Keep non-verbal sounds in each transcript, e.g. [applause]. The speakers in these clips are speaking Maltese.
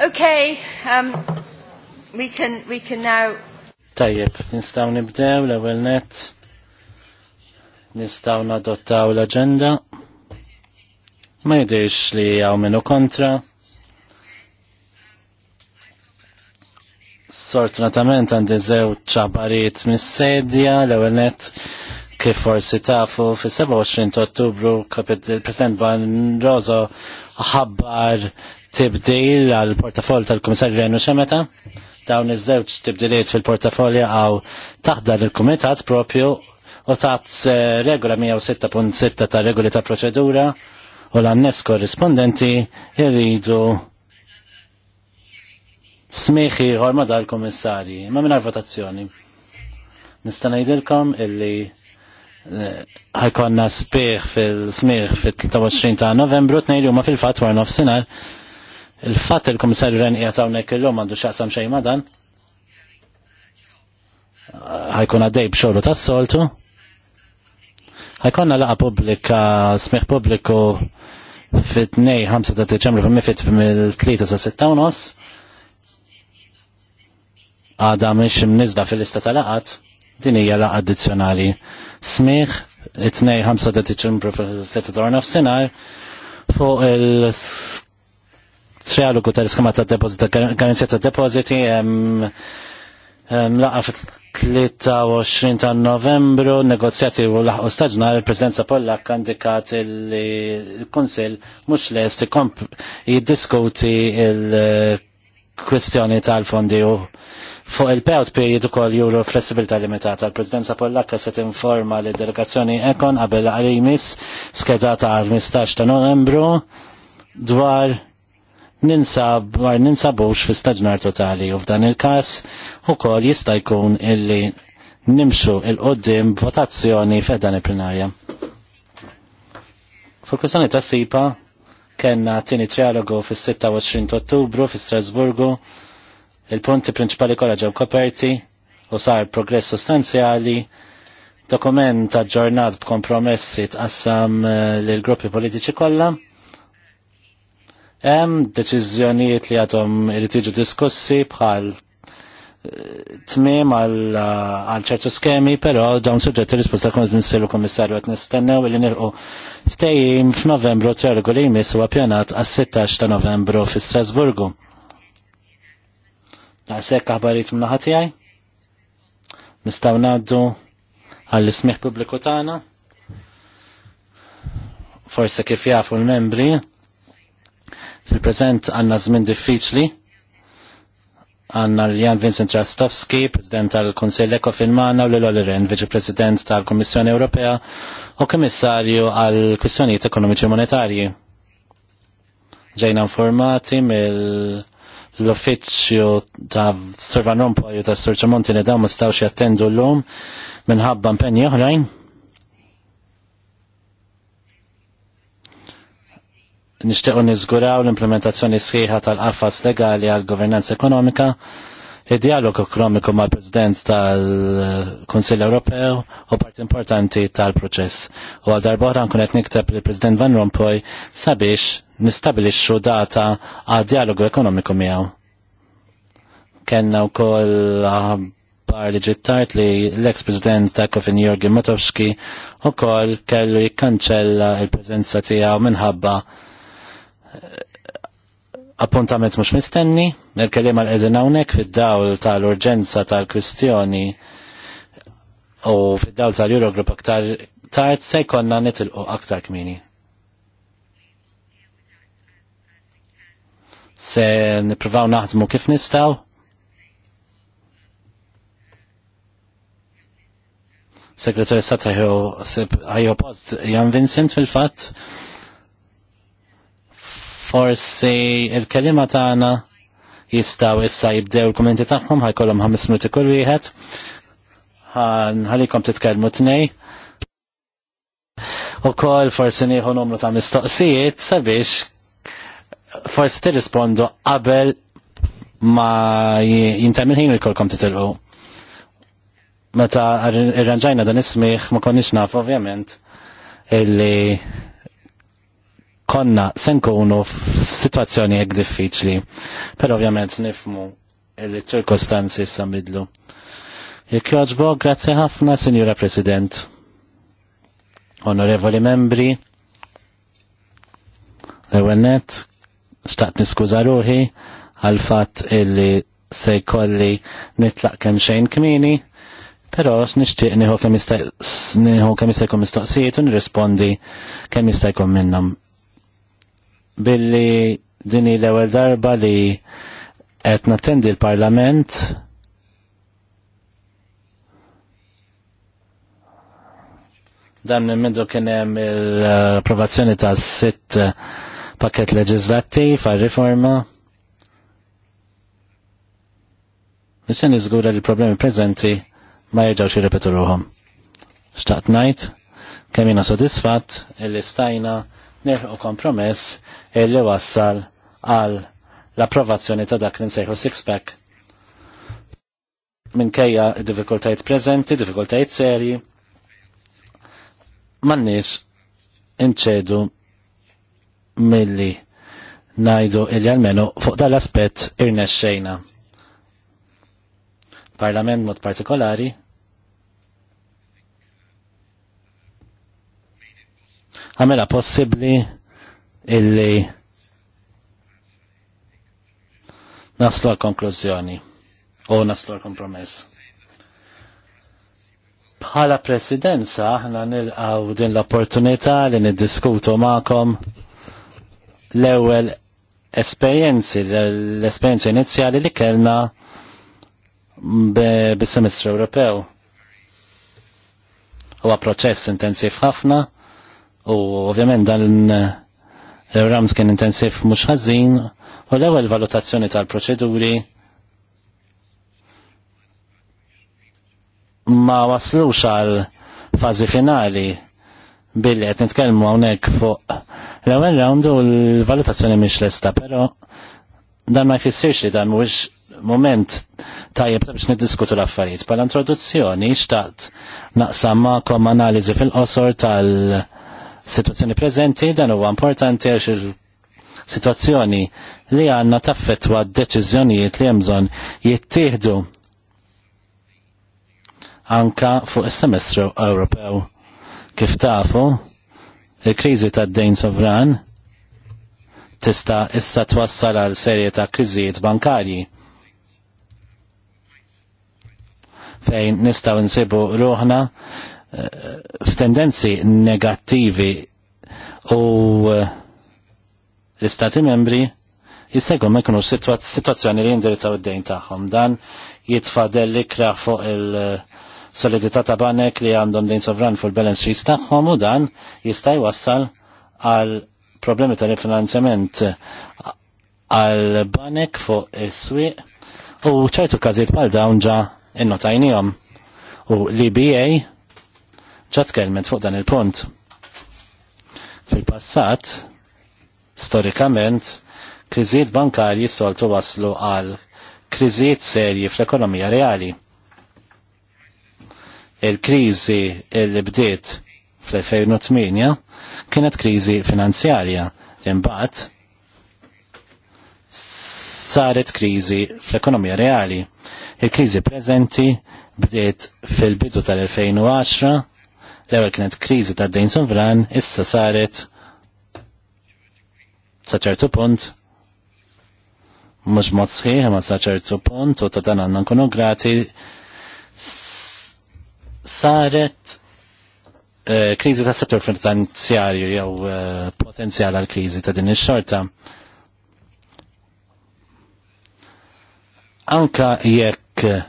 Okay, um, we can, we can now... Tajjeb, nistaw nibdew l ewwel net, nistaw nadottaw l-agenda, ma jidirx li għaw minu kontra, Sortunatament għandi zew ċabariet mis-sedja l ewwel net kif forsi tafu fis 27 ottubru il-President Ban Rozo ħabbar tibdil għal portafoll tal-Komissarju Renu Xemeta. Dawn iż-żewġ tibdiliet fil-portafolja għaw taħdar il-Kumitat propju u taħt eh, regola 106.6 ta' regoli ta' proċedura u l-annes korrispondenti jirridu smiħi ħorma dal-Komissarji, ma minna votazzjoni. Nista' ngħidilkom illi eh, ħajkonna spiħ fil-smiħ fil-23 ta' novembru, t-nejli u ma fil-fat war nofsinar, Il-fat il-komissarju Ren qiegħed hawnhekk illum għandu x'aqsam xejn ma' dan. Ħajkun għaddej b'xogħlu tas-soltu. Ħajkonna laqa pubblika, smieħ pubbliku fit-2 5 ta' Deċembru fil mifit mill-3 sa' 6 nofs. Għada mhix mnizda fil-lista tal-laqat, din hija laqa addizzjonali. Smieħ it-2 5 ta' Deċembru fil-3 ta' nofsinhar fuq il trialogu tal-iskema ta' depozita, garanzija ta' depoziti, laqa fit-23 ta' novembru, negozjati u laħqu staġna, il-Presidenza Pollak kandikat il-Konsil mux lest jiddiskuti il-kwestjoni tal-fondi u fuq il-payout period u kol juru flessibilità limitata. Il-Presidenza Pollakka se tinforma li delegazzjoni Ekon qabel għal-Imis skedata għal-15 ta' novembru dwar ninsab, mar ninsabux fi staġnar totali u f'dan il-kas u kol jista' jkun illi nimxu il-qoddim votazzjoni f'dan il-plenarja. Fokusani ta' sipa kena tini trialogu fis-26 Ottubru fi Strasburgu il-punti prinċipali kollha ġew koperti u sar progress sostanzjali dokument aġġornat b'kompromessi tqassam eh, lill gruppi politiċi kollha Hemm deċiżjonijiet li għadhom irid jiġu diskussi bħal eh, tmiem eh, għal ċertu skemi, però dawn suġġetti risposta kont missiru kommissarju qed nistennew li nilqu ftehim f'Novembru tergu li jmiss huwa pjanat għas-16 ta' Novembru fi Strasburgu. Ta' aħbarijiet minn naħat tiegħi? Nistgħu ngħaddu għall-ismih pubbliku tagħna? Forse kif jafu l-membri, Fil-prezent għanna zmin diffiċli għanna l-Jan Vincent Rastowski, President tal-Konsil Ekofin Mana u l loli Ren, President tal komissjoni Ewropea u Komissarju għal-Kwistjonijiet Ekonomiċi Monetarji. Ġejna informati mill- l-uffiċċju ta' Sir Van Rompuy u ta' Sir Ċamonti li dawn jattendu l-lum minħabba impenni oħrajn nixtiequ niżguraw l-implementazzjoni sħiħa tal affas legali għal governanza ekonomika id-dialog ekonomiku mal president tal konsil Ewropew u part importanti tal-proċess. U għal darbohra nkun qed nikteb li President Van Rompuy sabiex nistabilixxu data għal dialogu ekonomiku miegħu. Kenna wkoll bar li ġittart li l-ex-president ta' Kofin Jorgi Matowski u kol kellu jikkanċella il-prezenza tiegħu minħabba appuntament mux mistenni, nil-kelima l-edin għawnek fid-dawl tal-urġenza tal-kwistjoni u fid-dawl tal-Eurogroup aktar tard se konna nitilqu aktar kmini. Se nipruvaw naħdmu kif nistaw? Segretarju Sata ħajju post Jan Vincent fil-fat forsi il-kelima tagħna jistaw issa jibdew il-kommenti tagħhom ħajkollhom ħames minuti kull wieħed. Ħalikom titkellmu tnej. U koll forsi nieħu numru ta' mistoqsijiet sabiex forsi tirrispondu qabel ma jintemmin ħin il-kolkom titilqu. Meta irranġajna dan ismiħ ma konniex naf ovvjament illi konna senkunu f-situazzjoni jek diffiċli. per ovvjament nifmu il-ċirkostanzi s-samidlu. Jek joġbo, grazie ħafna, Signora President. Onorevoli membri, l-ewennet, staqt niskuza ruħi għal-fat illi se jkolli nitlaq kemm xejn kmini, pero nixtieq nieħu kemm jistajkom mistoqsijiet u nirrispondi kemm jista' jkun minnhom billi dini l-ewel darba li qed nattendi l-Parlament dan minn kien hemm l-approvazzjoni ta' sitt pakket leġislattiv għal-riforma. Nixen iżgura li problemi preżenti ma jerġgħux jirrepetu ruhom. Xtaqt ngħid kemm jiena sodisfatt illi stajna nilħu kompromess illi wassal għal l-approvazzjoni ta' dak li six-pack. Minkejja diffikultajiet preżenti, diffikultajiet serji, mannis inċedu milli najdu illi għalmenu fuq dal-aspet irnexxejna. Parlament mod partikolari għamela possibli illi naslu għal-konklużjoni u naslu għal-kompromess. Bħala presidenza ħna nilqaw din l-opportunità li niddiskutu ma'kom l-ewwel esperjenzi, l-esperjenzi inizjali li kellna bis-semestru Ewropew. Huwa proċess intensiv ħafna U ovvjament dan l eh, rams kien intensiv mhux ħażin u l-ewwel valutazzjoni tal-proċeduri ma waslux għal fażi finali billi qed nitkellmu hawnhekk fuq l-ewwel round u l-valutazzjoni mhix lesta, però dan ma jfissirx li dan mhuwiex moment tajjeb biex niddiskutu l-affarijiet. pal introduzzjoni xtaqt naqsam ma'kom analiżi fil-qosor tal- situazzjoni preżenti dan huwa importanti għax il-situazzjoni li għanna taffetwa d-deċiżjonijiet li jemżon jittieħdu anka fuq is-semestru Ewropew. Kif tafu, il-kriżi tad-dejn sovran tista issa twassal għal serje ta' kriżijiet bankarji. Fejn nistaw nsibu ruħna f'tendenzi negattivi u eh, l-istati membri jissegħu ma jkunu situazzjoni li jindirizzaw id-dejn tagħhom. Dan jitfadel li kraħ fuq il-solidità ta' banek li għandhom dejn sovran fuq il-balance sheets tagħhom u dan jista' jwassal għal problemi ta' rifinanzjament għal banek fuq is-swieq u ċertu każijiet bħal dawn ġa innotajnihom. U l-EBA ġat fuq dan il-punt. Fil-passat, storikament, kriżiet bankarji soltu waslu għal kriżiet serji fl-ekonomija reali. Il-kriżi li bdiet fl-2008 kienet kriżi finanzjarja imbagħad saret kriżi fl-ekonomija reali. Il-kriżi preżenti bdiet fil-bidu tal-2010 l ewel kienet kriżi ta' dejn sovran, issa saret saċertu punt mhux mod sħiħ ma saċertu punt u ta' dan għannan nkunu grati saret eh, kriżi ta' settur finanzjarju jew eh, potenzjal għal kriżi ta' din ix-xorta. Anka jekk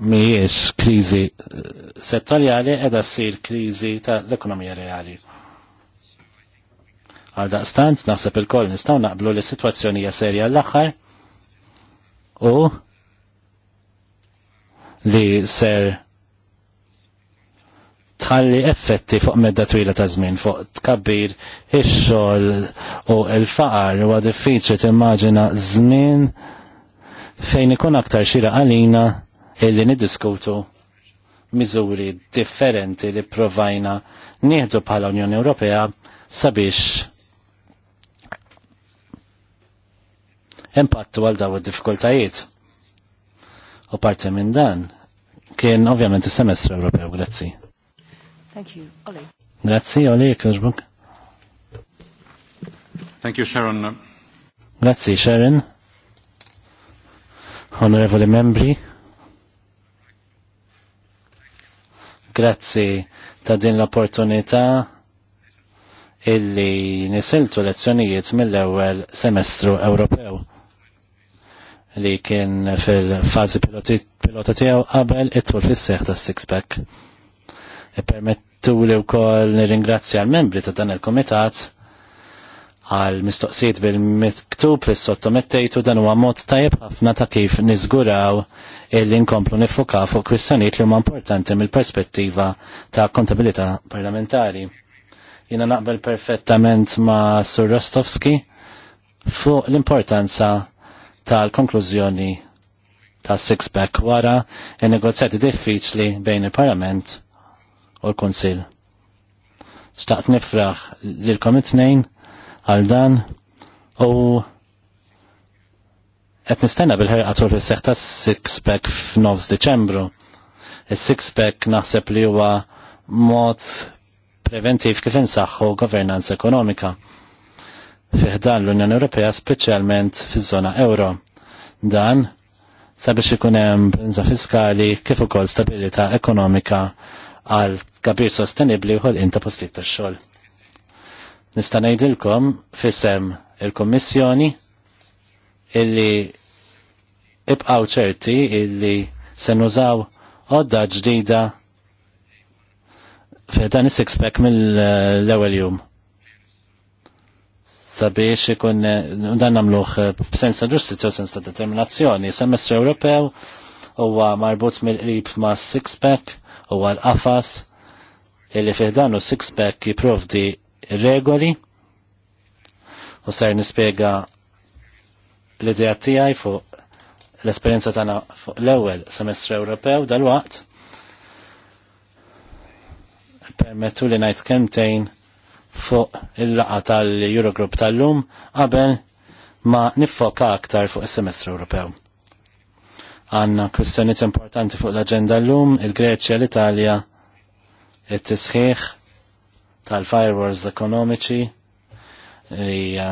miex krizi eh, settorjali edha ssir krizi tal-ekonomija reali. Għalda stanz, naħseb il-koll nistaw naqblu li situazzjoni hija serja l-aħħar u li ser tħalli effetti fuq medda twila ta' żmien fuq tkabbir ix-xogħol u l-faqar huwa diffiċli timmaġina żmien fejn ikun aktar xira għalina illi nidiskutu miżuri differenti li provajna nieħdu bħala Unjoni Ewropea sabiex impattu għal daw id-diffikultajiet. U parti minn dan kien ovvjament is-semestru Ewropew, grazzi. Thank you, Oli. Grazzi, Oli, kħuġbuk. Thank you, Sharon. Grazzi, Sharon. Onorevoli membri. Grazzi ta' din l-opportunità illi nisiltu lezzjonijiet mill-ewwel semestru Ewropew li kien fil-fazi pilota tiegħu qabel it-tul fis-seħħ tas-sixpack. Permettu li wkoll nirringrazzja l-membri ta' dan il-kumitat għal mistoqsijiet bil-miktub li sottomettejtu dan huwa mod tajjeb ħafna ta' kif niżguraw illi nkomplu nifuka fuq kwistjonijiet li huma importanti mill-perspettiva ta' kontabilità parlamentari. Jiena naqbel perfettament ma' Sur Rostovski fuq l-importanza tal-konklużjoni ta' six-pack wara il-negozjati diffiċli bejn il-Parlament u l-Konsil. Xtaqt nifraħ lilkom komitnejn għal dan u qed nistenna bil ħer għatur il seħħ ta' six pack f'nofs Deċembru. il six pack naħseb li huwa mod preventiv kif insaħħu governanza ekonomika. Fiħdan l-Unjoni Ewropea speċjalment fiż-żona euro. Dan sabiex ikun hemm brinza fiskali kif ukoll stabilità ekonomika għal kabir sostenibbli u ħolqien inta postijiet tax-xogħol. Nista' ngħidilkom fisem il-Kummissjoni illi ibqgħu ċerti illi se nużaw għodda ġdida f'dan is sixpack mill-ewwel jum sabiex ikun dan namluħ b'sens ta' u sens ta' determinazzjoni. Semestru Ewropew huwa marbut mill-qrib ma' six-pack huwa l-qafas illi fih dan u six-pack jipprovdi regoli u ser nispjega l-idea tiegħi fuq l-esperjenza tana fu l-ewwel semestru Ewropew waqt. permettu li ngħid kemmtejn fuq il-laqa tal-Eurogroup tal-lum qabel ma niffoka aktar fuq is-semestru Ewropew għanna kustjoniet importanti fuq l-agenda l-lum, il-Greċja, l-Italja, il-Tisħiħ, tal-firewalls ekonomiċi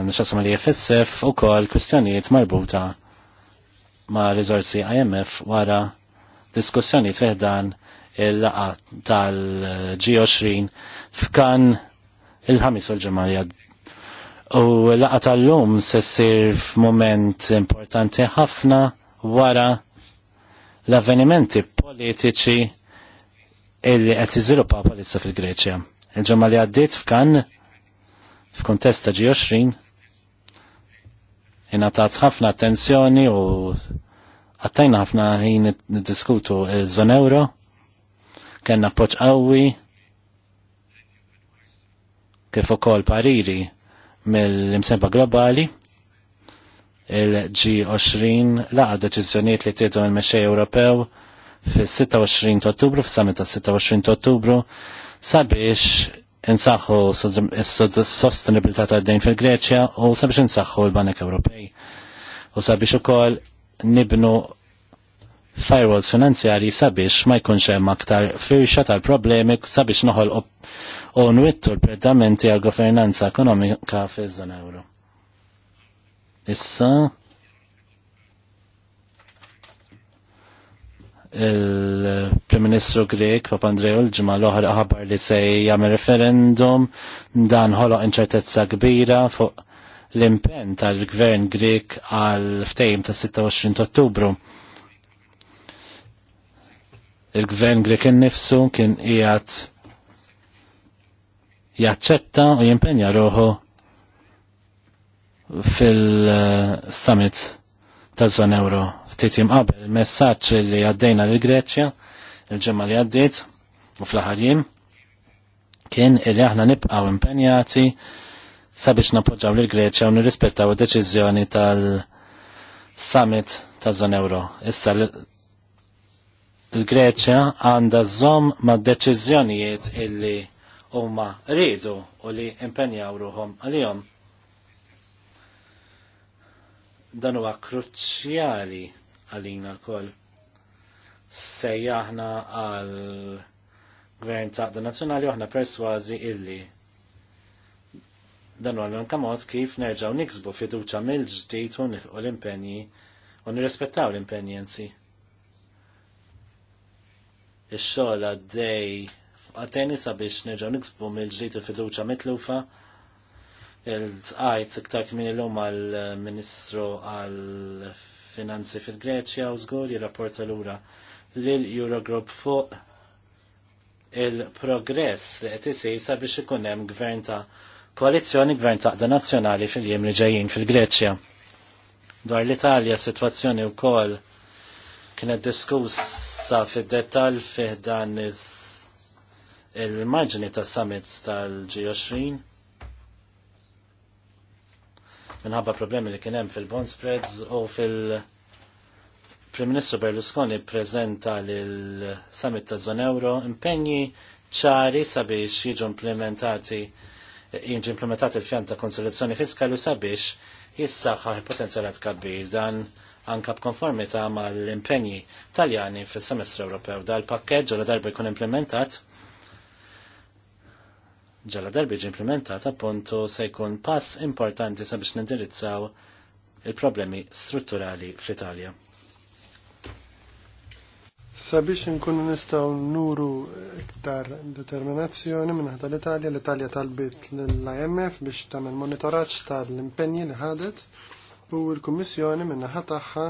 nxasum li jfessef u kol marbuta ma' rizorsi IMF wara diskussjonijiet fiħdan il-laqa tal-G20 f'kan il-ħamis u l-ġemalja. U laqa tal-lum sessir f'moment importanti ħafna wara l-avvenimenti politiċi illi qed iżviluppa palissa fil-Greċja. Il-ġemma li għaddit f'kan f'kontesta G20 inatat ħafna attenzjoni u għattajna ħafna ħin diskutu il-zon euro kena poċ qawwi kif ukoll pariri mill-imsemba globali il-G20 laqa deċiżjonijiet li tiedu mill mexxej Ewropew fis-26 ta' Ottubru, fis-summit tas-26 ta' Ottubru sabiex insaħħu s-sostenibilità tad-dejn fil-Greċja u sabiex insaħħu l-Banek Ewropej. U sabiex ukoll nibnu firewalls finanzjari sabiex ma jkunx hemm aktar firxa tal-problemi sabiex noħol u nwittu l-predamenti għal governanza ekonomika fil żona euro. Issa, il-Prim Ministru Grek Papandreou l-ġimgħa l-oħra ħabar li se jagħmel referendum dan ħoloq inċertezza kbira fuq l-impenn tal-Gvern Grek għal ftejm ta' 26 Ottubru. Il-Gvern Grek innifsu kien qiegħed jaċċetta u jimpenja ruħu fil-summit ta' zon euro. Ftit jimqabel il-messaġġ li għaddejna l greċja il-ġemma li għaddit u fl-ħarjim kien li aħna nibqaw impenjati sabiex napoġġaw l greċja u nirrispettaw id-deċiżjoni tal-summit ta' zon euro. Issa il-Greċja għandha zom ma' deċiżjonijiet illi huma rridu u li impenjaw ruhom għalihom Dan huwa kruċjali għalina kol. Sejjaħna għal gvern taqda nazzjonali aħna perswazi illi dan huwa l-unka mod kif nerġgħu niksbu fiduċa mill-ġdid u l-impenji u nirrispettaw l-impenjenzi. impenji Ix-xogħol għaddej għateni sabiex nerġgħu niksbu mill-ġdid u fiduċa mitlufa il-tqajt iktar kmini l lum għal-Ministru għal-Finanzi fil-Greċja u zgur jirrapporta l-ura l-Eurogroup fuq il-progress li qed isir sabiex ikun hemm gvern ta' koalizzjoni gvern ta' nazzjonali fil-jiem li ġejjin fil-Greċja. Dwar l-Italja situazzjoni wkoll kienet diskussa fid-dettall fih dan il-marġini ta' summits tal-G20 minħabba problemi li kienem fil-bond spreads u fil-Prim Ministru Berlusconi prezenta l-Summit ta' Zon Euro impegni ċari sabiex jiġu implementati jiġu implementati l-fjan ta' konsolazzjoni fiskali u sabiex jissaħħa il-potenzjalat kabbir dan anka b'konformità mal impegni taljani fil-semestru Ewropew. Dal-pakkeġġ u darba jkun implementat ġala darbi implementata appuntu se jkun pass importanti sabiex nindirizzaw il-problemi strutturali fl-Italja. Sabiex nkunu nistaw nuru iktar determinazzjoni minn l-Italja, l-Italja talbit l-IMF biex tagħmel monitoraċ tal-impenji li ħadet u l-Kummissjoni minnaħa tagħha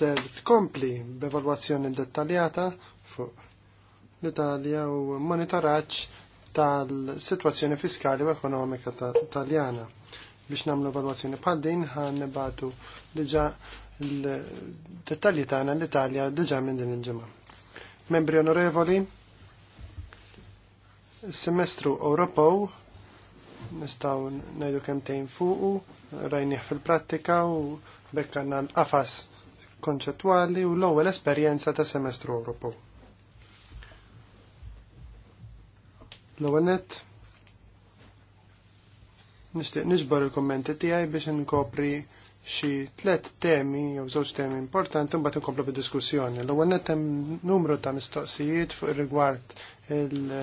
ser tkompli b'evalwazzjoni dettaljata fuq l-Italja u monitoraċ tal-situazzjoni fiskali u ekonomika taljana. Biex namlu evalwazzjoni bħal din ħan nibatu diġa l detalji tagħna l-Italja diġa minn din il-ġimgħa. Membri onorevoli, semestru Ewropew nistgħu ngħidu kemmtejn fuqu, rajnieh fil-prattika u bekkanna l-qafas konċettwali u l-ewwel esperjenza ta' semestru Ewropew L-għanet, nistiq nisbar il-kommenti tijaj biex nkopri xi tlet temi jew żewġ temi importanti mbagħad inkomplu bid-diskussjoni. L-ewwel hemm numru ta' mistoqsijiet fuq rigward il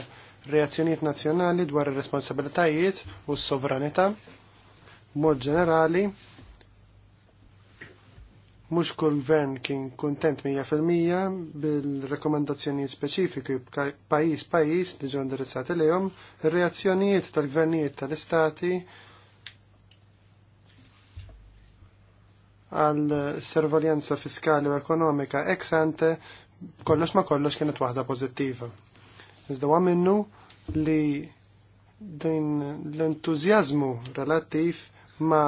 reazzjoniet nazzjonali dwar ir-responsabilitajiet u s-sovranità. B'mod ġenerali, Mhux kull gvern kien kuntent 100% bil rekomendazzjoni specifiki pajis pajjiż li ġon dirizzati lejhom, ir-reazzjonijiet tal-gvernijiet tal-istati għal servaljenza fiskali u ekonomika ex ante kollox ma kollox kienet waħda pożittiva. Iżda huwa minnu li din l-entużjażmu relattiv ma'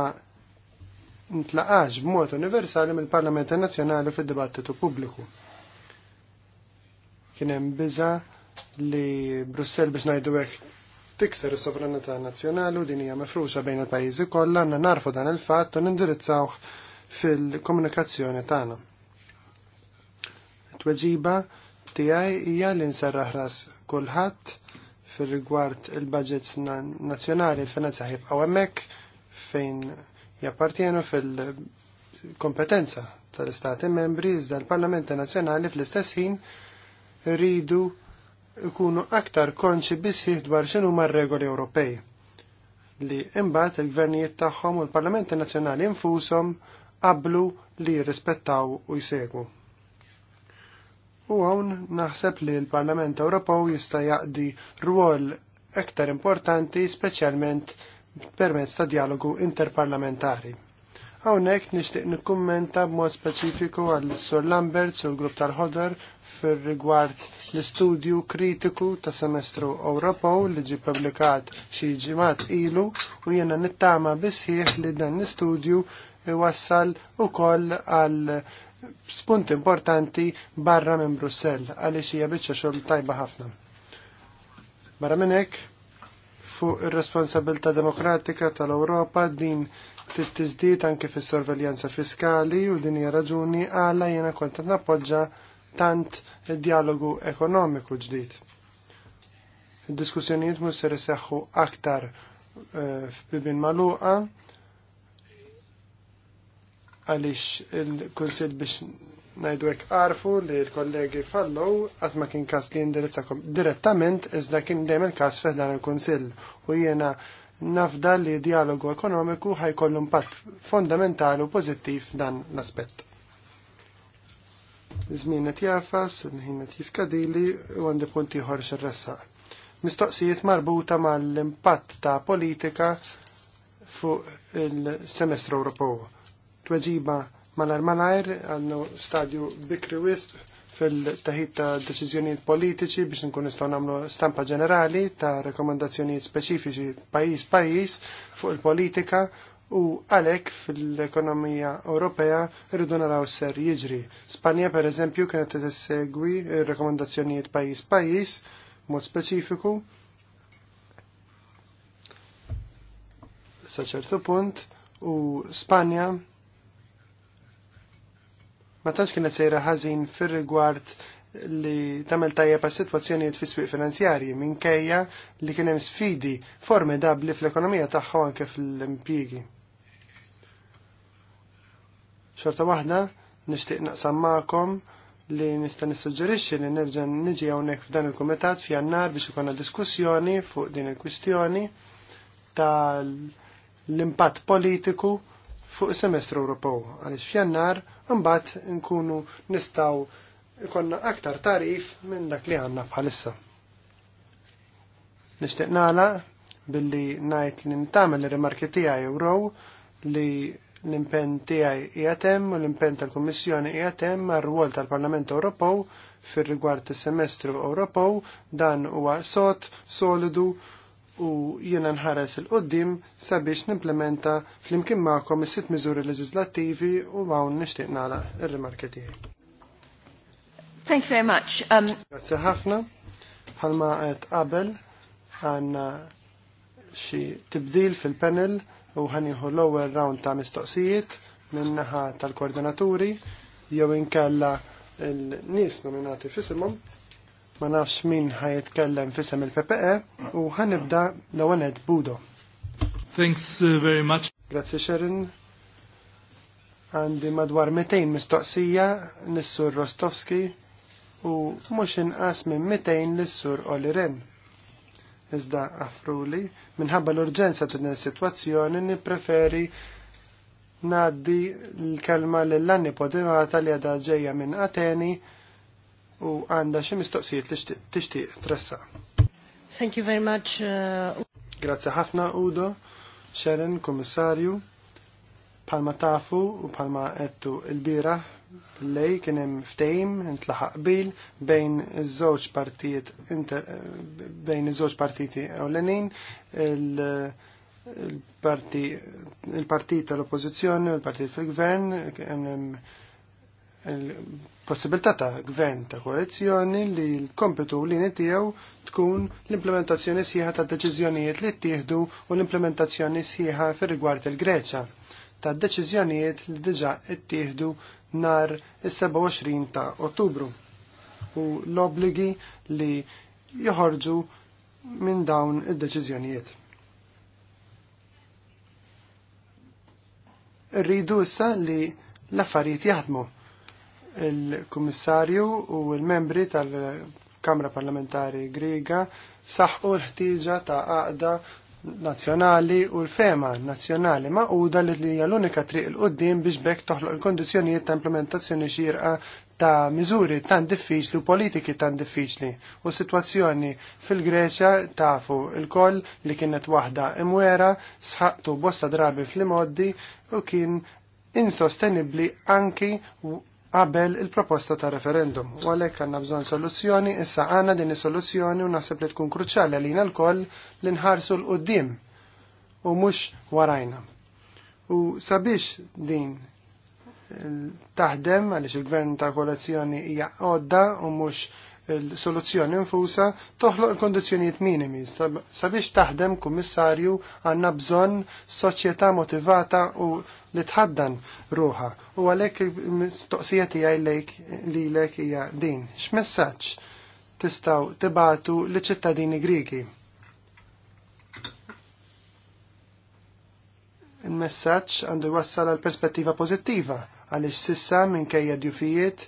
ntlaqax b'mod universali mill-Parlament Nazzjonali fid-dibattitu pubbliku. Kien hemm biża li Brussell biex ngħidu hekk tikser is-sovranità nazzjonali u din hija mifruxa bejn il-pajjiżi kollha għandna narfu dan il-fatt u nindirizzawh fil-komunikazzjoni tagħna. It-tweġiba tiegħi hija li nserraħ ras kulħadd fir-rigward il-budgets nazzjonali l-finanza ħibqgħu hemmhekk fejn jappartienu fil-kompetenza tal-Istati membri iżda l-Parlamenti Nazzjonali fl-istess ħin rridu ikunu aktar konċi bisħiħ dwar xinu ma regoli Ewropej li imbagħad il-gvernijiet tagħhom u l-Parlamenti Nazzjonali infushom qablu li jirrispettaw u jsegwu. U hawn naħseb li l-Parlament Ewropew jista' jaqdi rwol aktar importanti speċjalment permezz ta' dialogu interparlamentari. Hawnhekk nixtieq nikkummenta b'mod speċifiku għal Sur Lambert u l-grupp tal-ħodor fir-rigward l-istudju kritiku ta' semestru Ewropew li ġi publikat xi ġimgħat ilu u jiena nittama bisħieħ li dan l-istudju iwassal ukoll għal spunt importanti barra minn Brussell għaliex hija biċċa xogħol tajba ħafna. Barra minn hekk fuq ir-responsabilità demokratika tal-Ewropa din tittiżdied anke fis-sorveljanza fiskali u din hija raġuni għala jiena kont nappoġġa tant id-dialogu ekonomiku ġdid. Id-diskussjonijiet mhux se iseħħu aktar eh, f'bibin maluqa għaliex il-Kunsill biex najdu arfu li l-kollegi fallow qatt ma kien kas li indirizzakom direttament iżda kien dejjem il-każ fedan il-Kunsill u jiena nafda li dialogu ekonomiku ħajkollu impatt fondamentali u pożittiv dan l-aspett. Żmien qed jafas, ħin qed jiskadili u għandi punti ieħor ressa Mistoqsijiet marbuta mal-impatt ta' politika fuq il-semestru Ewropew. Tweġiba Malar malajr għannu stadju bikri wisp fil taħit ta' deċiżjonijiet politiċi biex nkun nistgħu nagħmlu stampa ġenerali ta' rekomandazzjonijiet speċifiċi pajjiż pajjiż fuq il-politika u għalhekk fil-ekonomija Ewropea rridu naraw ser jiġri. Spanja pereżempju kienet tissegwi rekomandazzjonijiet pajjiż pajjiż mod speċifiku sa ċertu punt u Spanja ma tantx kienet sejra ħażin fir-rigward li tagħmel tajja pa' sitwazzjonijiet fi swieq finanzjarji minkejja li kien hemm sfidi formidabbli fl-ekonomija tagħha anke fl-impjiegi. Xorta waħda nixtieq naqsam magħkom li nista' nissuġġerixxi li nerġa' niġi hawnhekk f'dan il-kumitat f'jannar biex ikolna diskussjoni fuq din il-kwistjoni tal impatt politiku fuq is-semestru Ewropew għaliex f'jannar mbagħad nkunu nistgħu ikonna aktar tarif minn dak li għandna bħalissa. Nixtieq nagħlaq billi ngħid li nitagħmel ir-rimarki tiegħi ewrow li l-impenn tiegħi qiegħed hemm u l-impenn tal-Kummissjoni qiegħed hemm għar-rwol tal-Parlament Ewropew fir-rigward is-semestru Ewropew dan huwa sot solidu u jiena nħares il-qoddim sabiex nimplementa fl-imkien magħkom is-sitt miżuri leġislattivi u hawn nixtieq nagħlaq ir-rimarki tiegħi. Thank you very much. Um... Grazie ħafna. Bħalma qed qabel għandna xi tibdil fil-panel u ħanieħu l-ewwel round ta' mistoqsijiet min-naħa tal-koordinaturi jew inkella l-nies nominati f'isimhom ma nafx min kellem fissem il-PPE u ħanibda l-għanet Budo. Thanks uh, very much. Grazie Sharon. Għandi madwar 200 mistoqsija nissur Rostovski u mux inqas minn 200 lissur Oliren. Iżda għafruli, minħabba l-urġenza ta' din is-sitwazzjoni nippreferi naddi l-kelma l-lanni podimata li għadha ġejja minn Ateni u għandha xi mistoqsijiet li tixtieq tressa. Thank you very much. Uh, Grazzi ħafna Udo, Sharon, Kummissarju. Palma tafu u palma għettu il-bira lej kien hemm ftehim intlaħaq qbil bejn iż-żewġ partijiet bejn iż-żewġ partiti ewlenin il- il-partit tal-oppozizjoni, il-partit fil-gvern, il partit tal u l partit fil gvern il possibilità ta' gvern ta' koalizjoni li l-kompetu li tiegħu tkun l-implementazzjoni sħiħa ta' deċiżjonijiet li ttieħdu u l-implementazzjoni sħiħa fir rigward il-Greċa ta' deċiżjonijiet li diġà ttieħdu nar is-27 ta' Ottubru u l-obligi li joħorġu minn dawn id-deċiżjonijiet. Rridu issa li l-affarijiet jaħdmu il-Kummissarju u l-membri tal-Kamra Parlamentari Griega saħqu l-ħtiġa ta' għaqda nazzjonali u l-fema nazzjonali dalli li hija l-unika triq il-qoddim biex bekk toħloq il-kondizzjonijiet ta' implementazzjoni xirqa ta' miżuri tan diffiċli u politiki tan diffiċli u situazzjoni fil-Greċja tafu il-koll li kienet waħda imwera sħaqtu bosta drabi fl-imoddi u kien insostenibli anki qabel il-proposta ta' referendum u għalhekk għandna bżonn soluzzjoni issa għandna din is-soluzzjoni u naħseb li tkun kruċjali għalina l-koll li nħarsu l-qudiem u mhux warajna. U sabiex din taħdem għaliex il-gvern ta' kolazzjoni hija għodda u mhux il-soluzzjoni infusa toħloq il-kondizjonijiet minimi. Sabiex taħdem kummissarju għanna bżonn soċjetà motivata u li tħaddan ruħa. U għalhekk il-toqsija tiegħi lilek hija din. X'messaġġ tistgħu tibatu li ċittadini Griki? il-messaġġ għandu jwassal għal perspettiva pożittiva għaliex sissa minkejja djufijiet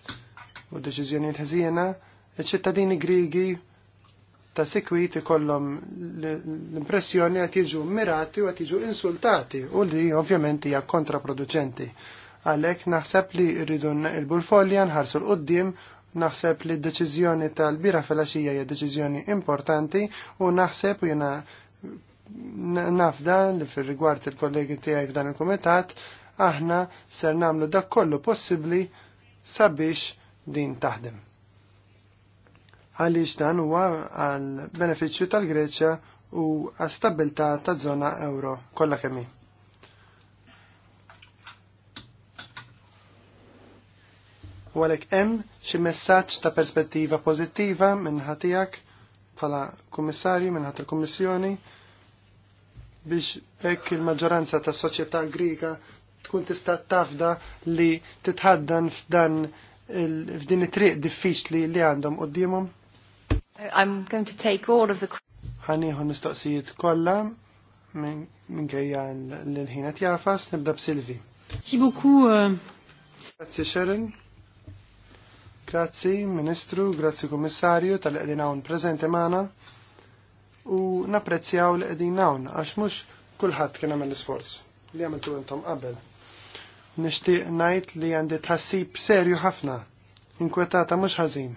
u deċiżjonijiet ħsiena iċ-ċittadini Grigi ta' sekwiti ikollhom l-impressjoni għat jiġu mirati u għat jiġu insultati u li ovvjament hija kontraproducenti. Għalhekk naħseb li rridu il-bulfolja folja nħarsu l-qoddim naħseb li d-deċiżjoni tal-bira filgħaxija hija deċiżjoni importanti u naħseb u jiena nafda li fir-rigward il-kollegi tiegħi f'dan il-kumitat aħna ser nagħmlu dak kollu possibbli sabiex din taħdem għaliex dan huwa għal beneficju tal-Greċja u għastabilta ta' taż-żona euro kollha kemm U għalhekk hemm xi messaġġ ta' perspettiva pożittiva minn ħatijak bħala kummissarju minn ħat il-Kummissjoni biex hekk il-maġġoranza tas soċjetà Grika tkun tista' tafda li titħaddan f'dan f'din it-triq diffiċli li għandhom qudiemhom? I'm going to take all of the... Ħaniħu mistoqsijiet kollha minkejja l-ħin qed jafas nibda b'Silvi. Si beaucoup. Euh. Grazzi Sharon. Grazzi Ministru, grazzi Kummissarju tal-qegħdin hawn preżenti magħna u napprezzjaw li qegħdin hawn għax mhux kulħadd kien għamel l-isforz li għamiltu intom qabel. Nixtieq ngħid li għandi tħassib serju ħafna, inkwetata mhux ħażin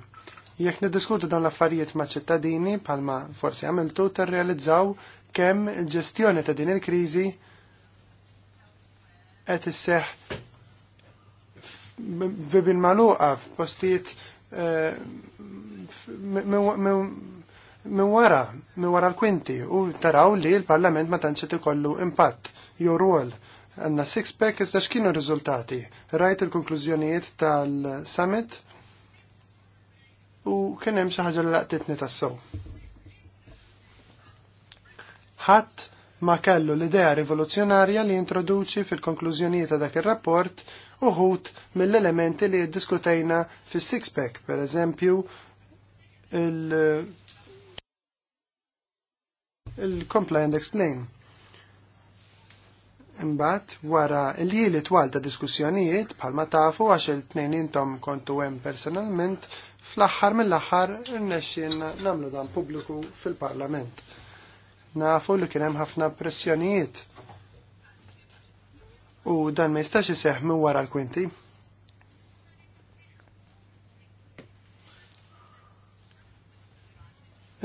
Jekk niddiskutu dan l-affarijiet ma' ċittadini bħalma forsi għamiltu terrealizzaw kemm il-ġestjoni ta' din il-kriżi qed isseħ bibin maluqa f'postijiet eh, minn wara, minn wara l-kwinti u taraw li l-Parlament ma tantx ikollu impatt jew rwol. Għanna six pack iżda x'kienu r-riżultati? Rajt il-konklużjonijiet tal-summit u kien hemm xi ħaġa li laqtitni tassaw. Ħadd ma kellu l-idea rivoluzzjonarja li introduċi fil-konklużjonijiet ta' dak ir-rapport uħut mill-elementi li jiddiskutejna fis six pack per eżempju il- il-comply and explain. Imbat, wara li li twal ta' diskussjonijiet, bħalma tafu għax il-tnejn intom kontu hemm personalment, fl-aħħar mill-aħħar irnexxin nagħmlu dan pubbliku fil-Parlament. Nafu li kien hemm ħafna pressjonijiet u dan ma jistax iseħħ minn wara l-kwinti.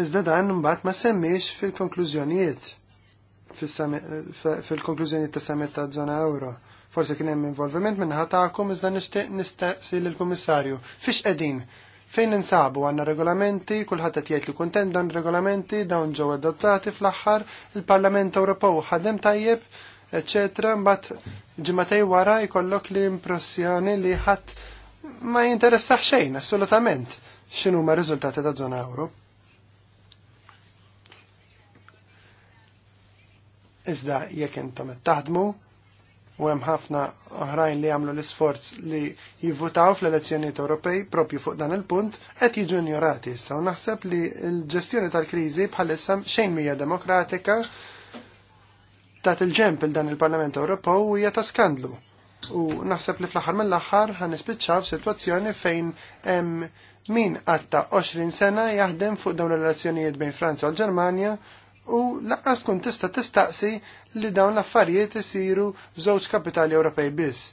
Iżda dan mbagħad ma semmix fil-konklużjonijiet eh, fil-konklużjonijiet ta' summit ta' żona euro. Forse kien hemm involviment minnaħa tagħkom iżda nistaqsi lill-Kummissarju. Fiex qegħdin Fejn insabu għanna regolamenti, kullħat qed jgħid li kuntent dawn regolamenti dawn ġew adottati fl-aħħar, il-Parlament Ewropew ħadem tajjeb, eċetera, mbagħad ġimgħatej wara jkollok li impressjoni li ħadd ma jinteressax xejn assolutament x'inhu ma riżultati ta' żona euro. Iżda jekk intom taħdmu u hemm ħafna oħrajn li jagħmlu l-isforz li jivvutaw fl-elezzjonijiet Ewropej propju fuq dan il-punt qed jiġu ignorati issa u naħseb li l-ġestjoni tal-kriżi bħalissa xejn mija demokratika tat il-ġemp il dan il-Parlament Ewropew hija ta' skandlu. U naħseb li fl-aħħar mill-aħħar ħanispiċċaw f'sitwazzjoni fejn hemm min għatta 20 sena jaħdem fuq dawn l-relazzjonijiet bejn Franza u l-Ġermanja u laqqas tkun tista tistaqsi li dawn l-affarijiet isiru f'żewġ kapitali Ewropej biss.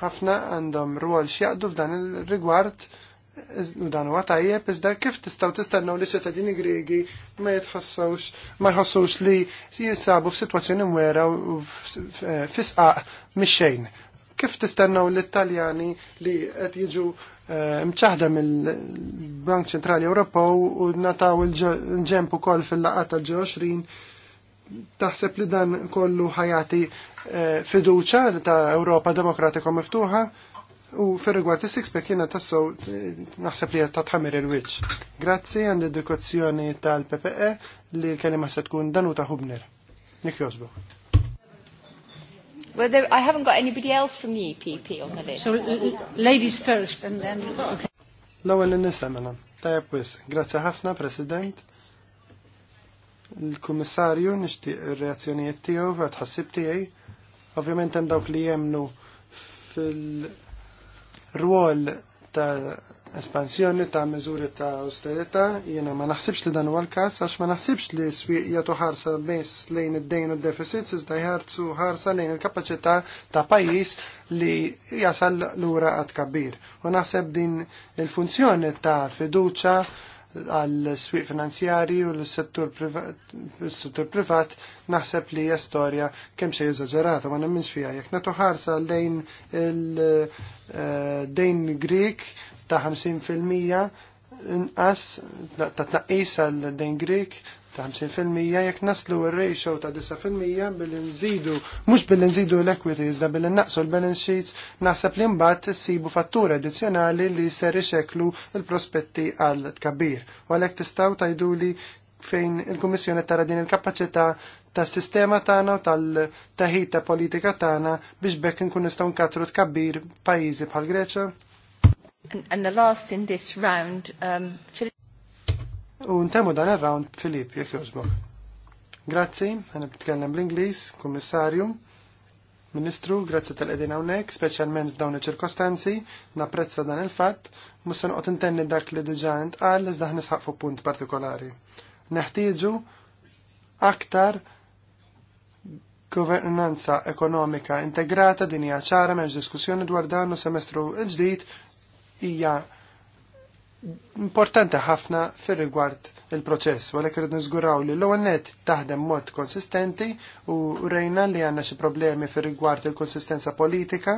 Ħafna għandhom rwol x'jaqdu f'dan il-rigward u dan huwa tajjeb iżda kif tistgħu tistennew li ċittadini Griegi ma jitħossux ma jħossux li jinsabu f'sitwazzjoni mwera u fisqaq mix-xejn. Kif tistennew l-Italjani li qed jiġu Eh, mċaħda mill-Bank Ċentrali Ewropew u nataw il-ġemp ukoll fil-laqgħa tal-G20 taħseb li dan kollu ħajati eh, fiduċa ta' Ewropa Demokratika Miftuħa u fir-rigward is pack jiena tassew eh, naħseb li ta' tħamir il-wiċċ. Grazzi għand edukazzjoni tal-PPE li l-kelima se tkun Danuta Hubner. Nik Well, there, I haven't got anybody else from the EPP on the list. So, uh, uh, ladies first, and then... nisemena. Tajab wis. ħafna, President. Il-Kummissarju nishti ir-reazzjonijiet tiegħu għad ħassib tiegħi. Ovvjament hemm dawk li jemnu fil-rwol ta' espansjoni ta' miżuri ta' austerita, jiena ma naħsibx li dan huwa l-każ għax ma naħsibx li swiq jatu ħarsa bes lejn id-dejn u d-deficits iżda jħarsu ħarsa lejn il-kapaċità ta' pajjiż li jasal lura għad kabir. U naħseb din il-funzjoni ta' fiduċa għal swieq finanzjari u l-settur privat, naħseb li hija storja kemm xejn eżaġerata ma nemminx fiha. Jekk nagħtu ħarsa lejn il-dejn eh, Greek ta' 50% inqas ta' tnaqqis għal dejn Grek ta' 50% jekk naslu r-ratio ta' 9% billi nżidu, mhux billi nżidu l-equities da billi naqsu l-balance sheets, naħseb li mbagħad issibu fattura addizzjonali li ser ixeklu l-prospetti għal tkabbir. U għalhekk tistgħu tajduli fejn il-Kummissjoni tara din il-kapaċità ta' sistema tagħna u tal ta' politika tagħna biex bekk nkun nistgħu nkatru tkabbir pajjiżi bħal Greċja? And, the last in this round, um, Philip. U ntemu dan il-round, Filip, jek jożbok. Grazzi, għana nitkellem bl-Inglis, kummissarju, Ministru, grazzi tal-edin hawnhekk, speċjalment f'dawn il ċirkostanzi napprezza dan il-fatt, musan u tintenni dak li diġà intqal iżda nisħaq fuq punt partikolari. Neħtieġu aktar governanza ekonomika integrata din hija ċara m'hemmx diskussjoni dwar dan u semestru l-ġdid hija importanti ħafna fir rigward il-proċess, u għalek rridu nżguraw li l-ewwel net taħdem mod konsistenti u rejna li għandna xi problemi fir rigward il-konsistenza politika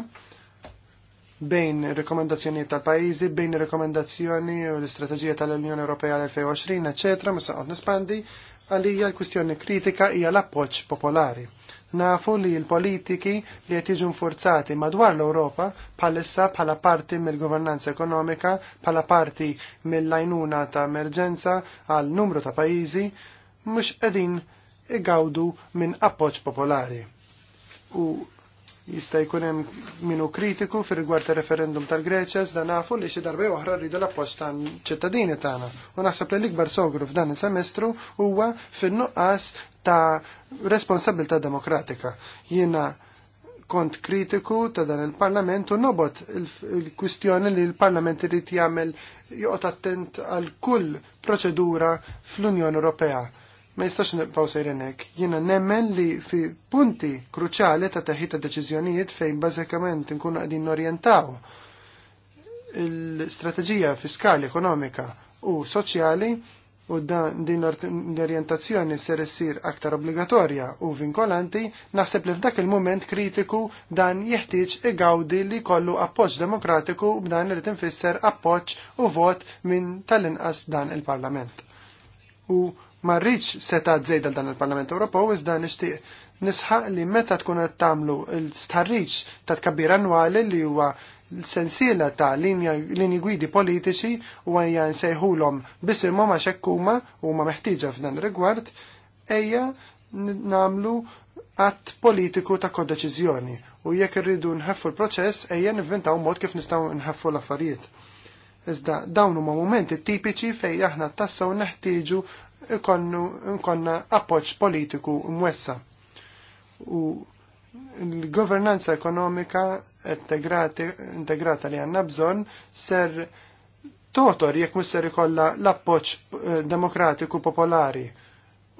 bejn rekomendazzjoni tal-pajjiżi, bejn rekomendazzjoni u l-istrateġija tal-Unjoni Ewropea 2020, eċetera, ma saqot nispandi, għalija l-kwistjoni kritika hija l-appoġġ popolari. Nafu li l-politiki li qed jiġu nfurzati madwar l-Ewropa bħalissa bħala parti mill-governanza ekonomika, bħala parti mill-lajnuna ta' emerġenza għal numru ta' pajjiżi mhux qegħdin igawdu minn appoġġ popolari. U jista' jkun hemm minu kritiku fir rigward referendum tal-Greċja iżda nafu li xi darba oħra rridu l-appoġġ tal ċittadini tagħna. U naħseb li l-ikbar sogru f'dan is-semestru huwa fin-nuqqas ta' responsabilta demokratika. Jiena kont kritiku ta' dan il-parlament u nobot il-kwistjoni li l-parlament irid jagħmel joqgħod attent għal kull proċedura fl-Unjoni Ewropea. Ma jistax nibqgħu sejrenek. Jiena nemmen li fi punti kruċjali ta' teħid ta' deċiżjonijiet fejn bażikament nkunu qegħdin norjentaw il-strateġija fiskali, ekonomika u soċjali u dan din l-orientazzjoni ser issir aktar obbligatorja u vinkolanti, naħseb li f'dak il-moment kritiku dan jeħtieġ igawdi li kollu appoġġ demokratiku u b'dan irid infisser appoġġ u vot minn tal-inqas dan il-Parlament. U marriċ seta zejda dan il-Parlament Ewropew iżda nixtieq nisħaq li meta tkun qed tagħmlu l-starriċ ta' tkabbir annwali li huwa l-sensiela ta' linji gwidi politiċi u għajja nsejħulhom bisimhom għax hekk huma huma meħtieġa f'dan rigward ejja namlu għat politiku ta' kodeċiżjoni u jekk irridu nħeffu l-proċess ejja nivventaw mod kif nistgħu nħeffu l-affarijiet. Iżda dawn huma momenti tipiċi fejn aħna tassaw neħtieġu nkonna appoġġ politiku mwessa. U l-governanza ekonomika integrata li għanna bżon ser totor jekk mhux ser ikolla l-appoġġ eh, demokratiku popolari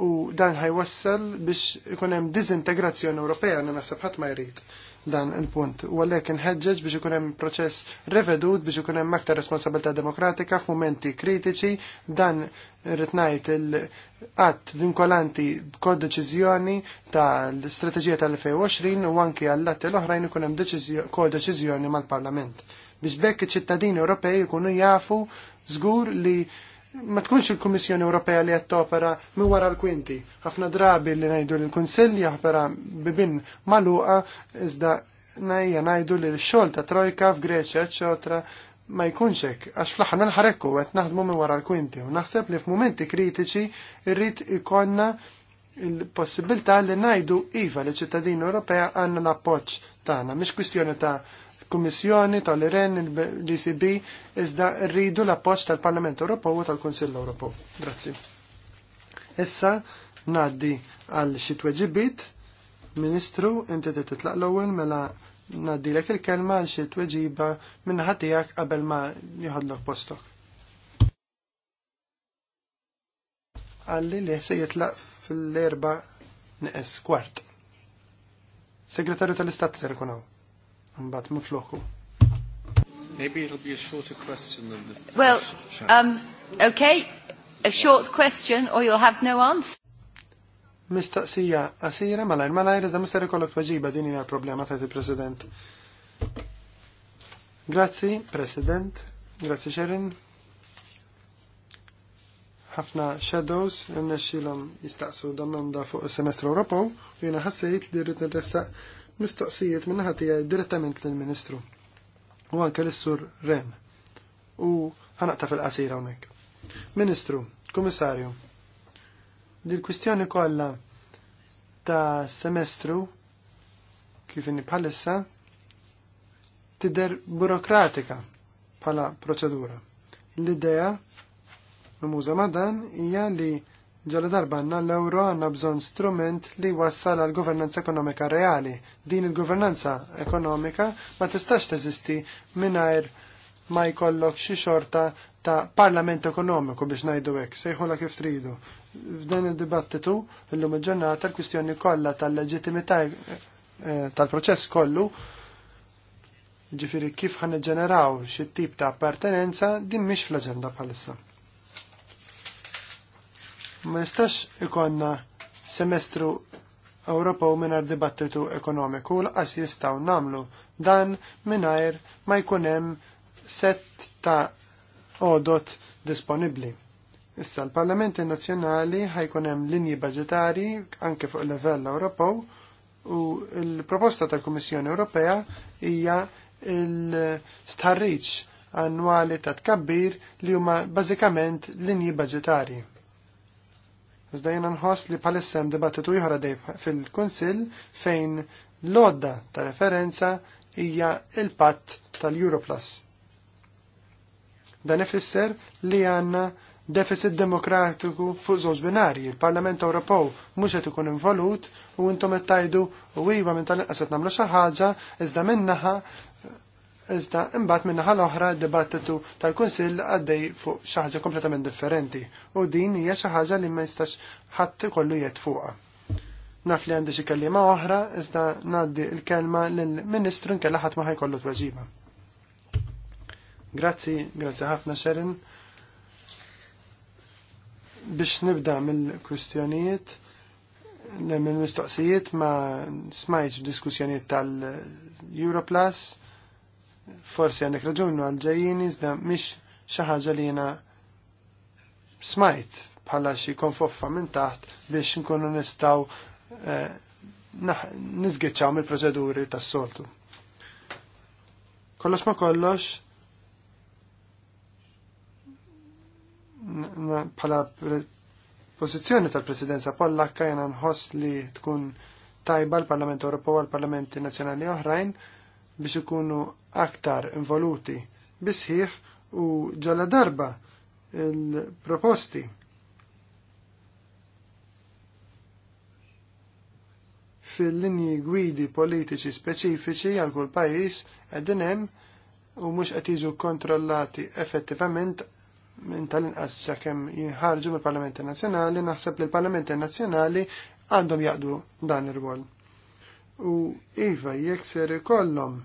u dan ħajwassal biex ikun hemm diżintegrazzjoni Ewropea li naħseb ħadd ma jrid dan il-punt. U għallek nħedġeġ biex ikun hemm proċess revedut biex ikun hemm aktar responsabilità demokratika f'mumenti kritiċi dan rrid ngħid għat vinkolanti kod deċizjoni tal-strategija tal-2020 u anki għall-latti l-oħrajn ikun hemm kod deċizjoni mal-Parlament. Biex bekk iċ-ċittadini Ewropej ikunu jafu żgur li ma tkunx il-Kummissjoni Ewropea li qed topera minn wara l-kwinti. Ħafna drabi li ngħidu l-Kunsill jaħpera bibin maluqa iżda najja ngħidu li l-xogħol ta' Trojka f'Greċja eċċetra ma jkunx hekk għax fl-aħħar mill-ħarekku qed naħdmu minn wara l-kwinti u naħseb li f'mumenti kritiċi rrid ikonna il-possibilità li ngħidu iva li ċittadini Ewropea għandna l-appoġġ tagħna, mhix kwistjoni ta' Kummissjoni tal-Iren, l-ECB, iżda rridu l-appoġġ tal-Parlament Ewropew u tal-Kunsill Ewropew. Grazzi. Issa ngħaddi għal xi tweġibiet Ministru, inti titlaq l-ewwel mela naddilek il-kelma għal xi tweġiba minn ħatijak qabel ma jħadlok postok. Għalli li se jitlaq fil-erba neqes kwart. Segretarju tal-Istat ser ikun hawn. Mbagħad mifluħku. Maybe it'll be a shorter question than this. Well, um, okay, a short question or you'll have no answer. Mistaqsija qasira malajr, malajr iżda mister ikollok tweġiba din hija problema ta' il-President. Grazzi, President, grazzi Sherin. Ħafna shadows irnexxilhom jistaqsu domanda fuq is-semestru Ewropew u jiena ħassejt li rrid nirressaq mistoqsijiet minn naħa tiegħi direttament lill-Ministru u anke l-Sur Ren. U ħanaqta fil-qasira hawnhekk. Ministru, Kummissarju, Dil-kwistjoni kollha ta' semestru kif inni bħalissa tider burokratika bħala proċedura. L-idea Muża ma' dan hija li ġala darbanna l-euro għanna bżon strument li wassal għal governanza ekonomika reali. Din il-governanza ekonomika ma tistax teżisti minnajr ma jkollok xi xorta ta' parlament ekonomiku biex najdu hekk, sejħula kif tridu f'dan id-dibattitu illum il-ġurnata l-kwistjoni kollha tal-leġittimità eh, tal-proċess kollu ġifiri kif ħan ġeneraw xi tip ta' appartenenza din mhix fl-aġenda bħalissa. Ma nistax ikonna semestru Ewropew mingħajr dibattitu ekonomiku laqas jistgħu nagħmlu dan mingħajr ma jkun hemm set ta' għodot disponibbli Issa l-Parlamenti Nazzjonali ħajkun hemm linji budgetari anke fuq livell Ewropew u l-proposta tal-Kummissjoni Ewropea hija l-starriċ annwali ta' tkabbir li huma bażikament linji budgetari. Iżda jiena nħoss li palissem dibattitu ieħora dej fil kunsill fejn l-odda ta' referenza hija il-patt tal-Europlus. Dan ifisser li għanna deficit demokratiku fuq żewġ binarji. Il-Parlament Ewropew mhux qed ikun involut u intom qed tajdu u iva minn tal-inqas qed nagħmlu xi ħaġa iżda minnaħa iżda imbagħad minnaħa l-oħra d-dibattitu tal-Kunsill għaddej fuq xi ħaġa kompletament differenti u din hija xi ħaġa li ma jistax ħadd ikollu jgħid fuqha. Naf li għandi xi kelliema oħra iżda ngħaddi l-kelma lill-Ministru nkella ħadd ma ħajkollu tweġiba. Grazzi, grazzi ħafna Sherin Biex nibda mill-kwistjonijiet, mill-mistoqsijiet ma smajt diskussjoniet tal-Europlus, forsi għandek raġun għal-ġajjini, iżda miex xaħġa li jena smajt bħala xi konfoffa minn taħt biex nkunu nistaw eh, nizgitċaw mill-proċeduri tas-soltu. Kollox ma kollox, bħala pożizzjoni tal-Presidenza Pollakka jena nħoss li tkun tajba l-Parlament Ewropew għal parlamenti nazzjonali oħrajn biex ikunu aktar involuti bisħiħ u ġala darba il-proposti. Fil-linji gwidi politiċi speċifiċi għal kull pajjiż għedinem u mhux qed jiġu kontrollati effettivament minn tal-inqas ċakem jinħarġu mill-Parlamenti Nazzjonali, naħseb li l-Parlamenti Nazzjonali għandhom jaqdu dan ir-rwol. U iva jekk ser kollom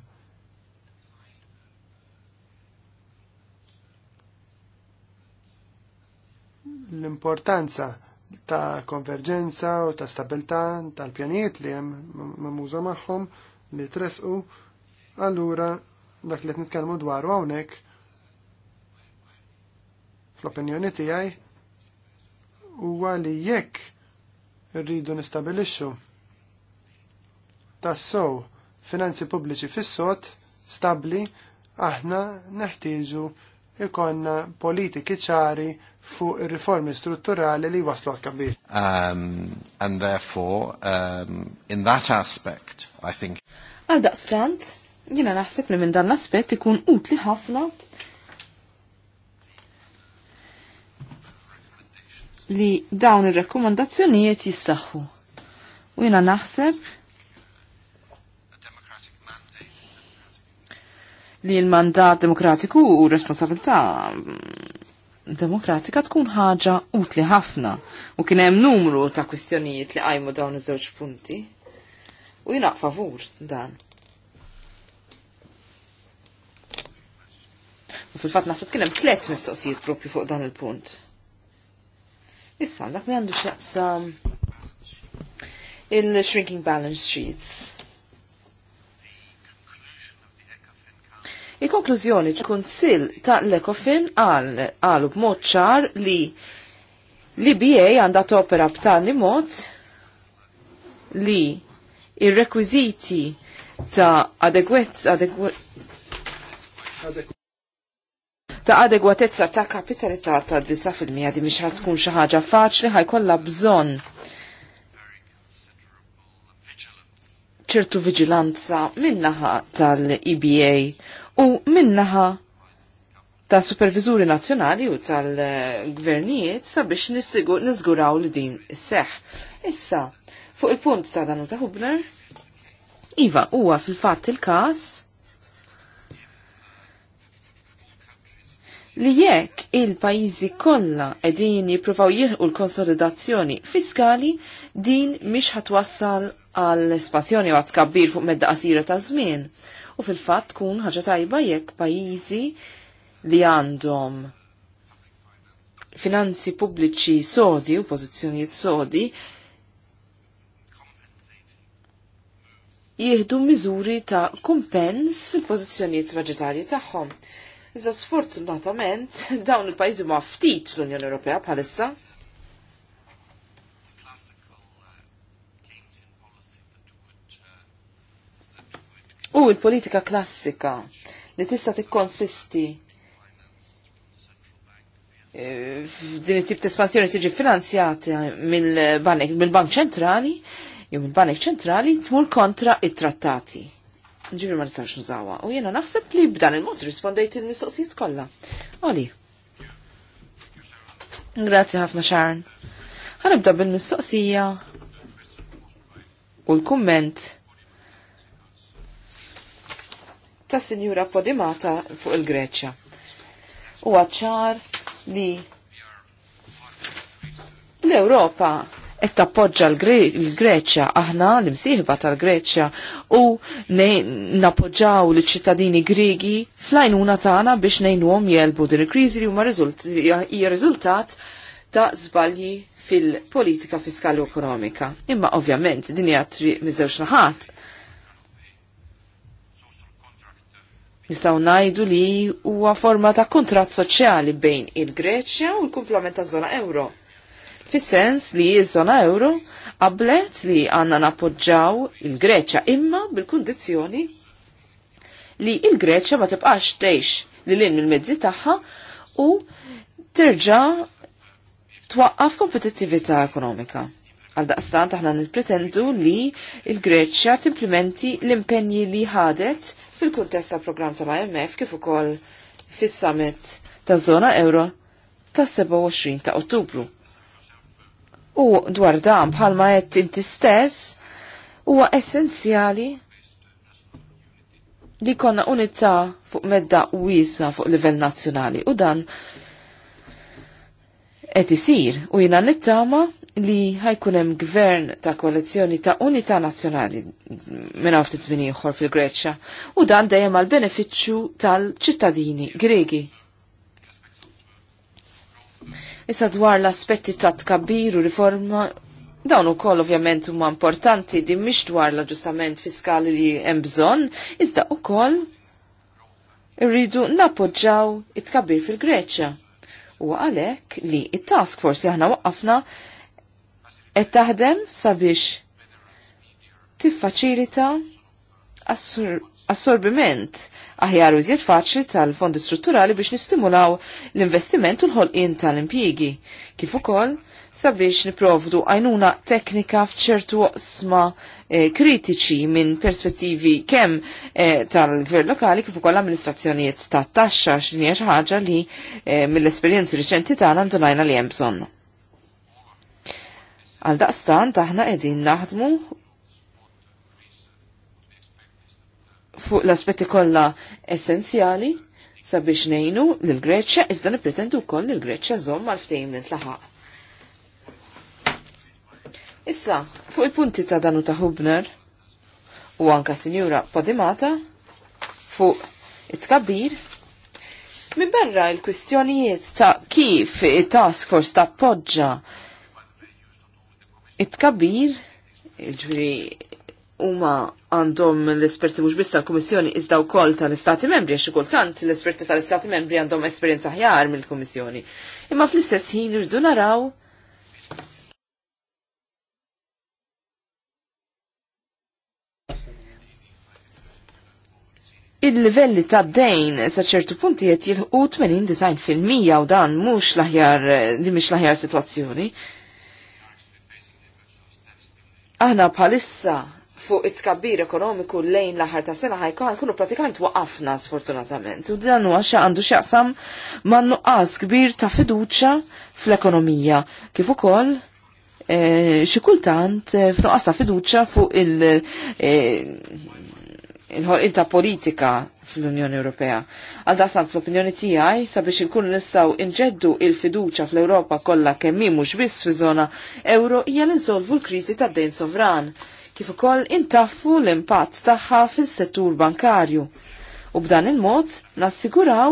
l-importanza ta' konverġenza u ta' stabilità tal-pjanijiet li hemm mamuża magħhom li tresqu, allura dak li qed nitkellmu dwaru hawnhekk fl-opinjoni tiegħi u għali jekk rridu nistabilixxu tassow finanzi pubbliċi fis-sod stabbli aħna neħtieġu ikonna politiki ċari fuq riformi strutturali li waslu kabir. Um, and therefore, um, in that aspect, I think... Għal daqstant, jina naħseb li minn dan l-aspet ikun utli ħafna li dawn ir-rakkomandazzjonijiet jissaħħu. U jiena naħseb li l-mandat demokratiku u responsabilità demokratika tkun ħaġa utli ħafna u kien hemm numru ta' kwistjonijiet li qajmu dawn iż-żewġ punti. U jina favur dan. U fil-fatt naħseb kien hemm tliet mistoqsijiet propju fuq dan il-punt. Issa, dak li għandu xaqsam il-shrinking balance sheets. Il-konklużjoni tal-Kunsill ta' l-Ekofin għalu b'mod ċar li l-IBA għandha topera b'tali mod li ir-rekwiżiti ta' adegwezz adegwezz ta' adegwatezza ta' kapitalità ta' fil-mija di mhix tkun xi ħaġa faċli kollha bżonn ċertu viġilanza minnaħa tal-EBA u minnaħa ta' supervizuri nazzjonali u tal-gvernijiet sabiex nizguraw li din seħ. Issa, fuq il-punt ta' danu ta' Hubner, Iva, huwa fil-fatt il-kas li jekk il-pajizi kollha qegħdin jippruvaw jilħu l-konsolidazzjoni fiskali, din mhix ħatwassal għall espansjoni għat kabbir fuq medda qasira ta' żmien. U fil-fatt tkun ħaġa tajba jekk pajjiżi li għandhom finanzi pubbliċi sodi u pożizzjonijiet sodi jieħdu miżuri ta' kumpens fil-pożizzjonijiet budġetarji tagħhom. Iżda sfortunatament [laughs] dawn il pajzi ma ftit l-Unjoni Ewropea bħalissa. U l-politika klassika li tista' tikkonsisti eh, f'din it-tip ta' espansjoni tiġi finanzjata mill-Bank ċentrali, jew mill-Bank ċentrali tmur kontra it-trattati ġivri ma nistax nżawa. U jena naħseb li b'dan il-mod rispondejt il-mistoqsijiet kollha. Oli. Grazzi ħafna xarn. Ħanibda bil-mistoqsija u l-kumment ta' Sinjura Podimata fuq il-Greċja. U għacċar li l-Europa qed tappoġġa l-Greċja aħna l-imsieħba tal-Greċja u nappoġġaw l-ċittadini Griegi fl-għajnuna tagħna biex ngħinuhom jelbu din il-kriżi li huma hija riżultat ta' żbalji fil-politika fiskali u ekonomika. Imma ovvjament din hija triq miżewġ naħat. Nistaw najdu li huwa forma ta' kuntratt soċjali bejn il-Greċja u l-kumplament taż-żona euro fis-sens li iż-żona euro qablet li għanna nappoġġaw il-Greċja imma bil-kundizzjoni li il-Greċja ma tibqax tgħix li lin mill-mezzi tagħha u terġa' twaqqaf kompetittività ekonomika. Għal daqstan taħna nippretendu li il-Greċja timplementi l-impenji li ħadet fil-kuntest tal programm tal-IMF kif ukoll fis-summit ta' zona euro ta' 27 ta' Ottubru. U dwar dan bħalma qed inti stess huwa essenzjali li konna unità fuq medda wiesa fuq livell nazzjonali u dan qed isir u jiena nittama li ħajkun hemm gvern ta' koalizzjoni ta' unità nazzjonali minn ftit żmien ieħor fil-Greċja u dan dejjem għal benefiċċju tal-ċittadini Gregi. Issa dwar l-aspetti ta' tkabbir u riforma, dawn ukoll ovvjament huma importanti din mhix dwar l-aġġustament fiskali li hemm bżonn, iżda wkoll irridu nappoġġaw it-tkabbir fil-Greċja. U għalhekk li it-task force li aħna waqafna qed taħdem sabiex tiffaċilita assur assorbiment aħjar użiet iżjed faċli tal-fondi strutturali biex nistimulaw l-investiment u l-ħolqien tal-impjigi. Kif ukoll sabiex niprovdu għajnuna teknika fċertu osma e, eh, kritiċi minn perspettivi kemm e, tal-gvern lokali kif ukoll amministrazzjonijiet ta' taxxa x'inhi ħaġa li e, mill-esperjenzi riċenti tagħna ndunajna li hemm bżonn. Għal daqstan taħna edin naħdmu fuq l-aspetti kollha essenzjali sabiex nejnu l-Greċja iżda nipretendu wkoll l-Greċja żomm mal-ftehim nintlaħaq. Issa, fuq il-punti ta' danu ta' Hubner u anka Sinjura Podimata fuq it-kabir Min barra il-kwistjonijiet ta' kif il-task force ta' poġġa it-kabir, il ġuri huma għandhom l-esperti mhux biss tal-Kummissjoni iżda wkoll tal-Istati Membri għax kultant l-esperti tal-Istati Membri għandhom esperjenza ħjar mill-Kummissjoni. Imma fl-istess ħin irdu naraw Il-livelli ta' dejn sa' ċertu punti qed jilħu mija u dan mhux l-aħjar di mhix l-aħjar sitwazzjoni. Aħna bħalissa fuq it-kabbir ekonomiku lejn l-aħar ta' sena ħajkon kullu pratikament waqafna sfortunatament. U dan huwa xi għandu x'jaqsam ma' nuqqas kbir ta' fiduċja fl-ekonomija. Kif ukoll e, xi kultant e, f'nuqqas ta' fiduċja fuq il- e, ħolqien il ta' politika fl-Unjoni Ewropea. Għal dasan fl-opinjoni tiegħi sabiex inkunu nistgħu inġeddu il fiduċja fl-Ewropa kollha kemm hi mhux biss fi żona euro hija l nsolvu l-kriżi tad-dejn sovran kif ukoll intaffu l-impatt tagħha fis settur bankarju. U b'dan il-mod nassiguraw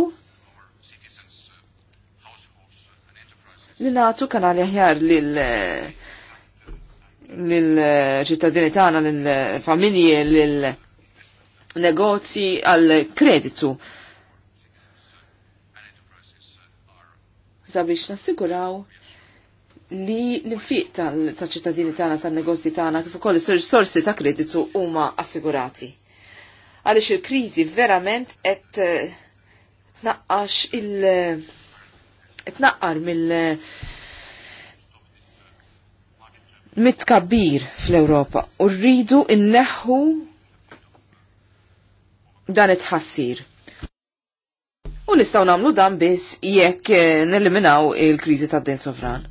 li natu kanali aħjar lil lil-ċittadini tagħna, lil-familji, lil-negozji għal-kreditu. Sabiex nassiguraw li l-infiq tal-ċittadini tagħna tan-negozji tagħna kif ukoll is-sorsi ta' kreditu huma assigurati. Għaliex il-kriżi verament qed eh, tnaqqax il- tnaqqar mill- mitkabbir fl-Ewropa u rridu inneħħu dan it-ħassir. U nistaw namlu dan biss jekk eh, neliminaw il-kriżi tad-din sovran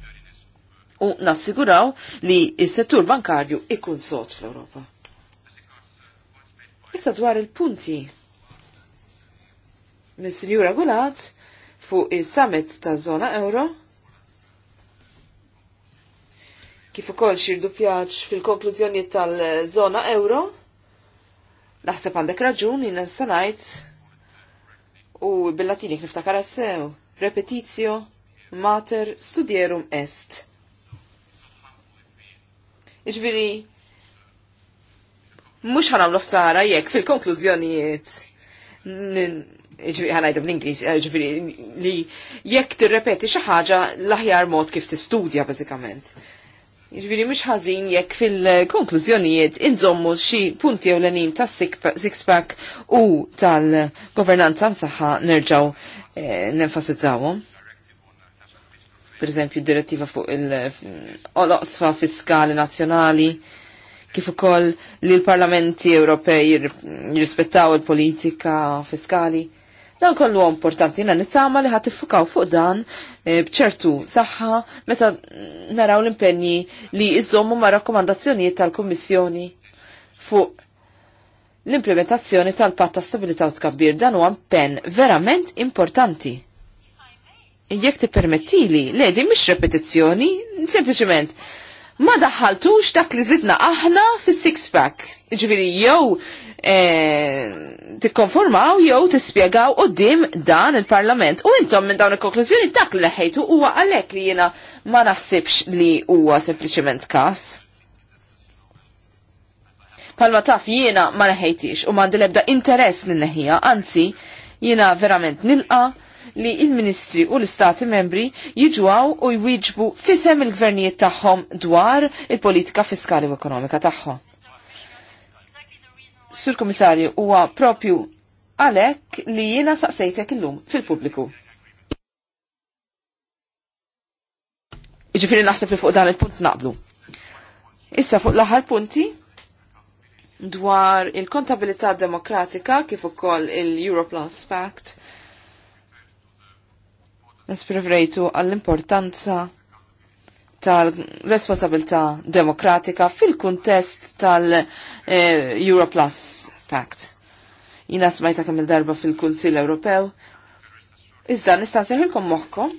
u nassiguraw li il-settur bankarju ikun sot fl-Europa. Issa dwar il-punti. Mr. Jura Gulat fuq il-summit ta' zona euro kif ukoll xirdu pjaċ fil-konklużjoni tal-zona euro naħseb għandek raġun in nista' ngħid u bil-Latini kif niftakar sew repetizio mater studierum est Iġbiri, mux l f'sara jekk fil-konklużjonijiet Iġbiri, ħanajdu bl-Inglis, eh, iġbiri, li jekk tirrepeti xi ħaġa l-aħjar mod kif t-studja, bażikament. Iġbiri, mhux ħażin jekk fil-konklużjonijiet inżommu xi punti l-enim ta' six-pack u tal-governanza msaħħa nerġaw eh, nenfasizzawhom per eżempju direttiva fuq il-oqsfa fiskali nazzjonali, kif ukoll li l-parlamenti Ewropej jirrispettaw il-politika fiskali. Dan kollu importanti jina nittama li ħadd fukaw fuq dan e, bċertu saħħa meta naraw l-impenji li iżommu ma' rakkomandazzjonijiet tal-Kummissjoni fuq l-implementazzjoni tal-patta stabilità u tkabbir dan huwa pen verament importanti jekk tippermettili, le di mhix repetizzjoni, sempliċement ma daħħaltux dak li zidna aħna fis six pack. konformaw, jew eh, tikkonformaw jew tispjegaw dim dan il-Parlament. U intom minn dawn il-konklużjoni dak li leħejtu huwa għalhekk li jiena ma naħsibx li huwa sempliċement każ. Palma taf jiena ma neħejtix u ma l-ebda interess li neħija, anzi jiena verament nilqa' li il-Ministri u l-Stati membri jiġwaw u jwieġbu fisem il-gvernijiet tagħhom dwar il-politika fiskali u ekonomika tagħhom. Sur Komissarju, huwa propju għalhekk li jiena saqsejtek illum fil-pubbliku. Iġifieri naħseb li fuq dan il-punt naqblu. Issa fuq l-aħħar punti, dwar il-kontabilità demokratika kif ukoll il-Europlan Pact esprevrejtu għall-importanza tal responsabilta demokratika fil-kuntest tal-Europlus Pact. Jina smajta kemm il-darba fil-Kunsil Ewropew. Iżda nista' nseħilkom moħħkom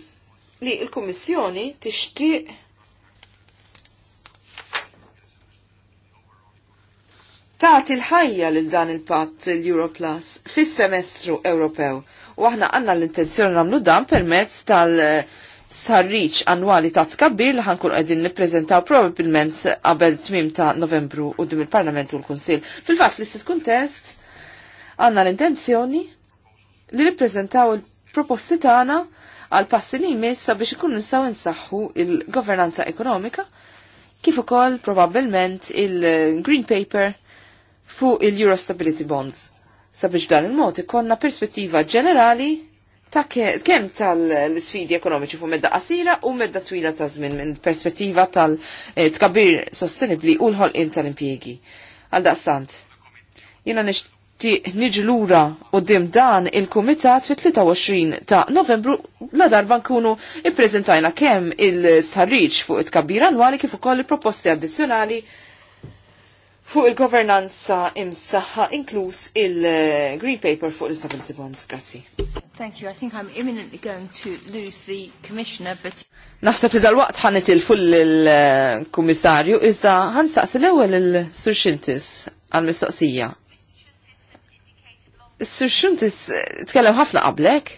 li l-Kummissjoni tixtieq tagħti l-ħajja lil dan il-patt l-Europlus fis-semestru Ewropew U aħna għanna l-intenzjoni namlu dan permezz tal- sarriċ annwali ta' tkabbir li ħankun għedin niprezentaw probabilment qabel tmim ta' novembru u dim il-Parlament u l konsil Fil-fat l-istess kuntest għanna l-intenzjoni li niprezentaw il-proposti tagħna għal passi li jmiss sabiex ikun nistgħu nsaħħu il-governanza ekonomika kif ukoll probabbilment il-Green Paper fuq il-Euro Stability Bonds. Sabiex dan il-mod ikonna perspettiva ġenerali ta' kemm tal-sfidi ekonomiċi fuq medda qasira u medda twila ta' żmien minn perspettiva tal-tkabbir sostenibli u l-ħolqien tal-impjiegi. Għal daqstant, jiena nixtieq niġi lura dim dan il-kumitat fit-23 ta' Novembru la darba nkunu ippreżentajna kemm il-sarriġ fuq it-kabbir annwali kif ukoll il-proposti addizzjonali fuq il-governanza imsaħħa inkluż il-Green Paper fuq l-Stability Bonds. Grazzi. Thank you. I think I'm imminently going to lose the commissioner, but... Naħseb li dal-waqt ħanet il-full il-kummissarju, iżda ħansaqs l-ewel il-Sur Xintis għal-mistoqsija. Sur Xintis eh, tkellem ħafna qablek?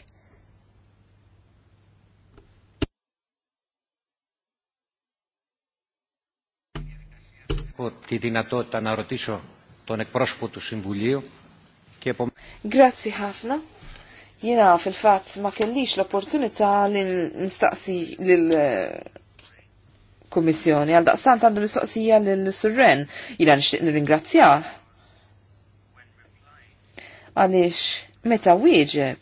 έχω τη δυνατότητα να ρωτήσω τον εκπρόσωπο του Συμβουλίου και Grazie ħafna. Jena fil-fat ma kellix l-opportunità li nistaqsi l eh, kummissjoni għal daqstant għandu mistoqsija l-surren. Jina nishtiq nir-ingrazzja. Għalix, meta wieġeb?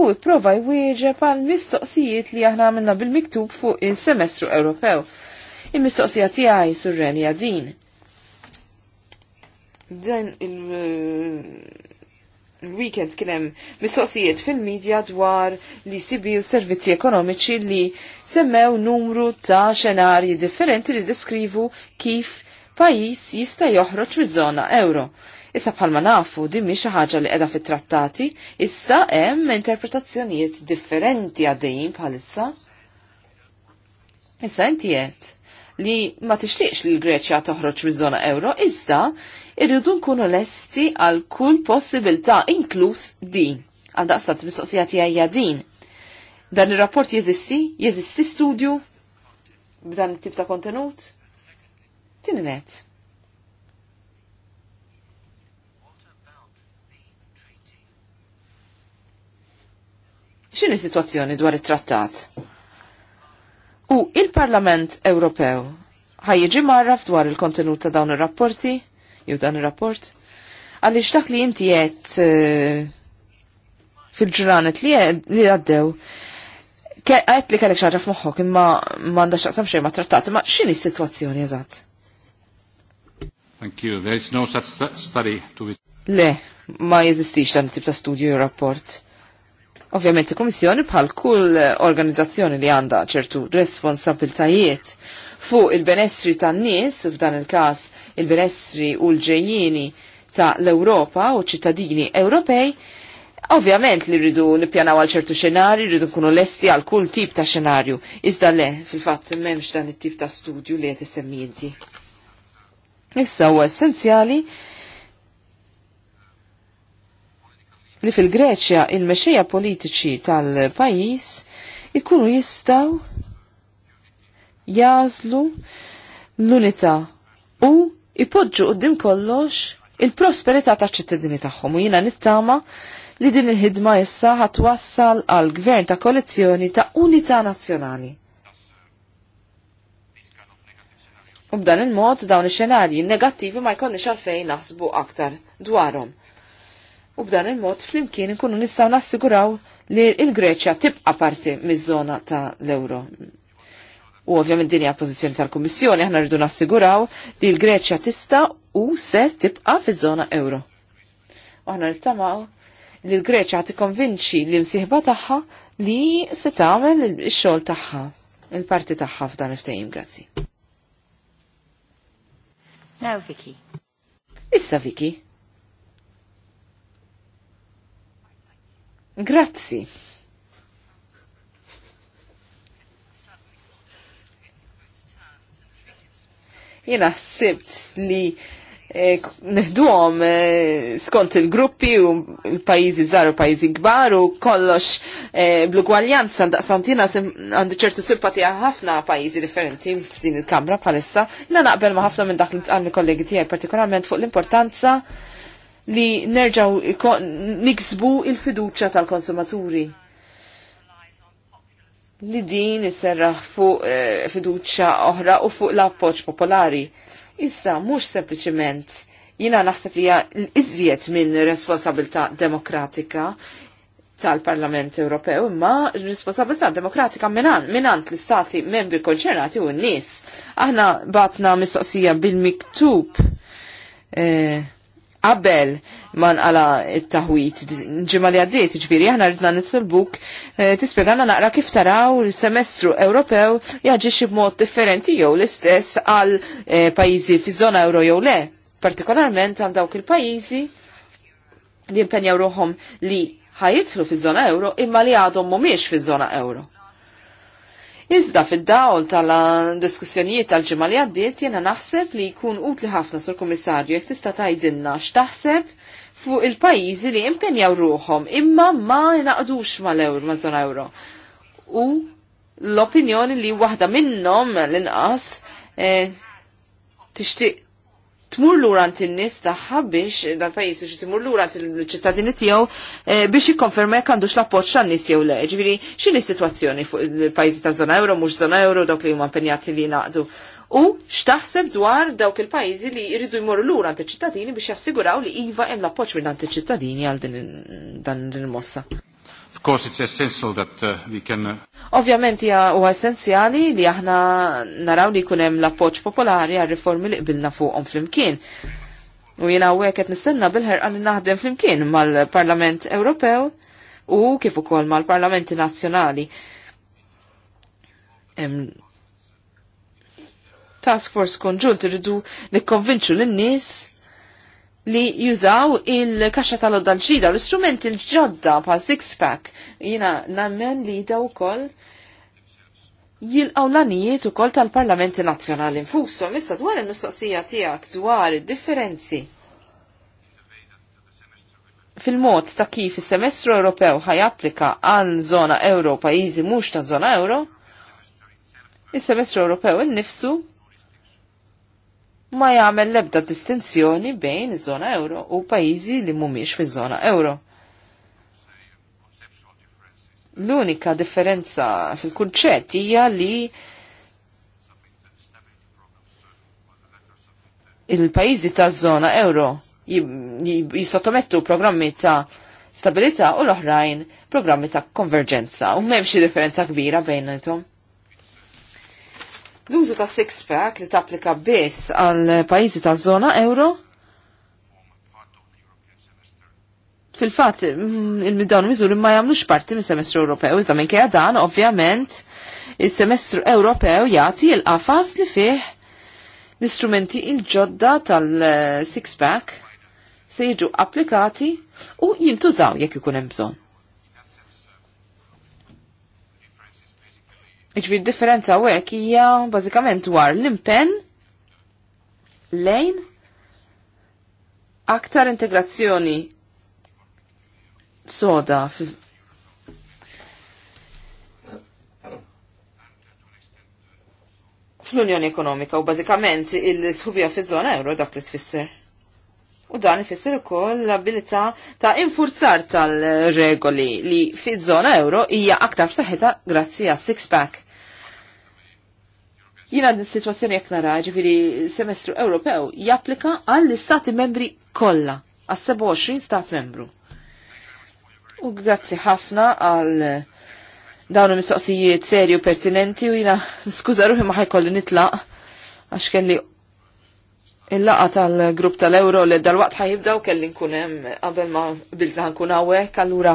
U prova jwieġeb għal mistoqsijiet li aħna għamilna bil-miktub fuq il-semestru Ewropew. Il-mistoqsija tiegħi surrenja din. Dan il- weekend eh, weekend kienem mistoqsijiet fil-medja dwar li sibi u servizzi ekonomiċi li semmew numru ta' xenarji differenti li deskrivu kif pajis jista' joħroġ miż-żona euro. Issa bħalma nafu din mhi xi ħaġa li qiegħda fit-trattati, issa hemm interpretazzjonijiet differenti għaddejjin bħalissa. Issa inti qed li ma tixtieqx li l-Greċja toħroġ miż-żona euro, iżda irridu nkunu lesti għal kull possibilità inkluż din. Għandaqstant mistoqsija tiegħi din. Dan ir-rapport jeżisti? Jeżisti studju b'dan it-tip ta' kontenut? Tieni net. X'inhi sitwazzjoni dwar it-trattat? U il-Parlament Ewropew ħajjiġi marraf dwar il-kontenut ta' dawn ir-rapporti, jew dan ir-rapport, għaliex dak li inti qed eh, fil-ġranet li għaddew għet li kellek xaġa f'moħħok imma m'għandax taqsam xejn ma' trattat, ma' x'inhi s-sitwazzjoni eżatt? Thank you. There is no such study to be. Le, ma jeżistix dan tip ta' studju u rapport. Ovvjament il-Komissjoni bħal kull organizzazzjoni li għandha ċertu responsabiltajiet fuq il-benessri tan-nies, f'dan il-każ il-benessri u l-ġejjini ta' l-Ewropa u ċittadini Ewropej, Ovvjament li rridu nippjanaw għal ċertu xenari, rridu nkunu lesti għal kull tip ta' xenarju. Iżda le, fil-fatt m'hemmx dan it-tip ta' studju li qed issemmi inti. Issa huwa essenzjali li fil-Greċja il-mexxejja politiċi tal-pajjiż ikunu jistaw jażlu l-unità u ipoġġu qudiem kollox il-prosperità taċ-ċittadini tagħhom u jiena nittama li din il-ħidma issa ħatwassal għal gvern ta' kolezzjoni ta' unità nazzjonali. U b'dan il-mod dawn ix-xenarji negattivi ma jkollniex għalfejn naħsbu aktar dwarhom u b'dan il-mod flimkien nkunu nistgħu nassiguraw li l-Greċja tibqa' parti miż-żona ta' l-euro. U ovvjament din hija pożizzjoni tal-Kummissjoni aħna rridu nassiguraw li l-Greċja tista' u se tibqa' fiż-żona euro. U aħna nittamaw li l-Greċja tikkonvinċi li msieħba tagħha li se tagħmel ix-xogħol tagħha, il-parti tagħha f'dan il-ftehim, grazzi. Now, Vicky. Issa, Vicky. Grazzi. Jena ħsibt li eh, eh, skont il-gruppi u il pajizi zar u pajizi kbar u kollox eh, bl-ugwaljanza daqsantina għandu ċertu simpatija ħafna pajizi differenti f'din il-kamra bħalissa. Jena naqbel ma ħafna minn dak li għalmi kollegi tiegħi partikolarment fuq l-importanza li nerġaw niksbu il-fiduċa tal-konsumaturi. Li din isserraħ fuq eh, fiduċa oħra u fuq l-appoċ popolari. Issa, mux sempliciment, jina naħseb li iżjed minn responsabilta demokratika tal-Parlament Ewropew, imma responsabilità demokratika minnant minant l-istati membri konċernati u n-nis. Aħna batna mistoqsija bil-miktub. Eh, qabel man għala it-taħwit ġimma li għaddiet, ġviri, aħna rridna nitlbuk eh, tispjegana naqra kif taraw il-semestru Ewropew xi b'mod differenti jew l-istess għal eh, pajjiżi fi żona euro jew le, partikolarment għal dawk il-pajjiżi li impenjaw ruhom li ħajitlu fi żona euro imma li għadhom mhumiex fi żona euro. Iżda fid-dawl tal-diskussjonijiet tal-ġimgħa li għaddiet jiena naħseb li jkun utli ħafna sur kummissarju jekk tista' tgħidilna x'taħseb fuq il-pajjiżi li impenjaw ruħhom imma ma jnaqdux mal-ewro ma' żona euro. U l-opinjoni li waħda minnhom l-inqas eh, tixtieq tmur lura għant in-nies taħħa biex dal pajis biex tmur lura għant il-ċittadini tiegħu eh, biex jikkonferma jekk għandux l-appoġġ għan-nies jew le. x'in x'inhi s-sitwazzjoni fuq il-pajjiżi ta' zona euro mhux zona euro dawk li huma penjati li jingħaqdu. U x'taħseb dwar dawk il-pajjiżi li jridu jmorru lura għand iċ-ċittadini biex jassiguraw li iva hemm l-appoġġ minn għand iċ-ċittadini għal dan il-mossa course it's essential that uh, we can uh... Ovvjament hija huwa essenzjali li aħna naraw li jkun hemm l-appoġġ popolari għal riformi li qbilna fuqhom flimkien. U jiena hawnhekk qed nistenna bilħerqa li naħdem flimkien mal-Parlament Ewropew u kif ukoll mal-Parlamenti Nazzjonali. Em... Task Force konġunt irridu nikkonvinċu lin-nies li jużaw il-kaxxa tal oddanċida l-ġida, l-istrumenti l-ġodda pa' six-pack. Jina nammen li daw kol jilqaw l u kol tal-Parlamenti Nazjonali nfusom, issa dwar il-mistoqsija tijak dwar il-differenzi fil-mod ta' kif il-semestru Ewropew ħajapplika għal zona euro pajizi mux ta' zona euro, il-semestru Ewropew il-nifsu ma jagħmel l-ebda distinzjoni bejn iż-żona euro u pajjiżi li mhumiex fiż-żona euro. L-unika differenza fil-kunċett hija li il-pajjiżi taż-żona euro jisottomettu programmi ta' stabilità u l-oħrajn programmi ta' konverġenza. U m'hemmx xi differenza kbira bejn bejnietom. L-użu ta' six-pack li tapplika biss għal pajizi ta' zona euro? Fil-fat, mm, il-dawn miżuri ma jamlux parti mis semestru Ewropew, iżda minn kja dan, ovvjament, il-semestru Ewropew jati il-qafas li fih l-istrumenti il-ġodda tal-six-pack se jiġu applikati u jintużaw jekk ikun hemm bżonn. Iġbir differenza u għek hija bażikament dwar l-impen lejn aktar integrazzjoni soda fl-Unjoni Ekonomika u bażikament il-sħubija fiż zona euro dak li tfisser. U dan ifisser ukoll l-abilità ta' infurzar tal-regoli li fiż-żona euro hija aktar b'saħħitha grazzi għas six pack. Jina din situazzjoni jek nara ġifiri semestru Ewropew japplika għall-istati membri kollha għas 27 stat membru. U grazzi ħafna għal dawn mistoqsijiet serju pertinenti u jina [laughs] skuza ruħi ma ħajkolli nitlaq għax kelli Il-laqa tal-grupp tal-Euro li dal-waqt ħajibdaw kelli nkunem qabel ma bilta nkun hawnhekk, allura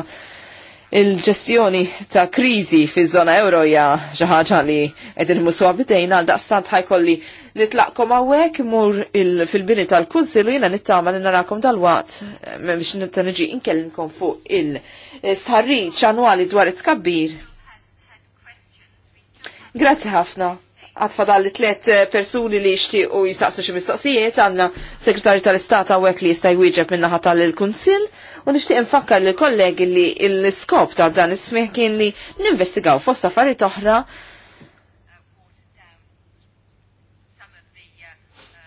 il-ġestjoni ta' kriżi fiż-żona Euro ja xi ħaġa li qegħdin muswa bidejn għal daqstant ħajkolli nitlaqkom għawek mur fil-bini tal-kunsil u jiena nittama li narakom dal-waqt eh, biex niġi inkellinkom fuq il sħarri annwali dwar it-tkabbir. Grazzi ħafna għatfadal li tlet eh, persuni li xti u jisaqsu xie mistoqsijiet għanna segretarju tal-istat għawek li jista jwieġeb minna ħata l kunsil u nixti nfakkar li kollegi li l-skop ta' dan ismiħ kien li ninvestigaw fost affarijiet oħra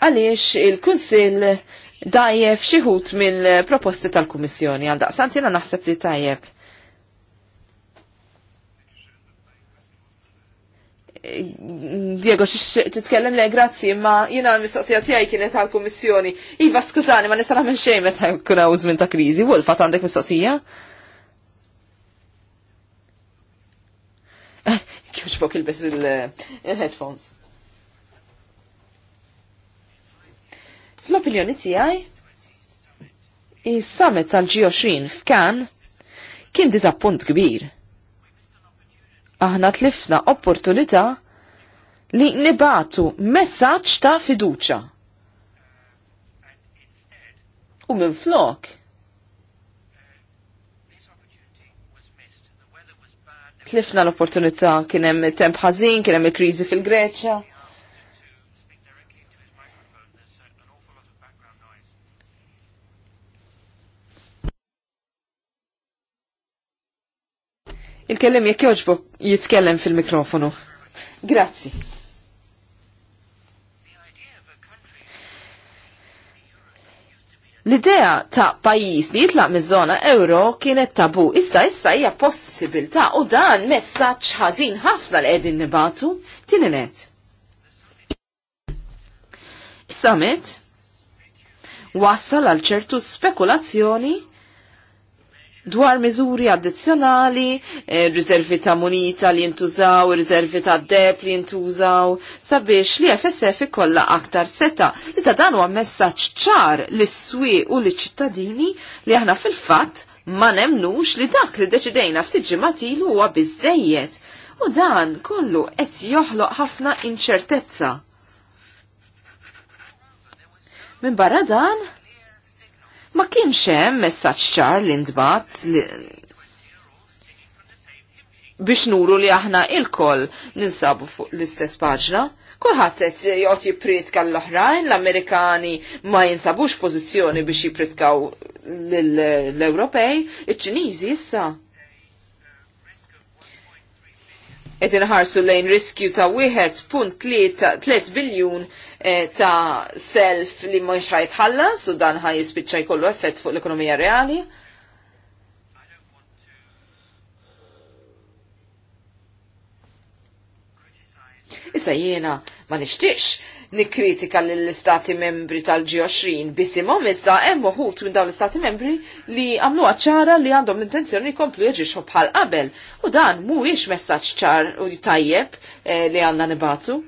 għaliex il-kunsil dajjef xieħut mill-proposti tal-Kummissjoni għal daqsantina naħseb li tajjeb Diego, t titkellem le grazzi, ma jina l-mistoqsija tijaj kienet għal-kommissjoni. Iva, skużani, ma nista nagħmel xejn meta kuna użmin ta' Wolf, għat għandek mistoqsija? Eh, Kif xbok il-bess eh, il-headphones. Fl-opinjoni tijaj, il-summit tal-G20 f'kan kien dizappunt kbir aħna tlifna opportunità li nibatu messaġġ ta' fiduċa. U minn flok. Tlifna l-opportunità kien hemm temp ħażin, kien hemm il-kriżi fil-Greċja. Il-kellem jekk joġbu jitkellem fil-mikrofonu. Grazzi. L-idea ta' pajis li jitlaq mizzona euro kienet tabu, iżda issa hija ta' u dan messaġġ ħażin ħafna l qegħdin nibatu tininet. Is-summit wassal għal ċertu spekulazzjoni dwar miżuri addizzjonali, eh, riservi ta' munita li jintużaw, riservi ta' deb li jintużaw, sabiex li FSF ikolla aktar seta. Iżda dan huwa messaġġ ċar s swi u l-ċittadini li aħna fil-fatt ma nemnux li dak li deċidejna ftit matilu huwa biżejjed. U dan kollu qed joħloq ħafna inċertezza. Min barra dan, Ma kienx hemm messaġġ ċar li ndbat li... biex nuru li aħna il-koll ninsabu fuq l-istess paġna kuħat qed jgħod jipritka l-oħrajn, l-Amerikani ma jinsabux pożizzjoni biex jipritkaw l-Ewropej, iċ-Ċiniżi issa. Qed inħarsu lejn riskju ta' 1.3 biljun Eh, ta' self li mhux ħajtħallas u dan ħaj jispiċċa jkollu effett fuq l-ekonomija reali. Issa jiena ma nixtiex nikkritika lill-istati membri tal-G20 imhom iżda hemm uħut minn dawn l-istati membri li għamlu ċara li għandhom l intenzjoni jkomplu jeġixu bħal qabel u dan mhuwiex messaġġ ċar u tajjeb eh, li għandna nibatu.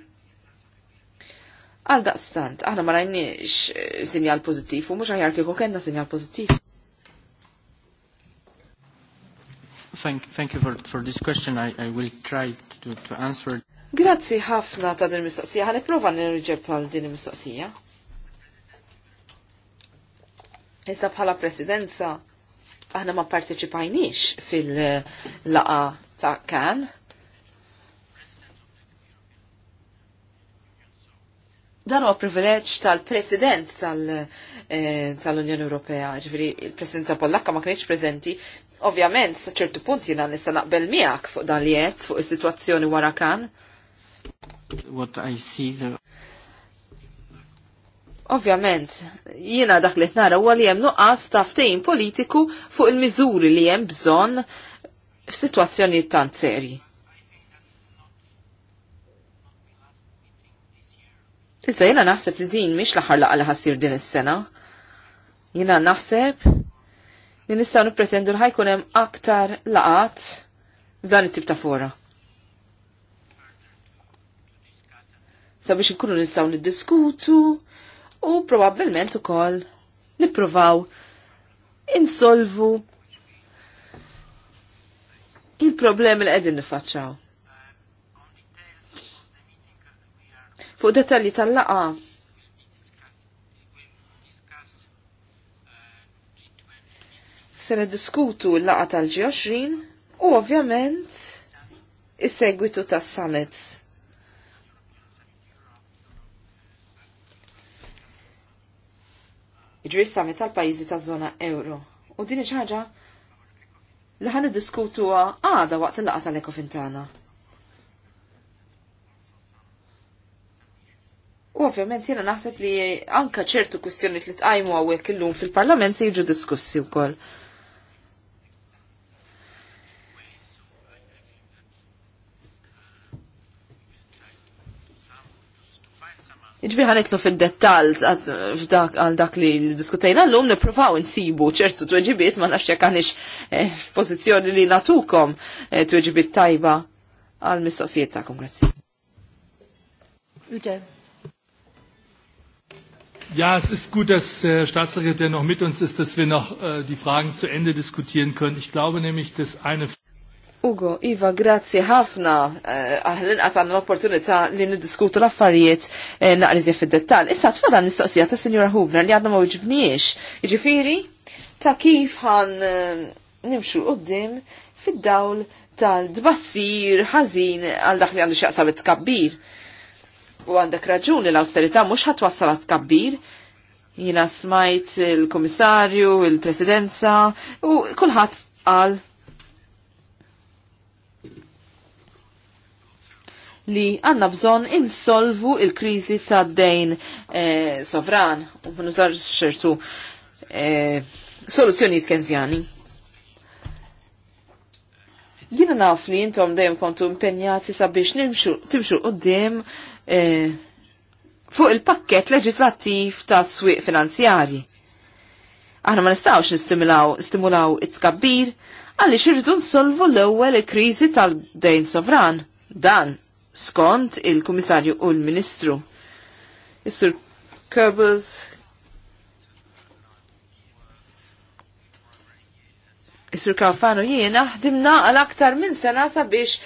Għal daqstant, aħna ma rajniex eh, sinjal pozittif, u mhux aħjar kiko kellna sinjal pozittif. Thank, thank you for, for this question. I, I will try to, to answer. Grazzi ħafna ta' din mistoqsija. Ħan nipprova nirġeb għal din mistoqsija. Issa bħala presidenza aħna ma parteċipajnix fil-laqa ta' kan Dan huwa privileġġ tal-President eh, tal-Unjoni tal Ewropea, ġifieri il-Presidenza Pollakka ma kienx preżenti. Ovvjament, sa ċertu punt jiena nista' naqbel miegħek fuq dan li qed fuq is-sitwazzjoni wara kan. What I see there... Ovvjament, jiena dak li tnara huwa li hemm nuqqas ta' ftehim politiku fuq il-miżuri li hemm bżonn f'sitwazzjonijiet tant serji. Iżda jena naħseb li din miex laħar laqa li ħassir din is-sena. Jena naħseb li nistgħu nippretendu li ħajkun hemm aktar laqat f'dan it-tip ta' fora. Sabiex inkunu nistgħu niddiskutu u probabbilment ukoll nippruvaw insolvu il-problemi li qegħdin nifaċċaw. fuq detalji tal-laqa. Se diskutu l-laqa tal-G20 u ovvjament is-segwitu tas-summits. Iġri summit tal-pajizi ta' zona euro. U din ħaġa li ħan diskutu għada waqt l laqa tal-ekofintana. Ovvjament jiena naħseb li anka ċertu kwistjonijiet li tqajmu għawek illum fil-Parlament se jiġu diskussi wkoll. Iġbi ħanetlu fil-dettal għal dak li diskutajna l-lum niprofaw nsibu ċertu tweġibiet ma nafxie kanix eh, f-pozizjoni li natukom eh, tweġibiet tajba għal mistoqsijiet ta' kongrazzi. Ute. Ja, es ist gut, dass Herr äh, Staatssekretär noch mit uns ist, dass wir noch äh, die Fragen zu Ende diskutieren können. Ich glaube nämlich, dass eine Ugo, Iva, grazie ħafna għahlin äh, għasan l-opportunità li niddiskutu l-affarijiet äh, naqriżja fil dettal Issa tfada nistoqsija ta' Sinjora Hubner li għadna ma uġibniex. Iġifiri, ta' kif ħan nimxu qoddim fil dawl tal-dbassir ħazin għal daħli għandu xaqsa bit kabbir U għandek raġuni l-austerità mhux ħatwassalat kabbir. Jina smajt il-komissarju, il-presidenza u kulħadd qal li għanna bżon insolvu il-krizi ta' dejn eh, sovran u nużar xertu eh, soluzzjonijiet kenzjani. Jina naf li jintom dejjem kontu impenjati sabiex timxu qoddim E, fuq il-pakket leġislattiv ta' swieq finanzjari. Aħna ma nistawx nistimulaw stimulaw it-tkabbir għaliex irridu nsolvu l-ewwel il-kriżi tal-dejn sovran. Dan skont il-Kummissarju u l-Ministru. Is-Sur Goebbels Is-Sur Kalfano jiena ħdimna għal aktar minn sena sabiex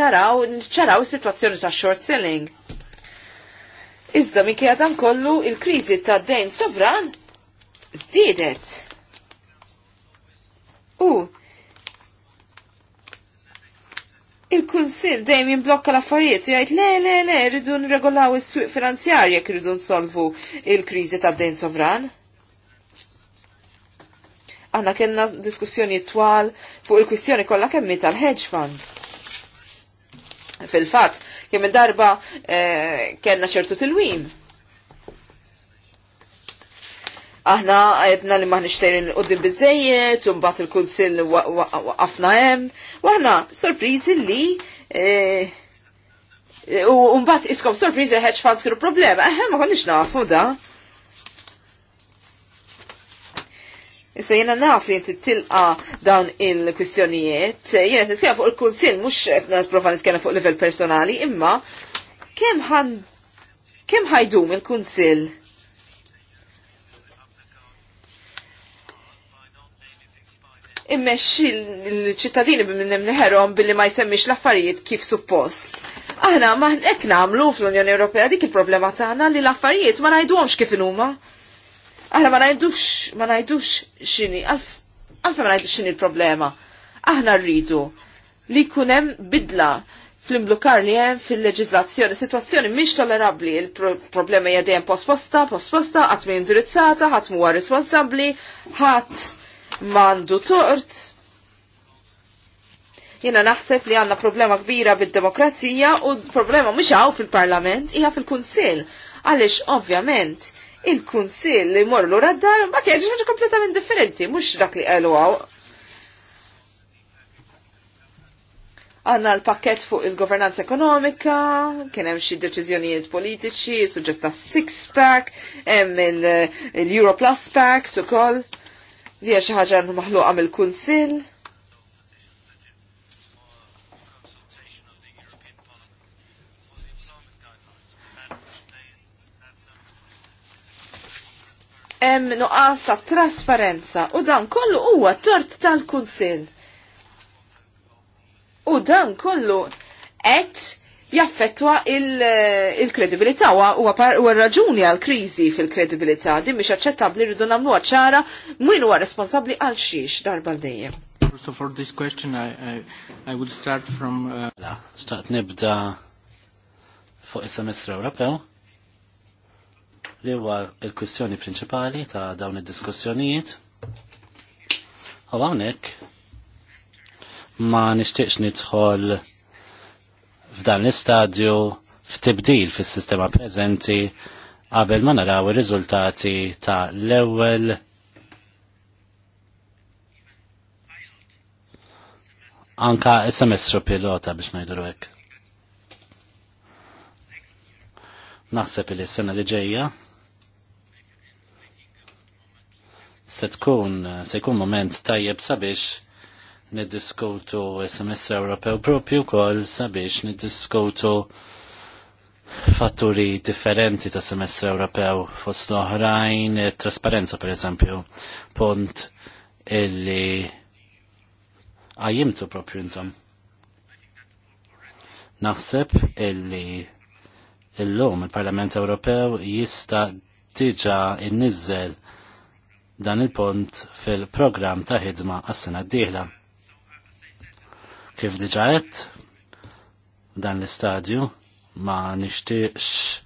naraw, nċaraw is-sitwazzjoni ta' short selling. Iżda minkejja dan kollu il-kriżi ta' dejn sovran żdiedet. U il-kunsil dejjem jimblokka l-affarijiet u jgħid le le le rridu nregolaw is-swieq finanzjarji jekk irridu nsolvu il-kriżi tad-dejn sovran. Għanna kena diskussjoni twal fuq il-kwistjoni kollha kemmi tal-hedge funds. Fil-fatt, kemm il-darba eh, kena ċertu tilwim. Aħna għedna li maħni xtejrin u din bizzejiet, un bat il-kunsil waqafna hemm, u aħna sorprizi li eh, U mbagħad iskom sorpriżi hedge funds kienu problema, eħe ma konniex nafu da. Issa jena naf li jinti tilqa dawn il-kwistjonijiet, jena t fuq il-kunsil, mux n-profa nitkellem fuq level personali, imma kem ħan, kem ħajdum il-kunsil? Immex l-ċittadini minn neħerom billi ma jsemmix l-affarijiet kif suppost. Aħna ma hekk għamlu fl-Unjoni Ewropea dik il-problema tagħna li l-affarijiet ma ngħiduhomx kif inhuma. Aħna ma najdux, ma najdux xini, għalf ma najdux xini l-problema. Aħna rridu li kunem bidla fl-imblukar li jem fil-leġizlazzjoni, situazzjoni miex tolerabli, il-problema jadem posposta, posposta, għatmi indirizzata, għatmu għar responsabli, għat mandu tort. Jena naħseb li għanna problema kbira bil-demokrazija u problema miex għaw fil-parlament, hija fil-kunsil. Għalix, ovvjament, il-kunsil li morru l dar ma tjaġi ħagġa kompletament differenti, mux dak li għalu għaw. Għanna l-pakket fuq il-governanza ekonomika, kien hemm xi deċiżjonijiet politiċi, suġġett ta' six pack, hemm il-Euro Plus Pact ukoll, li hija xi ħaġa maħluqa mill-Kunsill. hemm nuqqas ta' trasparenza u dan kollu huwa tort tal-Kunsill. U dan kollu qed jaffettwa eh, il-kredibilità il u raġuni għal kriżi fil-kredibilità din mhix aċċettabbli rridu nagħmluha ċara min huwa responsabbli għal xiex darba dejjem. So for this question I, I, I would start from uh... Mela, start nibda fuq is-semestru Ewropew li huwa l-kwistjoni prinċipali ta' dawn id-diskussjonijiet. U hawnhekk ma nixtieqx nidħol f'dan l-istadju f'tibdil fis-sistema preżenti qabel ma naraw ir-riżultati ta' l-ewwel anka semestru pilota biex ngħidu hekk. Naħseb li s-sena li ġejja se tkun se jkun moment tajjeb sabiex niddiskutu semestru Ewropew propju wkoll sabiex niddiskutu fatturi differenti ta' semestru Ewropew fost l-oħrajn, trasparenza per eżempju, punt illi għajimtu propju intom. Naħseb illi illum il-Parlament Ewropew jista' diġa innizzel dan il-punt fil-programm ta' ħidma għas-sena d-dieħla. Kif diġa dan l-istadju ma nishtiqx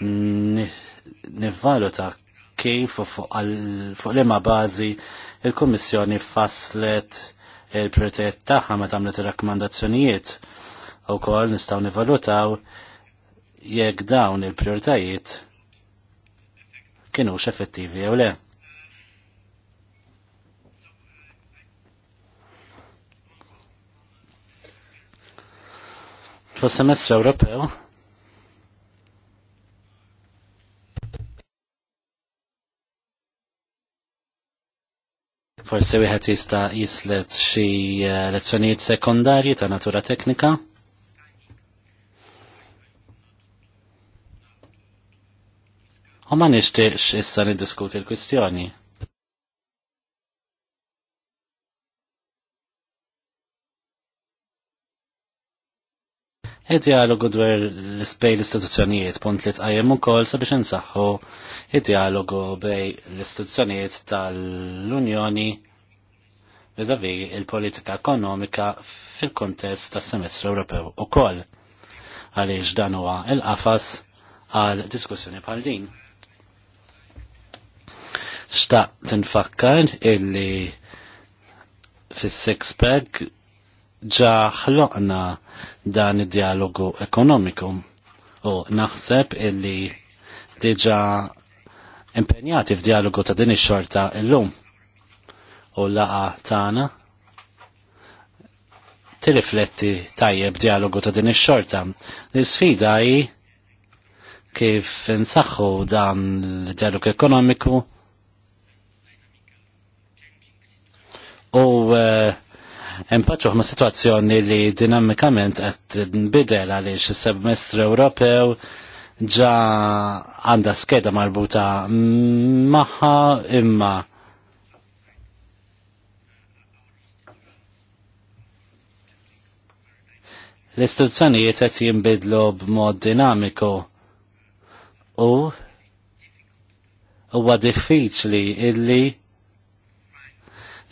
nivvaluta kif u fuq liema bażi il-Kummissjoni faslet il-prioritet tagħha ma tamlet ir-rakkomandazzjonijiet u kol nistaw nivalutaw jekk dawn il-prioritajiet kienu effettivi jew le. fis semestru Ewropew forse wieħed jista' jislet xi eh, lezzjonijiet sekondarji ta' natura teknika. U ma nixtieqx issa niddiskuti l-kwistjoni. id-dialogu dwar l-spej l-istituzzjonijiet, punt li tqajjem ukoll sabiex insaħħu id-dialogu bej l-istituzzjonijiet tal-Unjoni vizavi il-politika ekonomika fil-kontest tas semestru Ewropew kol. għaliex dan huwa il-qafas għal diskussjoni bħal din. Xtaqt tinfakkar illi fis-six-pack ġa ħloqna dan id-dialogu ekonomiku u naħseb illi diġa impenjati f'dialogu ta' din ix-xorta illum u laqa tagħna tirifletti tajjeb dialogu ta' din ix-xorta. l sfida hi kif insaħħu dan l dialogu ekonomiku u uh, Empaċuħ ma' situazzjoni li dinamikament għed nbidel għaliex il-semestru Ewropew ġa għanda skeda marbuta maħħa imma l-istituzzjonijiet qed jinbidlu b'mod dinamiku u huwa diffiċli illi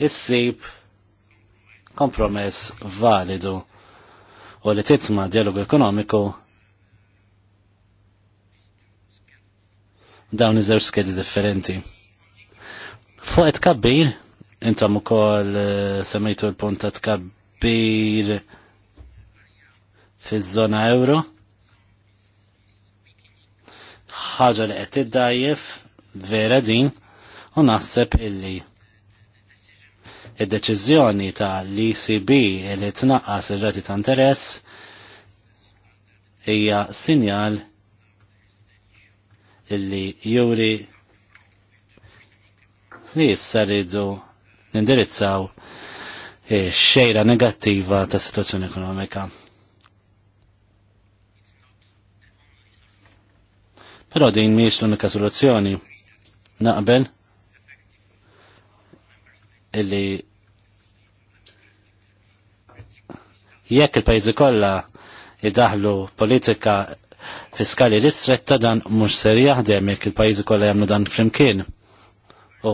issib kompromess validu u li titma dialogu ekonomiku dawn iż-żewġ skedi differenti. Fuq tkabbir, intom ukoll eh, semmejtu l-punt ta' tkabbir fiż-żona euro. Ħaġa li qed tiddajjef vera din u naħseb illi Id-deċiżjoni ta' l-ECB li tnaqqas ir-rati ta' interess hija sinjal illi juri li issa rridu nindirizzaw xejra negattiva ta' situazzjoni ekonomika. Però din miex l-unika soluzzjoni. Naqbel illi Jekk il-pajjiżi kollha jidaħlu politika fiskali ristretta dan mhux ser jaħdem jekk il-pajjiżi kollha jagħmlu dan flimkien. U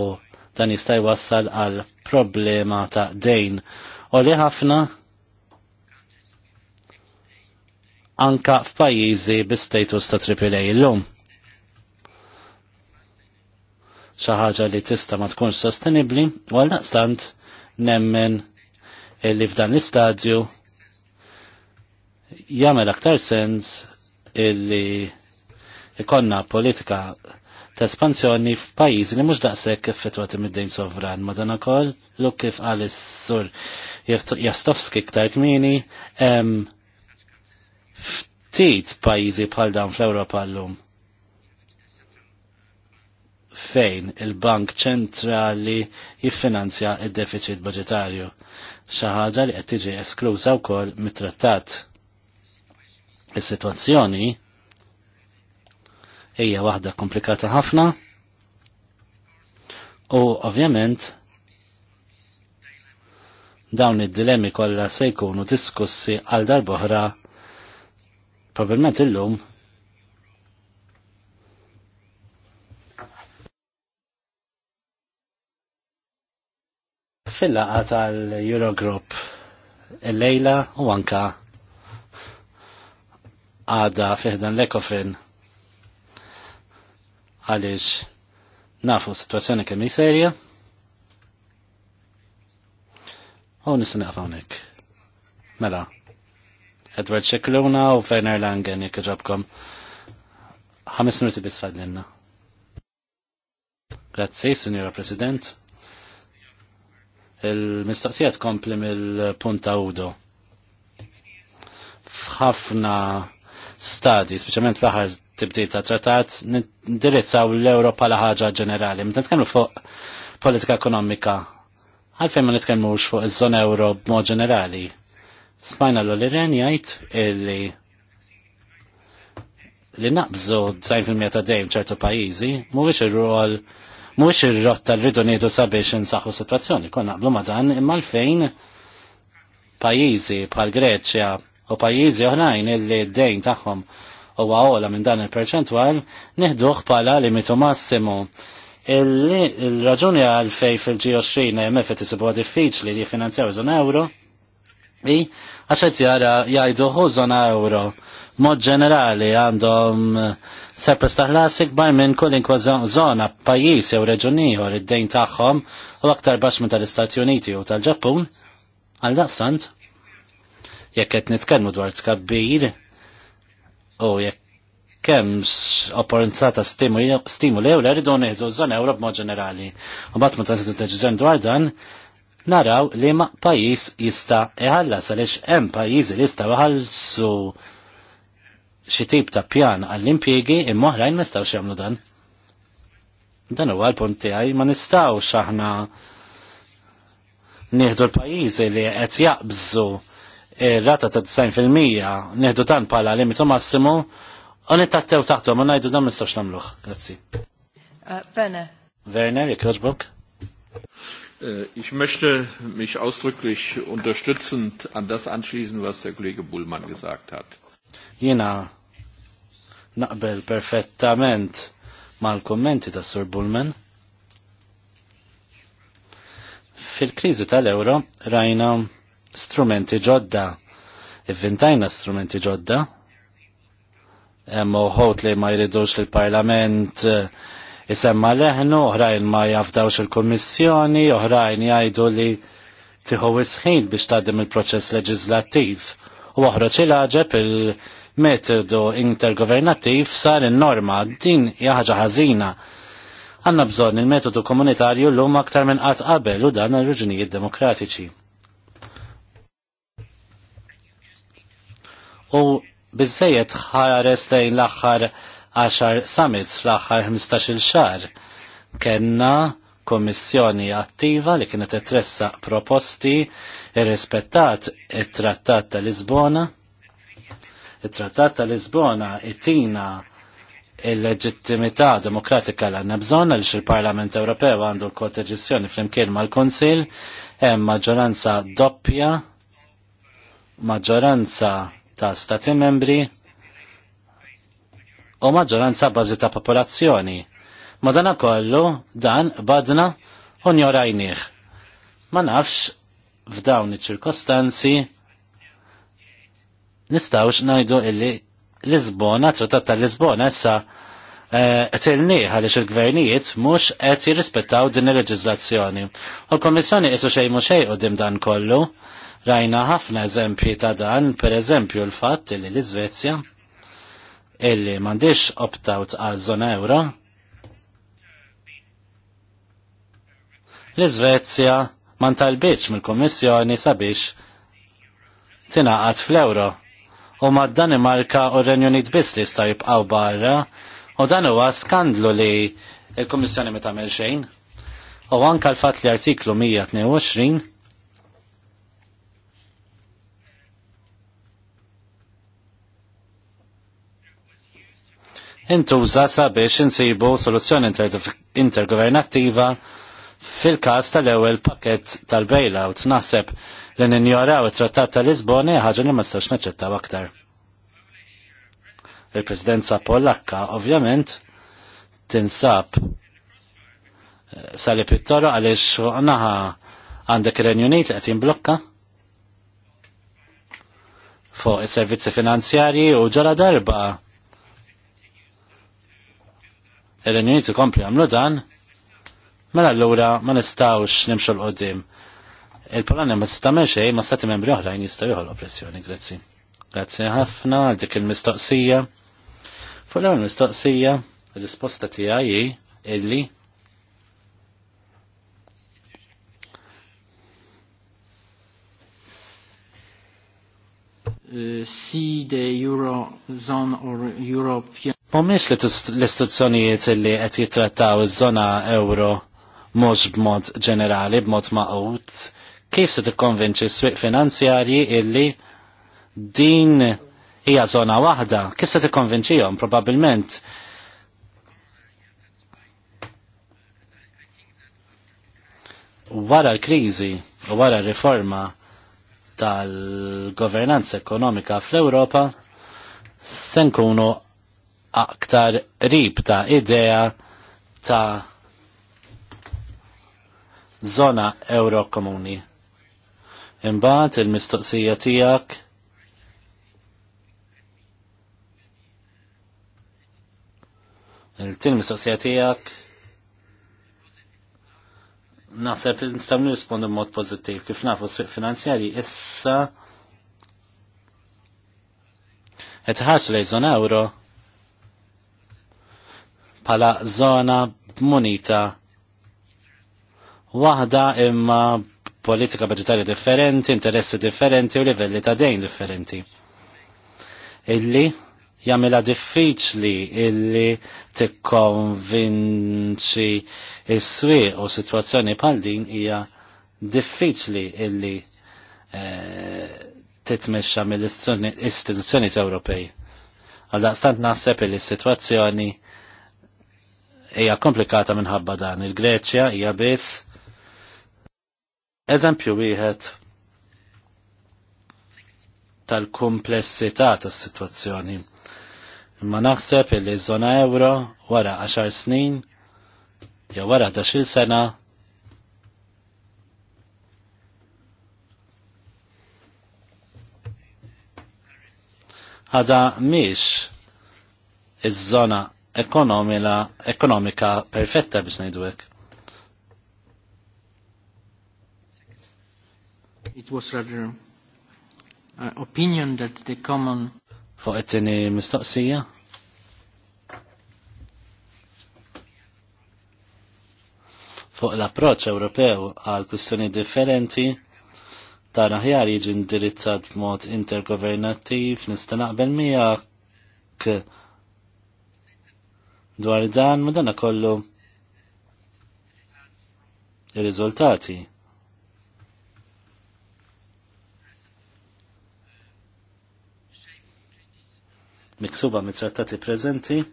dan jista' jwassal għal problema ta' dejn. U li ħafna anka f'pajjiżi bi-status ta' AAA illum. Xi ħaġa li tista' ma tkunx sostenibbli, u għal naqstant nemmen illi f'dan l-istadju jagħmel aktar sens illi ikonna politika ta' espansjoni f'pajjiżi li mhux daqshekk effettwati mid-dejn sovran, ma dan ukoll luk kif qal is-sur Jastowski iktar kmini hemm ftit pajjiżi bħal dawn fl-Ewropa llum. Fejn il-Bank Ċentrali jiffinanzja id-deficit budgetarju xi ħaġa li qed tiġi esklusa wkoll mit-trattat Is-sitwazzjoni hija waħda komplikata ħafna u ovvjament dawn id-dilemmi kollha se jkunu diskussi għal darboħra probabbilment illum fil-laqa tal-Eurogroup il-lejla u anka għada fiħdan l ekofen għalix nafu situazzjoni kemmi serja. U nisnaqaf hawnhekk. Mela. Edward Shekluna u Fener Langen jek ġabkom. Ħames minuti bisfadlinna. Grazzi, Signora President. Il-mistoqsija tkompli mill-punta Udo. F'ħafna stadi, speċjalment l-aħħar tibdil ta' trattat, ndirizzaw l-Ewropa la ħaġa ġenerali. Meta nitkellmu fuq politika ekonomika, għalfejn ma nitkellmux fuq iż-żona euro b'mod ġenerali. Smajna l iren jgħid illi li naqbżu 90% ta' dejjem ċertu pajjiżi mhuwiex ir-rol mhuwiex ir-rotta li rridu ngħidu sabiex insaħħu sitwazzjoni. Kon naqblu ma' dan imma l fejn pajjiżi bħal Greċja, u pajjiżi oħrajn illi d-dejn tagħhom u għawla minn dan il-perċentwal neħduħ pala limitu massimu. Il-raġuni fej fil-G20 IMF t-sibu diffiċli li finanzjaw żona euro i għaxet jara jajdu hu żona euro mod ġenerali għandhom seppes taħlasik bar minn kwa zona pajjiż jew reġun id-dejn tagħhom u aktar bax minn tal-Istati Uniti u tal-Ġappun għal daqsant jekk qed nitkellmu dwar tkabbir u jekk kemm opportunità ta' stimuli ew li rridu nieħdu żon euro b'mod ġenerali. U mbagħad ma tagħtu deċiżjoni dwar dan, naraw li ma' pajjiż jista' iħallas għaliex hemm pajjiżi li jistgħu iħallsu xi tip ta' pjan għall-impjiegi imma oħrajn ma jistgħux jagħmlu dan. Dan huwa l-punt tiegħi ma nistgħux aħna nieħdu l-pajjiżi li qed jaqbżu rata ta' 90% neħdu tan pala limitu massimu u nittattew taħtu ma najdu dan mistax namluħ. Grazzi. Bene. Uh, Werner, jek joġbok? Äh, ich möchte mich ausdrücklich unterstützend an das anschließen, was der Kollege Bullmann gesagt hat. Jena naqbel perfettament mal-kommenti ta' Sir Bullman. Fil-krizi tal-euro rajna strumenti ġodda. Ivvintajna strumenti ġodda. Hemm uħut li ma jridux li l-Parlament eh, isemma leħnu, oħrajn ma jafdawx il-Kommissjoni, oħrajn jgħidu li tiħu isħin biex taddim il-proċess leġislattiv. U oħroċ il-ħagġeb il-metodu intergovernattiv sar il-norma, din jaħġa ħażina. Għanna bżon il-metodu komunitarju l-lum aktar minn qatt qabel u dan l-reġunijiet demokratiċi. u bizzejiet ħares lejn l-aħħar 10 summits fl-aħħar 15-il xar. Kenna kommissjoni attiva li kienet etressa proposti irrispettat it-Trattat ta' Lisbona. Il-Trattat ta' Lisbona itina il-leġittimità demokratika l għanna bżon għal il-Parlament Ewropew għandu l-kodeġizjoni fl-imkien mal-Konsil hemm maġġoranza doppja maġġoranza ta' stati membri u maġġoranza bażi ta' popolazzjoni. Madana kollu dan badna u njorajnieh. Ma nafx f'dawn iċ-ċirkostanzi nistawx najdu illi Lisbona, trattat ta' Lisbona issa tilni eh, għaliex il-gvernijiet mhux qed jirrispettaw din il-leġiżlazzjoni. U l-Kommissjoni qisu xejn mhux xejn qudiem dan kollu Rajna ħafna eżempji ta' dan, per eżempju l-fatt li l-Iżvezja illi m'għandix opt-out għal zona euro. L-Iżvezja ma ntalbitx mill-Kummissjoni sabiex tinaqat fl-euro u ma Danimarka u r-Renju biss li sta jibqgħu barra u dan huwa skandlu li l-Kummissjoni ma tagħmel xejn. U anka l-fatt li artiklu 122 intuża sabiex insibu soluzzjoni intergovernattiva fil-każ tal-ewwel pakett tal-bailout naħseb li ninjoraw it-Trattat tal-Lisbona ħaġa li ma stax naċċettaw aktar. Il-Presidenza Polakka ovvjament tinsab eh, sali pittoro għaliex naħa għandek il-Renjunit li qed blokka fuq is-servizzi finanzjarji u ġara darba il-Unjoniet kompli għamlu dan, mela l allura ma nistawx nimxu l-qoddim. Il-Polonja ma tagħmel xejn ma s-sati membri oħrajn jistgħu joħolqu oppressjoni, grazzi. Grazzi ħafna dik il-mistoqsija. Fuq l-ewwel mistoqsija, Fu l ewwel mistoqsija ir risposta ti hi illi eh, see the Eurozone or European li l-istituzzjonijiet li qed jittrattaw iż-żona euro mhux b'mod ġenerali, b'mod maqut, kif se tikkonvinċi s-swieq finanzjarji illi din hija żona waħda, kif se tikkonvinċihom probabbilment wara l-kriżi u wara r-riforma tal-governanza ekonomika fl-Ewropa se nkunu aktar rib ta' idea ta' zona euro komuni. Imbagħad il-mistoqsija tiegħek il-tin mistoqsija tiegħek naħseb nistaw nirrispondu mod pozittiv kif nafu s swieq finanzjari issa Et ħarsu zona euro pala zona munita waħda imma politika budgetarja differenti, interessi differenti u livelli ta' dejn differenti. Illi jamila diffiċli illi tikkonvinċi is-swieq u situazzjoni bħal din hija diffiċli illi eh, titmexxa mill-istituzzjoni Ewropej. Għal daqstant naħseb li situazzjoni sitwazzjoni hija komplikata minħabba dan. Il-Greċja hija biss eżempju wieħed tal-komplessità tas-sitwazzjoni. Imma naħseb li żona euro wara 10 snin jew wara 11 sena għada miex iż-żona ekonomika perfetta biex ngħidu hekk. It was rather uh, opinion that the common Fuq it-tieni mistoqsija? Fuq l-approċċ Ewropew għal kwistjoni differenti dan aħjar jiġi indirizzat b'mod intergovernattiv nista' naqbel miegħek dwar dan ma kollu ir-riżultati. Miksuba mit-trattati prezenti?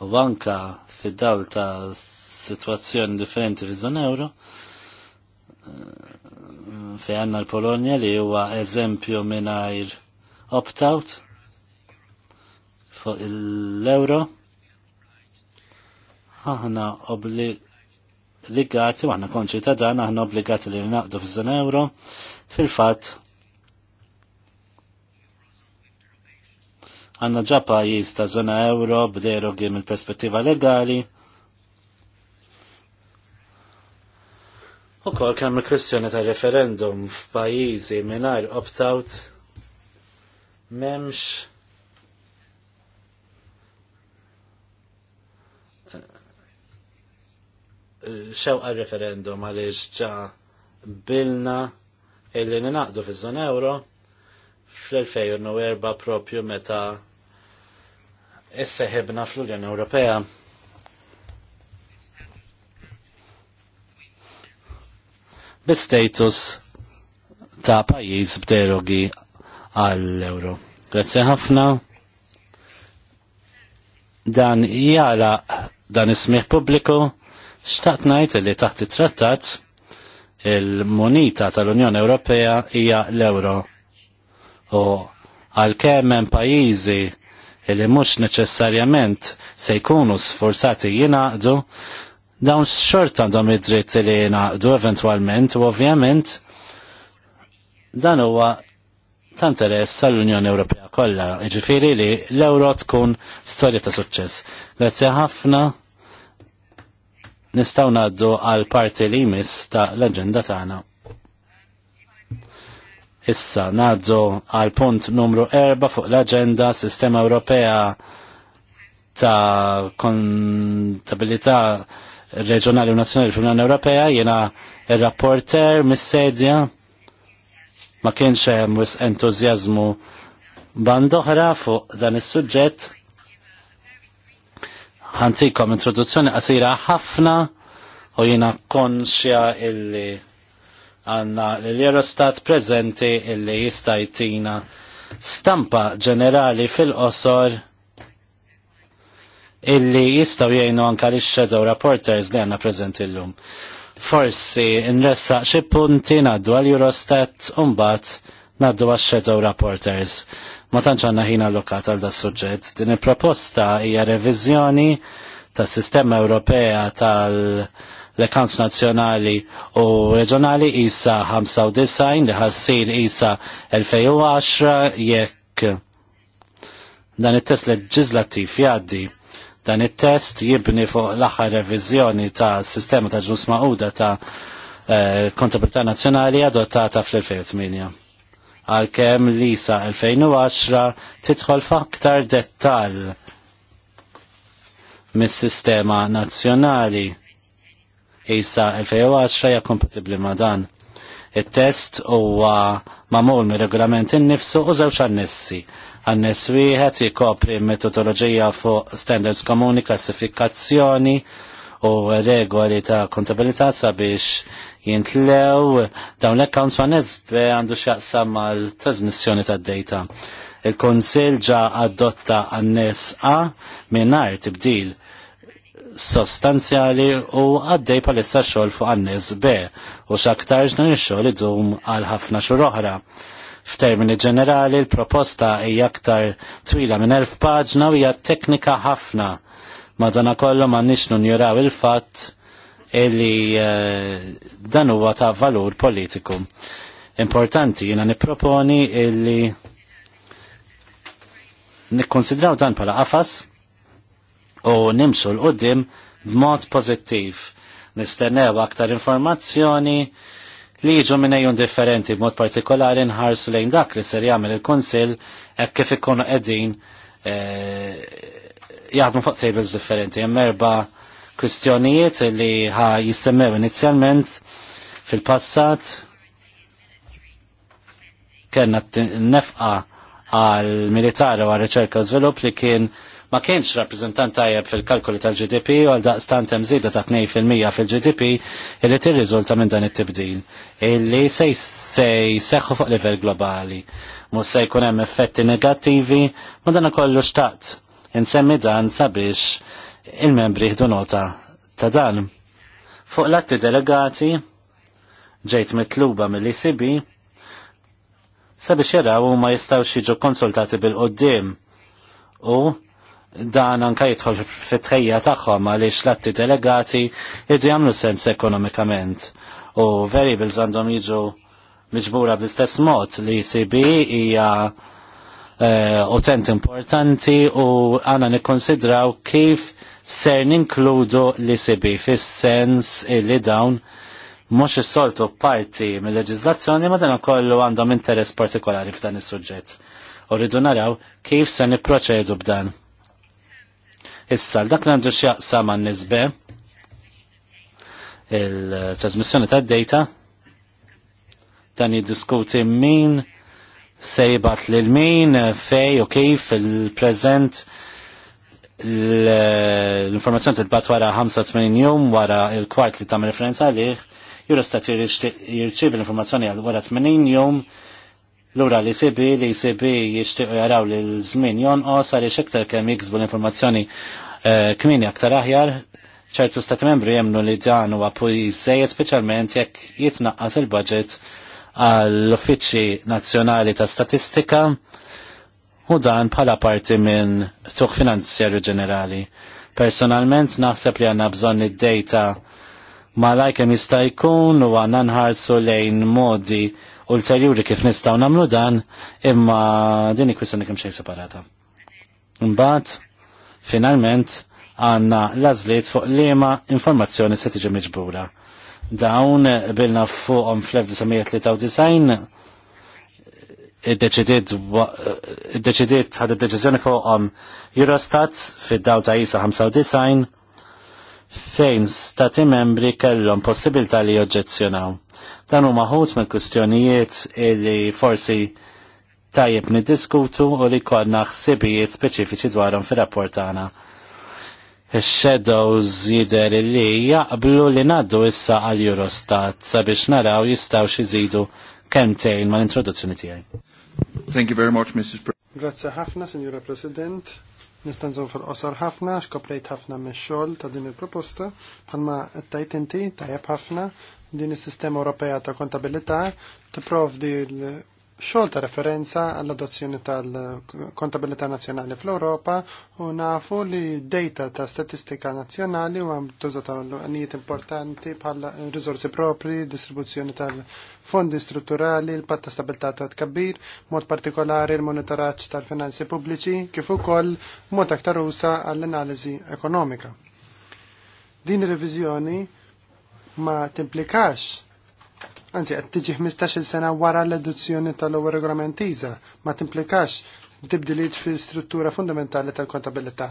u anka fid-dawl ta' situazzjoni differenti fi zon euro eh, fi għanna l-Polonja li huwa eżempju minn opt-out fuq l-euro. Aħna obbligati, u aħna konċi ta' dan, aħna obbligati li naqdu f'żon euro. Fil-fat, għanna ġa pajis ta' zona euro għim il perspettiva legali. U kol kemm il-kwestjoni ta' referendum f'pajjiżi mingħajr opt-out memx xewqa referendum għaliex ġa bilna illi ninaqdu fi żon euro fl-2004 propju meta isseħibna fl-Unjoni Ewropea. Bistatus status ta' pajjiż b'derogi għall-euro. Grazie ħafna. Dan jara dan ismiħ pubbliku Xtaqt ngħid li taħt it-trattat il-monita tal-Unjoni Ewropea hija l-euro. U għalkemm hemm pajjiżi li mhux neċessarjament se jkunu sforzati jingħaqdu, dawn xort għandhom id-dritt li jingħaqdu eventwalment u ovvjament dan huwa ta' interess għall-Unjoni Ewropea kollha, jiġifieri li l-euro tkun storja ta' suċċess. Grazzi ħafna nistaw naddu għal parti li jmiss ta' l-agenda tagħna. Issa naddu għal punt numru 4 fuq l-agenda Sistema Ewropea ta' kontabilità reġjonali u nazzjonali fl-Unjoni Ewropea jiena ir-rapporter mis-sedja ma kienx hemm entuzjażmu band oħra fuq dan is-suġġett ħantikom introduzzjoni qasira ħafna u jina konxja illi għanna l-Eurostat prezenti illi jistajtina stampa ġenerali fil-qosor illi jistaw jgħinu anka li shadow reporters li għanna prezenti l-lum. Forsi nressaq xie punti naddu għal Eurostat un-bat naddu għal shadow reporters ma tantx għandna ħin allokat għal da suġġett. Din il-proposta hija reviżjoni tas sistema Ewropea tal-Lekans Nazzjonali u Reġjonali isa 95 li ħassir isa 2010 jekk dan it-test leġislattiv jgħaddi dan it-test jibni fuq l-aħħar reviżjoni ta' sistema ta' ġus ta' eh, kontabilità nazzjonali adottata fl-2008 għalkemm li lisa 2010 titħol f'aktar dettal mis-sistema nazzjonali. Isa 2010 hija kompatibbli ma' dan. It-test huwa mamul mir-regolament innifsu u żewġ annessi. Annes wieħed jikopri metodoloġija fuq standards komuni, klassifikazzjoni, u regoli ta' kontabilità sabiex jintlew dawn l-accounts ma' nesbe għandu xaqsam mal trasmissjoni ta' data. Il-Konsil ġa adotta għannes A minnar tibdil sostanzjali u għaddej palissa xol fuq għannes B u xaktarġ dan il-xol idum għal ħafna xur oħra. F'termini ġenerali, l-proposta hija aktar twila minn elf paġna u hija teknika ħafna Madana kollu ma nisnu njuraw il-fat illi eh, dan huwa ta' valur politiku. Importanti jina niproponi illi nikkonsidraw dan pala qafas u nimsu l-qoddim b'mod pozittiv. Nistennew aktar informazzjoni li jiġu minnejjun differenti b'mod partikolari nħarsu lejn dak li ser jagħmel il-Kunsill hekk kif ikunu qegħdin eh, jaħdmu fuq tables differenti. Hemm erba' kwistjonijiet li ħa jissemmew inizjalment fil-passat kellna nefqa għal militari u għal reċerka u zvilup li kien ma kienx rappresentant tajjeb fil-kalkoli tal-GDP u għal daqstant hemm żieda ta' 2% fil-GDP illi tirriżulta minn dan it-tibdil illi se jseħħu fuq livell globali. Mhux se jkun hemm effetti negattivi ma dan kollu xtaqt Insemmi dan sabiex il-membri ħdu nota ta' dan. Fuq l-atti delegati ġejt mitluba mill-ICB sabiex jaraw ma jistaw jiġu konsultati bil-qoddim u dan anka jidħol fit-tħejja tagħhom għaliex l-atti delegati jiddu jagħmlu sens ekonomikament u variables għandhom jiġu miġbura bl-istess mod li icb hija Eh, utent importanti u għana nikkonsidraw kif ser ninkludu li sibi fis-sens li dawn mhux is-soltu parti mill-leġiżlazzjoni ma dan kollu għandhom interess partikolari f'dan is-suġġett. U rridu naraw kif se nipproċedu b'dan. Issa dak li għandu x'jaqsa man nisbe il-trasmissjoni tad-data dan jiddiskuti min sejbat lil min eh, fej u kif il-prezent eh, l-informazzjoni titbat wara 85 jum wara il-kwart li tam referenza għalih jurostat jirċiv l-informazzjoni għal wara 80 jum l-ura li sibi li sibi jishtiqu jaraw li l jon jonqos għaliex iktar kemm jiksbu l-informazzjoni eh, kmini aktar aħjar ċertu stati membri jemnu li dan huwa jizzej speċjalment jekk jitnaqqas il-budget għall-Uffiċċji Nazzjonali ta' Statistika u dan bħala parti minn tuħ finanzjarju ġenerali. Personalment naħseb li għanna bżonn id-data ma lajkem jista' jkun u għanna nħarsu lejn modi ulterjuri kif nistaw namlu dan imma din kwistjoni kemm xejn separata. Imbagħad, finalment għanna lażliet fuq liema informazzjoni se tiġi miġbura dawn bilna fuqhom fl-1993 id-deċidiet ħad id-deċiżjoni fuqhom Eurostat fid-daw ta' ISA 95 fejn stati membri kellhom possibilità li joġġezzjonaw. Dan huma ħut me kustjonijiet li forsi tajjeb niddiskutu u li kodna ħsibijiet speċifiċi dwarhom fir-rapport tagħna. Shadows jider li jaqblu li naddu issa għal Eurostat sabiex naraw jistaw xizidu kemtejn l introduzzjoni tijaj. Thank you very much, Mrs. President. Grazie ħafna, Signora President. Nistanżaw fil-qosor ħafna, xkoprejt ħafna me xol ta' din il-proposta, bħalma tajt inti tajab ħafna din il sistema Ewropea ta' kontabilità tipprovdi xogħol ta' referenza għall-adozzjoni tal-kontabilità nazzjonali fl-Ewropa u nafu li data ta' statistika nazzjonali huwa ta' għal importanti bħal riżorsi propri, distribuzzjoni tal-fondi strutturali, l patta stabilità ta' tkabbir, mod partikolari l-monitoraġġ tal-finanzi pubbliċi, kif ukoll mod aktar usa għall-analiżi ekonomika. Din ir-reviżjoni ma timplikax anzi qed tiġi 15-il sena wara l-eduzzjoni tal-ewwel regolament iża, ma timplikax tibdiliet fi struttura fundamentali tal-kontabilità.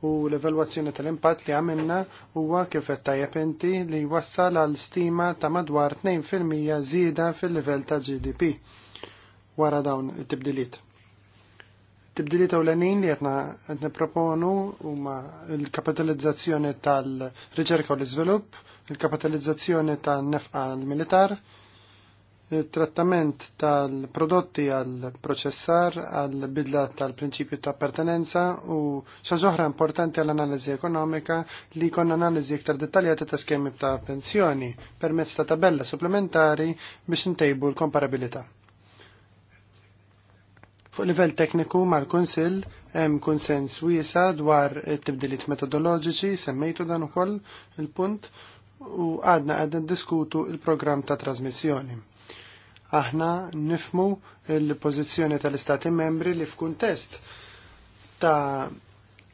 U l-evalwazzjoni tal-impatt li għamilna huwa kif qed tajjeb inti li jwassal għal stima ta' madwar 2% żieda fil-livell ta' GDP wara dawn it-tibdiliet. Tibdiliet ewlenin li qed nipproponu huma l-kapitalizzazzjoni tal-riċerka u l-iżvilupp, il-kapitalizzazzjoni ta' nefqa l-militar, il-trattament tal-prodotti għal-proċessar, għal-bidla tal-prinċipju ta' pertenenza u xaġoħra importanti għall-analizi ekonomika li kon analizi iktar dettaljati ta' skemi ta' pensjoni permezz ta' tabella supplementari biex ntejbu l-komparabilita. Fuq livell tekniku mal-Kunsill hemm konsens wiesa dwar it-tibdiliet metodoloġiċi semmejtu dan ukoll il-punt u għadna għadna diskutu il-program ta' trasmissjoni aħna nifmu l-pozizjoni tal-Istati membri li f'kuntest ta'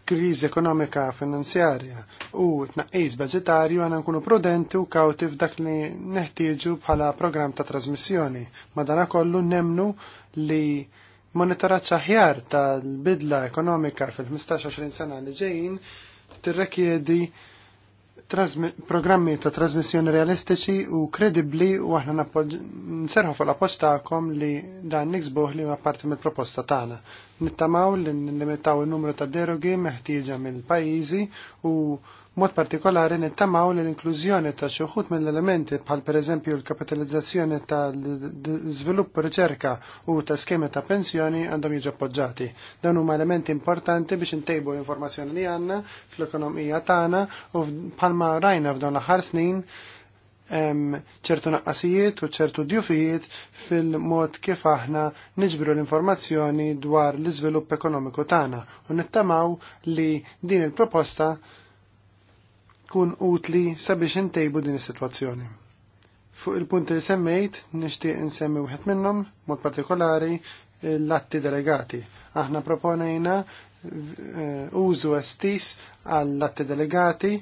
kriżi ekonomika finanzjarja u tnaqqis budgetarju għana nkunu prudenti u kawti f'dak li neħtieġu bħala program ta' trasmissjoni. Madana kollu nemnu li monitoraċ aħjar tal-bidla ekonomika fil-15-20 sena li ġejjin tirrekjedi programmi ta' trasmissjoni realistiċi u kredibli u aħna nserħu fuq l apposta għakom li dan niksbuh li ma' parti mill-proposta tagħna. Nittamaw li nlimitaw in-numru ta' derogi meħtieġa mill-pajjiżi u Mod partikolari nittamaw li l-inklużjoni ta' xi wħud mill-elementi bħal pereżempju l-kapitalizzazzjoni ta' żvilupp riċerka u ta' skemi ta' pensjoni għandhom jiġu poġġati. Dawn huma elementi importanti biex intejbu informazzjoni li għandna fl-ekonomija tagħna u bħalma rajna f'dawn l-aħħar snin ċertu naqqasijiet u ċertu djufijiet fil-mod kif aħna niġbru l-informazzjoni dwar l-iżvilupp ekonomiku tagħna u nittamaw li din il-proposta tkun utli sabiex intejbu din is-sitwazzjoni. Fuq il-punti li semmejt, nixtieq insemmi wieħed minnhom, mod partikolari l-atti delegati. Aħna proponejna Eh, użu estis għall latte delegati,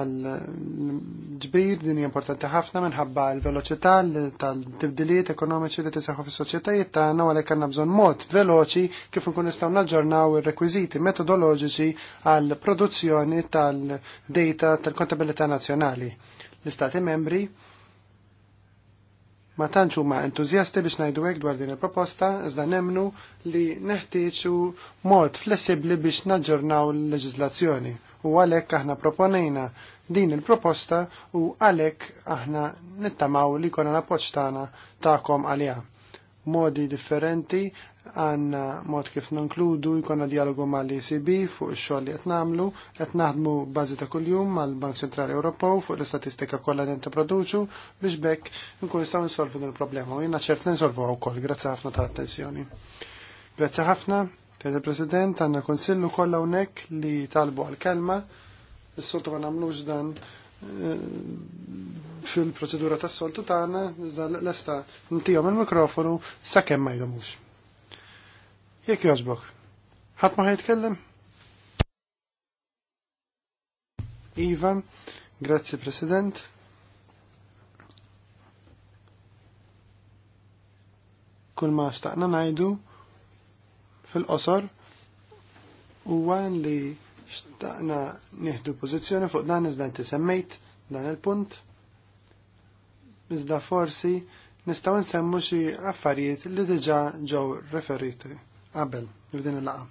għall-ġbir, din importanti ħafna minħabba l-veloċità tal-tibdiliet ekonomiċi li fil fis-soċjetajiet tagħna għalek għandna bżonn mod veloċi kif nkun nistaw naġġornaw ir-rekwiżiti metodoloġiċi għall produzzjoni tal-data tal-kontabilità nazzjonali. L-Istati membri Ma tantx huma entużjasti biex ngħidu hekk dwar din il-proposta, iżda nemnu li neħtieġu mod flessibbli biex naġġornaw l leġizlazzjoni U għalhekk aħna proponejna din il-proposta u għalhekk aħna nittamaw li konna napoċtana appoġġ tagħna tagħkom Modi differenti għanna mod kif nonkludu jkonna dialogu mal ecb fuq ix-xogħol li qed nagħmlu, qed naħdmu bażi ta' kuljum mal-Bank Ċentrali Ewropew fuq l-istatistika kollha li nipproduċu biex bekk nkun nistgħu nsolvu din il-problema u jiena ċert ninsolvu wkoll. Grazzi ħafna tal-attenzjoni. Grazzi ħafna, Tete President, għanna konsillu kollha hawnhekk li talbu għal-kelma. Is-soltu ma nagħmlux dan eh, fil-proċedura tas-soltu tagħna, iżda lesta ntihom il-mikrofonu sakemm ma jdomux. Jekk jogħġbok. Ħadd ma ħajtkellem? Iva, grazie President. Kull ma staqna ngħidu fil-qosor huwa li xtaqna nieħdu pożizzjoni fuq dan iżda inti semmejt dan il-punt. Iżda forsi nistgħu nsemmu xi affarijiet li diġà ġew referiti qabel f'din il-laqa.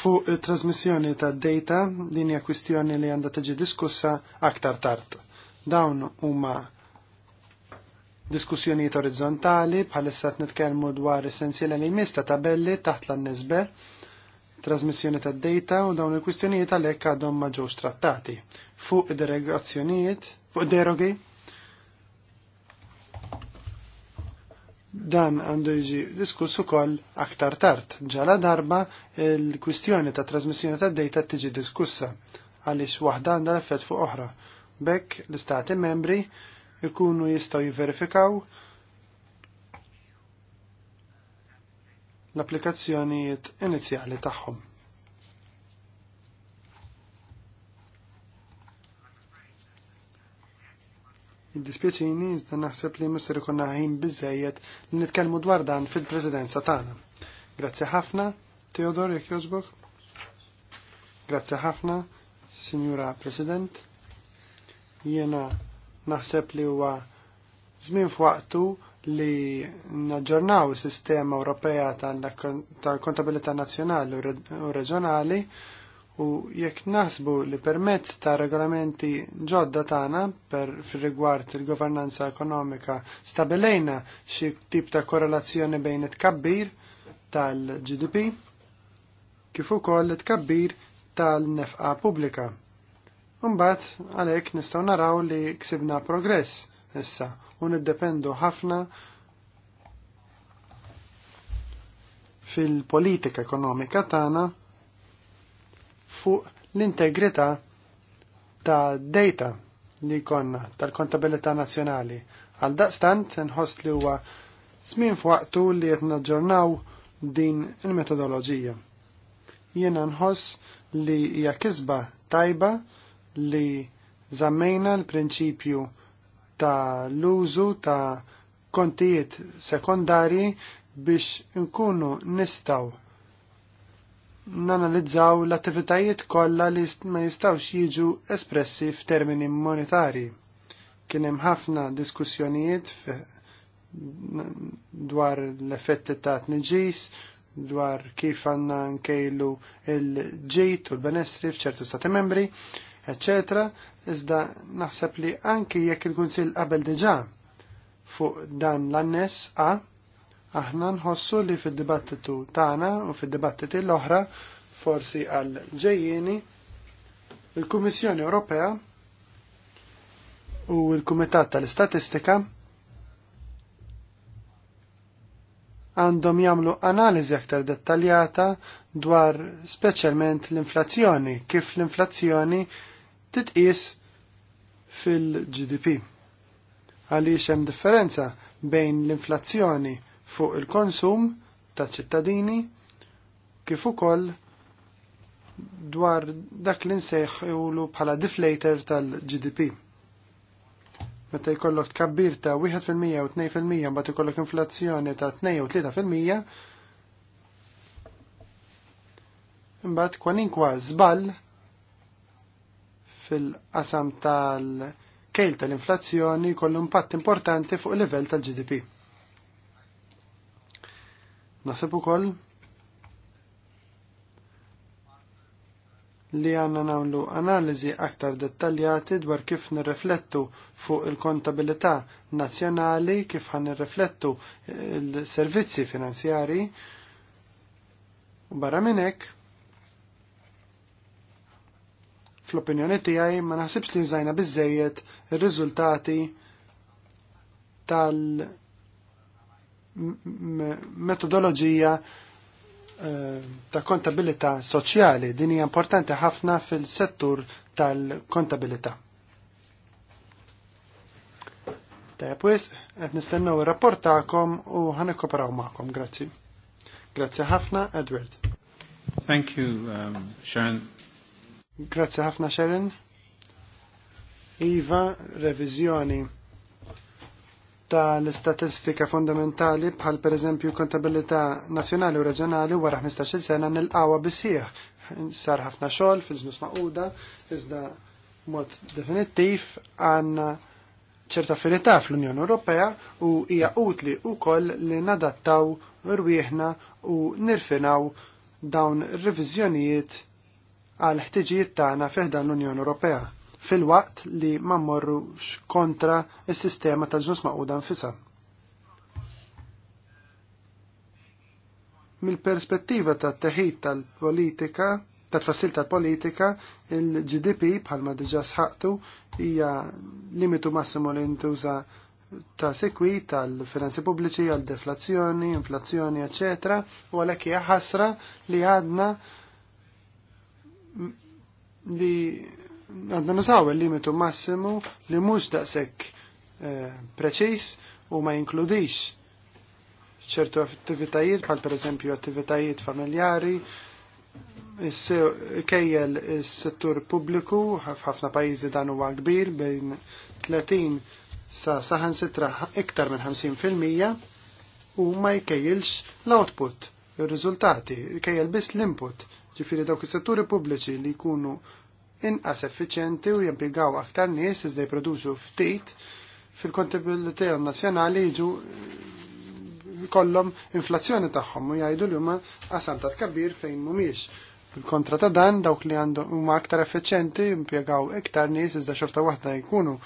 Fuq trasmissjoni ta' data din hija kwistjoni li għandha tiġi diskussa aktar tard. Dawn huma diskussjonijiet orizzontali bħalissa qed nitkellmu dwar essenzjali li mista tabelli taħt l nisbe trasmissjoni ta' data u dawn il-kwistjonijiet għalhekk għadhom ma ġewx trattati. Fuq id-derogazzjonijiet, fuq derogi, Dan għandu jiġi diskuss ukoll aktar tard. Ġala darba il-kwistjoni ta' trasmissjoni ta' data tiġi diskussa għaliex waħda għandha l-effett fuq oħra. Bekk l-istati membri ikunu jistgħu jiverifikaw l-applikazzjonijiet inizjali tagħhom. Id-dispieċini iżda naħseb li misser ikonna ħin bizzejiet li nitkellmu dwar dan fil-presidenza tagħna. Grazzi ħafna, Teodor, jekk jogħġbok. Grazzi ħafna, Sinjura President. Jiena naħseb li huwa żmien f'waqtu li naġġornaw is-sistema Ewropea tal-kontabilità nazzjonali u reġjonali u jekk naħsbu li permezz ta' regolamenti ġodda tagħna per fir-rigward il-governanza ekonomika stabilejna xi tip ta' korrelazzjoni bejn it-kabbir tal-GDP kif ukoll it-kabbir tal-nefqa pubblika. Imbagħad għalhekk nistgħu naraw li ksibna progress issa u niddependu ħafna fil-politika ekonomika tagħna fuq l-integrità ta' data li konna tal-kontabilità nazjonali. Għal daqstant nħoss li huwa smin f'waqtu li qed naġġornaw din il-metodoloġija. Jiena nħoss li hija kisba tajba li zammejna l-prinċipju ta' l-użu ta' kontijiet sekondari biex nkunu nistaw nanalizzaw l-attivitajiet kollha li ma jistawx jiġu espressi f'termini monetari. Kien hemm ħafna diskussjonijiet dwar l-effetti ta' tniġis, dwar kif għandna nkejlu l-ġejt u l-benestri f'ċertu stati membri, eccetera, iżda naħseb li anki jekk il-Kunsill qabel diġà fuq dan l-annes A' Aħna nħossu li fil dibattitu tagħna u fid-dibattiti l-oħra forsi għal ġejjieni il-Kummissjoni Ewropea u l-Kumitat tal-Istatistika għandhom jagħmlu analiżi aktar dettaljata dwar speċjalment l-inflazzjoni, kif l-inflazzjoni titqis fil-GDP. Għaliex hemm differenza bejn l-inflazzjoni fuq il-konsum ta' ċittadini kif ukoll dwar dak li nsejħulu bħala deflator tal-GDP. Meta jkollok tkabbir ta' 1% u 2% mbagħad ikollok inflazzjoni ta' 2 u 3% Imbagħad kwaninkwa żball fil-qasam tal-kejl tal-inflazzjoni kollu impatt importanti fuq il livell tal-GDP. Nasib ukoll li għanna namlu analizi aktar dettaljati dwar kif nirriflettu fuq il-kontabilità nazjonali, kif għan nirriflettu eh, il-servizzi finanzjari. U barra minnek, fl-opinjoni tijaj ma naħsibx li nżajna bizzejiet il-rizultati tal- metodologija eh, ta' kontabilità soċjali. Din hija importanti ħafna fil-settur tal-kontabilità. Tajab wis, qed nistennu il-rapportakom tagħkom u ħanikkopraw magħkom. Grazzi. Grazzi ħafna, Edward. Thank you, um, Sharon. Grazzi ħafna, Sharon. Iva, revizjoni tal-istatistika fondamentali bħal per eżempju kontabilità nazzjonali u reġjonali wara 15-il sena nil-qawa bisħieħ. Sar ħafna xogħol fil-ġnus maquda, iżda mod definittiv għandna ċerta affinità fl-Unjoni Ewropea u hija utli wkoll li nadattaw rwieħna u nirfinaw dawn ir-reviżjonijiet għal ħtiġijiet tagħna fiħdan l-Unjoni Ewropea fil-waqt li ma mmorrux kontra is-sistema tal-ġnus maquda nfisa. Mill-perspettiva ta' teħid tal-politika, ta' tfassil tal-politika, il-GDP bħalma diġa sħaqtu hija limitu massimo li ntuża ta' sekwi tal-finanzi pubbliċi għal deflazzjoni, inflazzjoni, ecc. u għalhekk hija ħasra li għadna li għandna nużaw il-limitu massimu li mhux daqshekk eh, preċiż u ma jinkludix ċertu attivitajiet bħal pereżempju attivitajiet familjari, kejjel is-settur pubbliku f'ħafna pajjiżi dan huwa kbir bejn 30 sa saħan sitra iktar minn 50% u ma jkejjilx l-output, ir-riżultati, jkejjel biss l-input, ġifiri dawk is-setturi pubbliċi li jkunu inqas effiċenti u jimpjegaw aktar nies iżda jipproduċu ftit fil-kontabilità nazzjonali jiġu eh, kollhom inflazzjoni tagħhom u jgħidu li huma qasam ta' tkabbir fejn mhumiex. fil kontra ta' dan dawk li għandhom huma aktar effiċenti jimpjegaw iktar nies iżda xorta waħda jkunu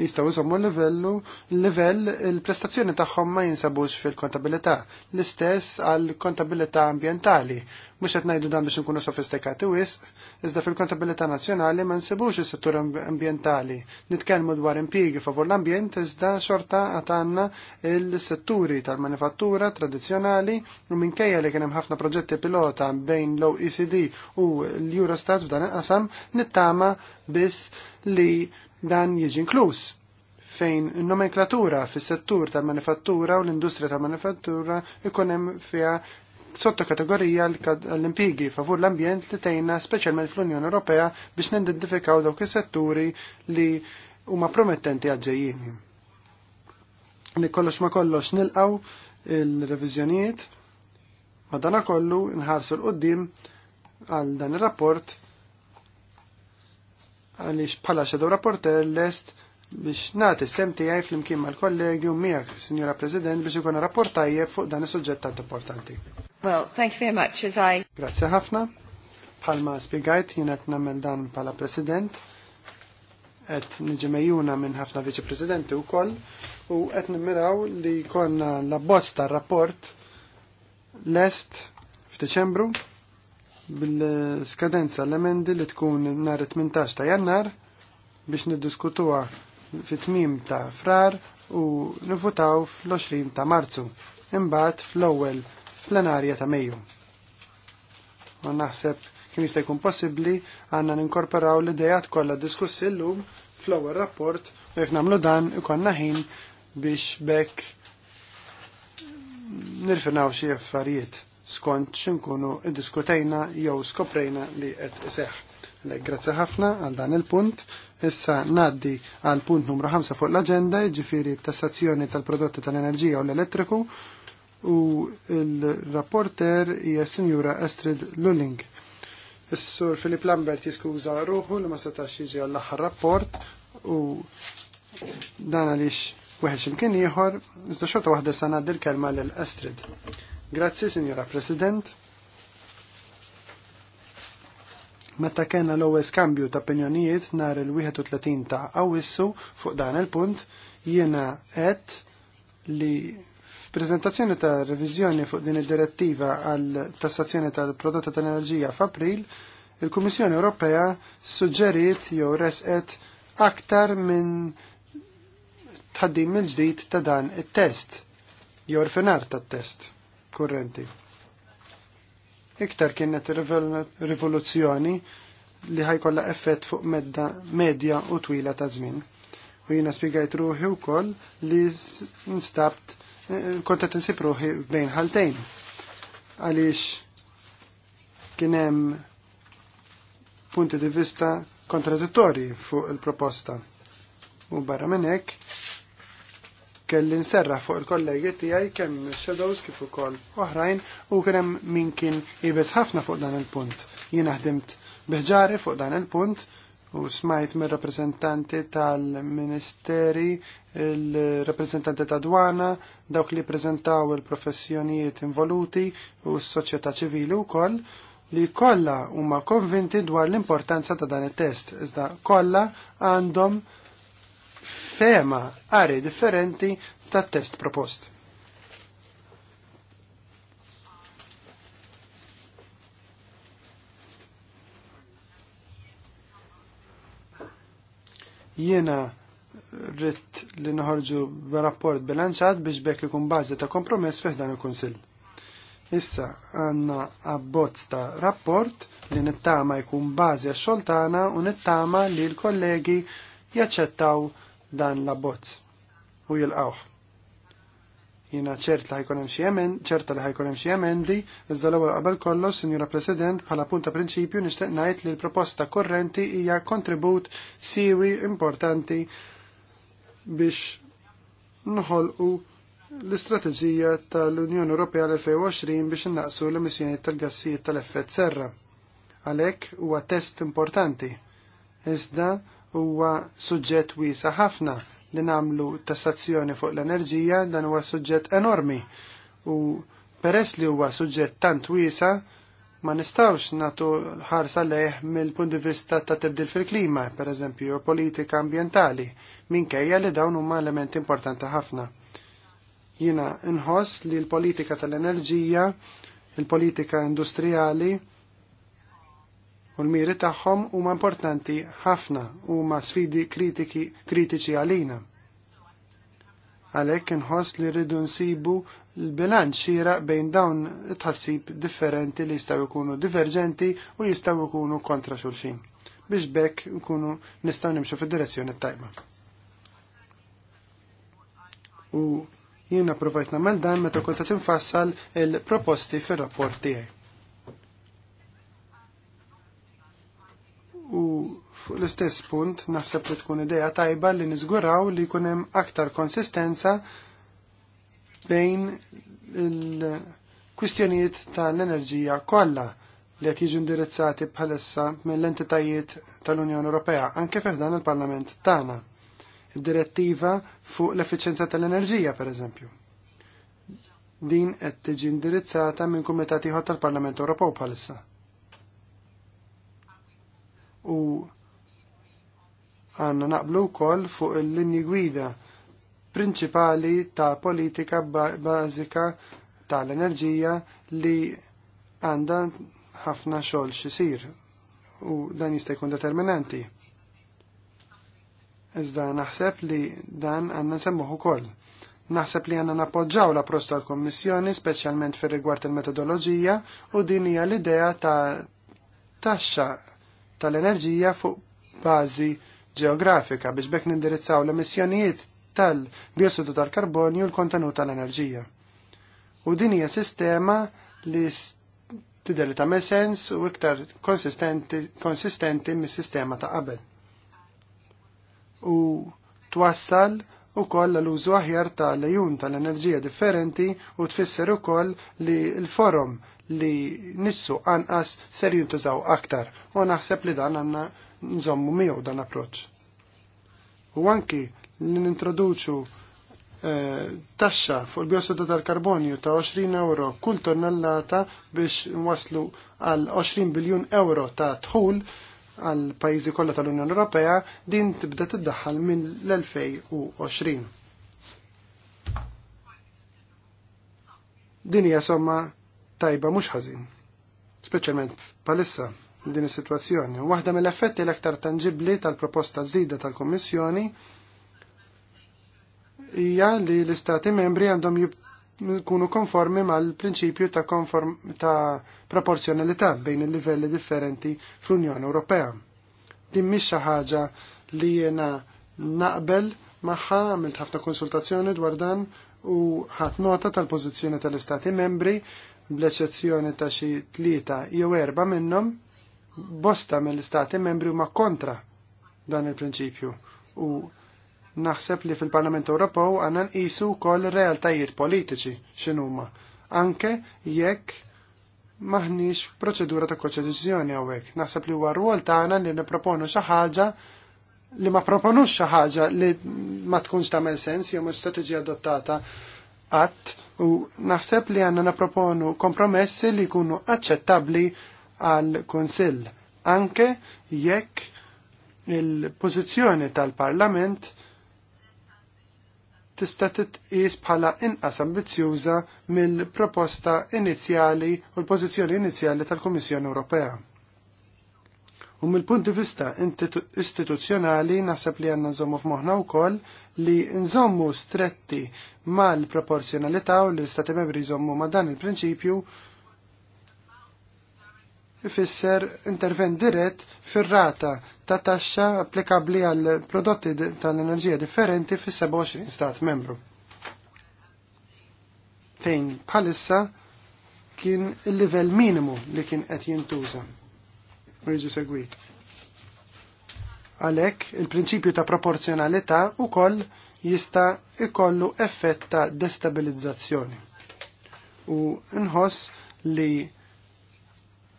jistgħu jżommu l-livellu, l-livell il-prestazzjoni tagħhom ma jinsabux fil-kontabilità. L-istess għall kontabilità ambjentali. Mhux qed ngħidu dan biex nkunu sofistikati wisq, iżda fil-kontabilità nazzjonali ma nsibux is-settur ambjentali. Nitkellmu dwar impiegi favur l-ambjent iżda xorta għad għandna il-setturi tal-manifattura tradizzjonali u minkejja li kien hemm ħafna proġetti pilota bejn l-OECD u l-Eurostat f'dan il-qasam nittama biss li dan jiġi inkluż fejn nomenklatura fis settur tal-manifattura u l-industrija tal-manifattura ikun hemm fiha sottokategorija l-impigi favur l-ambjent li tejna speċjalment fl-Unjoni Ewropea biex nidentifikaw dawk is-setturi li huma promettenti għadġejjini. Li kollox ma kollox nilqaw il-reviżjonijiet, ma kollu nħarsu l-qoddim għal dan ir-rapport għaliex bħala xedu rapporter lest biex nati sem tiegħi fl-imkien mal-kollegi u miegħek, Signora President, biex ikun rapportajje fuq dan is-suġġett tant importanti. Well, thank you very much, as I... Grazie ħafna. Palma spiegajt, jenet namel dan pala president, et nġemajuna minn ħafna viċi-presidenti u koll, u et nimmiraw li konna la bosta rapport lest f'Deċembru bil-skadenza l-emendi li tkun nar 18 ta' jannar biex niddiskutuha fit-tmim ta' frar u nifutaw fl-20 ta' marzu. Imbagħad fl-ewwel fl-enarja ta' Mejju. Ma naħseb kien jista' jkun possibbli għandna ninkorporaw l idea kollha diskussi llum fl-ewwel rapport u jekk nagħmlu dan ikollna ħin biex bekk nirfinaw xi affarijiet skont x'inkunu iddiskutejna jew skoprejna li qed iseħħ. Grazzi ħafna għal dan il-punt. Issa naddi għal punt numru 5 fuq l-agenda, ġifiri tassazzjoni tal-prodotti tal-enerġija u l-elettriku u il-rapporter hija Sinjura Astrid Lulling. Is-Sur Filip Lambert jiskuża ruħu li ma setax jiġi għall-aħħar rapport u dan għaliex weħex imkien ieħor, iżda xorta waħda sa ngħaddi l-kelma lil Astrid. Grazzi, Sinjura President. Meta kellna l-ewwel skambju ta' opinjonijiet nhar il-31 ta' Awwissu fuq dan il-punt, jiena qed li Prezentazzjoni ta' reviżjoni fuq din id-direttiva għal tassazzjoni tal-prodotta tal-enerġija f'April, il-Kummissjoni Ewropea suġġeriet jew resqet aktar minn tħaddim il-ġdid ta' dan it-test, jew rfinar tat test kurrenti. Iktar kienet rivoluzzjoni li ħajkolla effett fuq medda medja u twila ta' żmien. U jiena spjegajt ruħi wkoll li nstabt konta tinsib ruħi bejn ħaltejn. Għaliex kien hemm punti di vista kontradittori fuq il-proposta. U barra minn hekk kelli nserraħ fuq il-kollegi tiegħi kemm shadows kif ukoll oħrajn u kien hemm min kien jibes ħafna fuq dan il-punt. Jien ħdimt biħġari fuq dan il-punt u smajt mir rappresentanti tal-ministeri, il-rappresentanti ta' dwana, dawk li prezentaw il-professjonijiet involuti u s-soċjetà ċivili u koll li kolla huma konvinti dwar l-importanza ta' dan it-test, iżda kolla għandhom fema għari differenti tat-test propost. Jiena rrit li noħorġu b'rapport bilanċat biex bekk ikun bażi ta' kompromess fih dan il-Kunsill. Issa għanna abbozz ta' rapport li nittama jkun bażi għax-xogħol tagħna u nittama li l-kollegi jaċċettaw dan l-abbozz u jilqawh. Jiena ċert li ħajkun hemm xi emendi, ċerta li ħajkun hemm xi emendi, iżda l-ewwel qabel kollox, Sinjura President, bħala punta prinċipju nixtieq ngħid li l-proposta korrenti hija kontribut siwi importanti biex nħolqu l-istrateġija tal-Unjoni Ewropea l-2020 biex innaqsu l-emissjonijiet tal-gassijiet tal-effett serra. Għalhekk huwa test importanti. Iżda huwa suġġett wiesa ħafna li namlu tassazzjoni fuq l-enerġija dan huwa suġġett enormi u peress li huwa suġġett tant wiesa ma nistawx natu ħarsa leħ mill-punt di vista ta' tibdil fil-klima, per eżempju, politika ambientali, minkejja li dawn huma elementi importanti ħafna. Jina nħoss li l-politika tal-enerġija, il-politika industrijali, u l-miri tagħhom huma importanti ħafna huma sfidi kritiki kritiċi għalina. Għalhekk inħoss li rridu nsibu l-bilanċ xira bejn dawn tħassib differenti li jistgħu jkunu diverġenti u jistgħu jkunu kontra xulxin biex bekk nkunu nistgħu nimxu fid-direzzjoni tajba. U jiena provajt nagħmel dan meta kont qed infassal il-proposti fir-rapport tiegħi. U fuq l-istess punt naħseb li tkun idea tajba li niżguraw li jkun hemm aktar konsistenza bejn il-kwistjonijiet tal-enerġija kollha li qed jiġu indirizzati bħalissa mill-entitajiet tal-Unjoni Ewropea anke fiħdan il-Parlament tagħna. Id-direttiva fuq l effiċjenza tal-enerġija pereżempju. Din qed tiġi indirizzata minn kumitati ħadd tal-Parlament Ewropew bħalissa u għanna naqblu kol fuq il-linji gwida prinċipali ta' politika bażika tal-enerġija li għanda ħafna xogħol xisir u dan jista' jkun determinanti. Iżda naħseb li dan għandna semmuħu ukoll. Naħseb li għanna nappoġġaw la prosta l-Kommissjoni, specialment fir rigward il-metodoloġija, u din hija l-idea ta' taxxa tal-enerġija fuq bażi ġeografika biex bekk nindirizzaw l-emissjonijiet tal-biossidu tal-karbonju l-kontenut tal-enerġija. U din hija sistema li tidher ta' sens u iktar konsistenti, konsistenti mis-sistema ta' qabel. U twassal u koll l-użu aħjar tal-lejun tal-enerġija differenti u tfisser u koll li l-forum li nissu anqas ser jintużaw aktar u naħseb li dan għanna nżommu miegħu dan approċ. U anki li nintroduċu eh, taxxa fuq il-biossidu tal-karbonju ta' 20 euro kull tonnellata biex nwaslu għal 20 biljun euro ta' tħul għal pajjiżi kollha tal-Unjoni Ewropea din tibda tiddaħħal minn l-2020. Din hija somma tajba mhux ħażin. Speċjalment palissa din is-sitwazzjoni. Waħda mill-effetti l-aktar tangibbli tal-proposta żida tal kummissjoni hija li l-Istati membri għandhom jkunu konformi mal-prinċipju ta', konform, ta proporzjonalità bejn il-livelli differenti fl-Unjoni Ewropea. Din mhix xi ħaġa li jiena naqbel magħha għamilt ħafna konsultazzjoni dwar dan u ħadd nota tal-pożizzjoni tal-Istati membri bl-eċezzjoni ta' xi tlieta jew erba' minnhom bosta mill-istati membri huma kontra dan il-prinċipju u naħseb li fil-Parlament Ewropew għandna nqisu wkoll realtajiet politiċi x'inhuma anke jekk maħniex proċedura ta' koċedizjoni hawnhekk. Naħseb li huwa rwol tagħna li nipproponu xi ħaġa li ma proponux xi ħaġa li ma tkunx tagħmel sens jew mhux strateġija adottata qatt u naħseb li għanna naproponu kompromessi li jkunu aċċettabli għal konsil anke jekk il-pożizzjoni tal-Parlament tista' titqis bħala inqas ambizzjuża mill-proposta inizjali u l-pożizzjoni inizjali tal-Kummissjoni Ewropea. U mill-punt di vista istituzzjonali naħseb li għanna nżommu f'moħna u koll li nżommu stretti mal-proporzjonalità u li l-Stati membri jżommu ma' dan il-prinċipju ifisser intervent dirett fir-rata ta' taxxa applikabli għal prodotti tal-enerġija differenti fis-27 stat membru. Fejn bħalissa kien il-livell minimu li kien qed jintuża u jiġi segwit. Għalhekk il-prinċipju ta' proporzjonalità koll jista' ikollu effett ta' destabilizzazzjoni. U nħoss li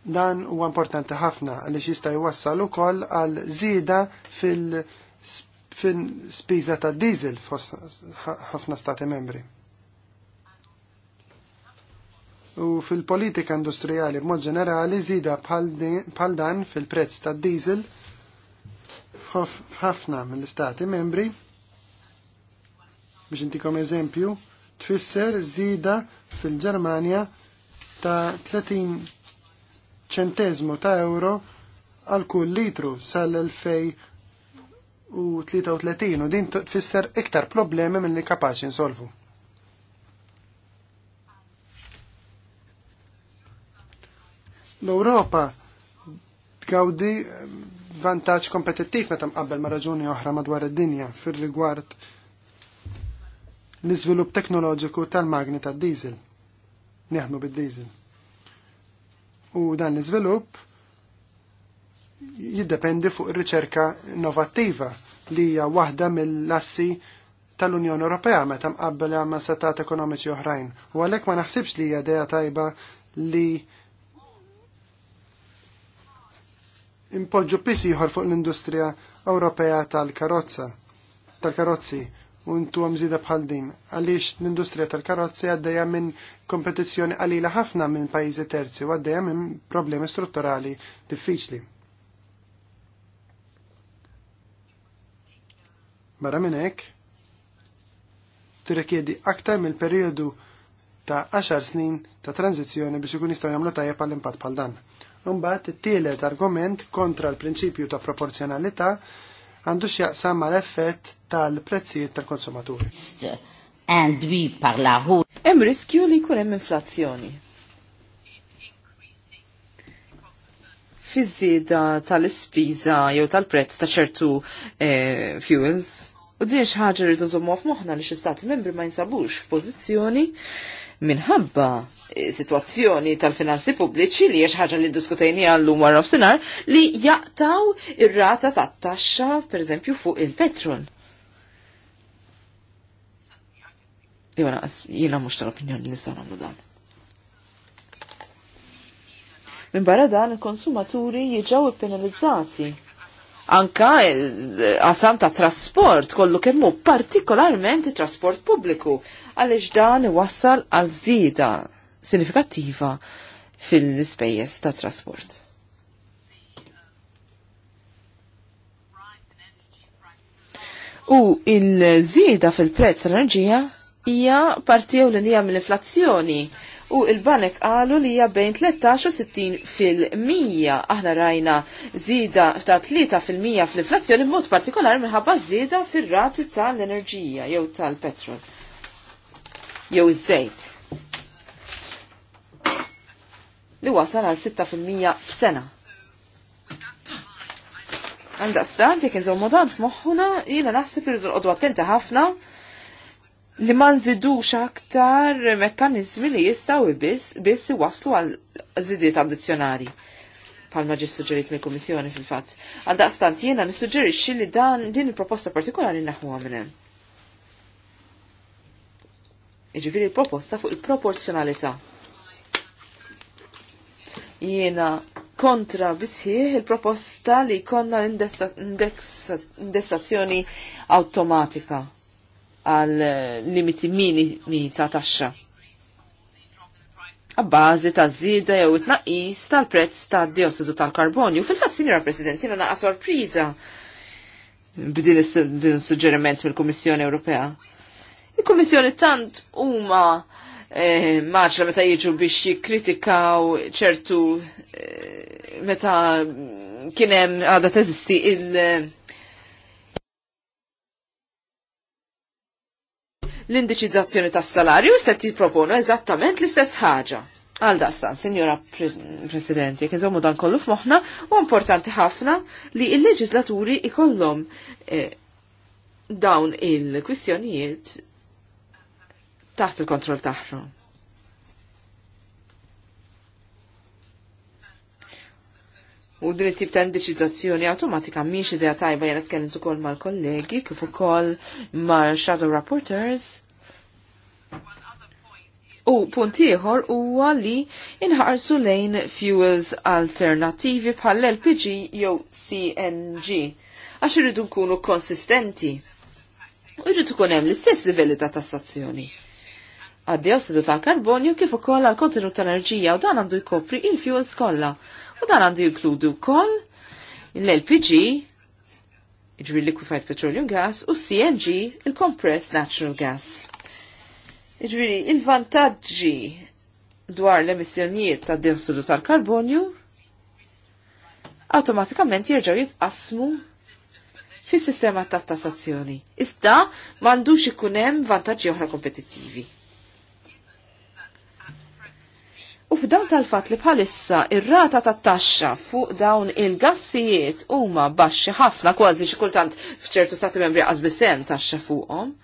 dan huwa importanti ħafna għaliex jista' jwassal ukoll għal żieda fil-spiża ta' diesel fost ħafna stati membri u fil-politika industrijali b'mod ġenerali żida bħal dan fil-prezz tad-diesel f'ħafna mill-istati membri biex intikom eżempju tfisser zida fil-Ġermanja ta' 30 ċentesmu ta' euro għal kull litru sal-2033 u din tfisser iktar problemi mill-li kapaċi nsolvu. L-Ewropa tgawdi vantaġġ kompetittiv meta mqabbel ma' raġuni oħra madwar id-dinja fir-rigward l-iżvilupp teknoloġiku tal-magni tad-diesel. Neħnu bid-diesel. U dan l-iżvilupp jiddependi fuq ir-riċerka innovattiva li hija waħda mill-assi tal-Unjoni Ewropea meta mqabbel ma' setat ekonomiċi oħrajn. U għalhekk ma naħsibx li hija idea tajba li impoġġu pis ieħor fuq l-industrija Ewropea tal-karozza tal-karozzi u ntu għamżida bħal din għaliex l-industrija tal-karozzi għaddejja minn kompetizzjoni għalila ħafna minn pajjiżi terzi u għaddejja minn problemi strutturali diffiċli. Barra minn hekk, tirrikjedi aktar mill periodu ta' 10 snin ta' tranzizzjoni biex ikun jistgħu jagħmlu tajjeb għall impatt bħal dan. Imbagħad it-tielet argument kontra l-prinċipju ta' proporzjonalità għandu x'jaqsam mal-effett tal-prezzijiet tal-konsumaturi. And we Hemm riskju li jkun hemm inflazzjoni. Fiż-żieda tal-ispiża jew tal-prezz ta' ċertu eh, fuels. U din xi ħaġa rridu nżommuha f'moħħna li xi stati membri ma jinsabux f'pożizzjoni minħabba situazzjoni tal-finanzi pubbliċi li jiex ħaġa li diskutajni għallum għarra sinar li jaqtaw ir-rata ta' taxxa per eżempju fuq il-petrol. Jona, jina mux tal-opinjoni li nistaw namlu dan. Minn barra dan il-konsumaturi jieġaw penalizzati anka qasam ta' trasport kollu kemmu partikolarment trasport pubbliku għaliex dan iwassal għal zida sinifikattiva fil-ispejjeż ta' trasport. U il zida fil-prezz tal-enerġija hija parti l-inja mill inflazzjoni u il-banek qalu li hija bejn 13 60 fil-mija. Aħna rajna zida ta' 3 fil-mija fl-inflazzjoni b'mod partikolari minħabba żieda fir-rati tal-enerġija jew tal-petrol jew iż-żejt. Li wasal għal 6% f'sena għandha stant jekk nżommu dan f'moħħuna jiena naħseb irridu nqogħdu attenti ħafna li ma nżidux aktar mekkanizmi li jistaw biss biss waslu għal zidiet addizzjonali palma maġi suġġeriet mill kummissjoni fil-fatt. Għal daqstant jiena nissuġġerixxi li dan din il-proposta partikolari naħu minn Iġifiri il proposta fuq il-proporzjonalità. Jiena kontra bisħieħ il-proposta li konna indessazzjoni automatika għal limiti minimi ta' taxxa. Għabbażi ta' zida jew it-naqis tal-prezz ta' diossidu tal-karbonju. Fil-fatt, Sinjora President, jina naqa' sorpriża b'din is-suġġeriment mill-Kummissjoni Ewropea. Il-Kummissjoni tant huma eh, maċla meta jiġu biex jikkritikaw ċertu eh, meta kienem għada teżisti il- l-indiċizzazzjoni tas-salarju se propono eżattament l-istess ħaġa. Għal daqstan, Signora Presidenti, jek iżommu dan kollu f'moħħna, u importanti ħafna li il-leġislaturi ikollhom eh, dawn il-kwistjonijiet taħt il-kontroll taħrom. U din it-tip ta' indeċizzazzjoni automatika mhix idea tajba jena tkellimt ukoll mal-kollegi kif ukoll mal-shadow rapporteurs. U punt ieħor huwa li inħarsu lejn fuels alternativi bħal LPG jew CNG għax irridu nkunu konsistenti. U irridu kun hemm l-istess livelli ta' tassazzjoni Għaddi diossidu tal-karbonju kif ukoll għal kontenut tal-enerġija u dan għandu jkopri il-fuels kollha u dan għandu jinkludu wkoll l-LPG, iġri liquefied petroleum gas, u CNG, il-compressed natural gas. Iġri il-vantagġi dwar l-emissjonijiet ta' diossidu tal-karbonju automatikament jirġaw jitqasmu fis sistema ta' tassazzjoni. Iżda m'għandux ikun hemm vantaġġi oħra kompetittivi. U f'dan tal-fat li bħalissa ir-rata ta' taxxa fuq dawn il-gassijiet huma baxxi ħafna kważi xi kultant f'ċertu stati membri qas bisem taxxa fuqhom.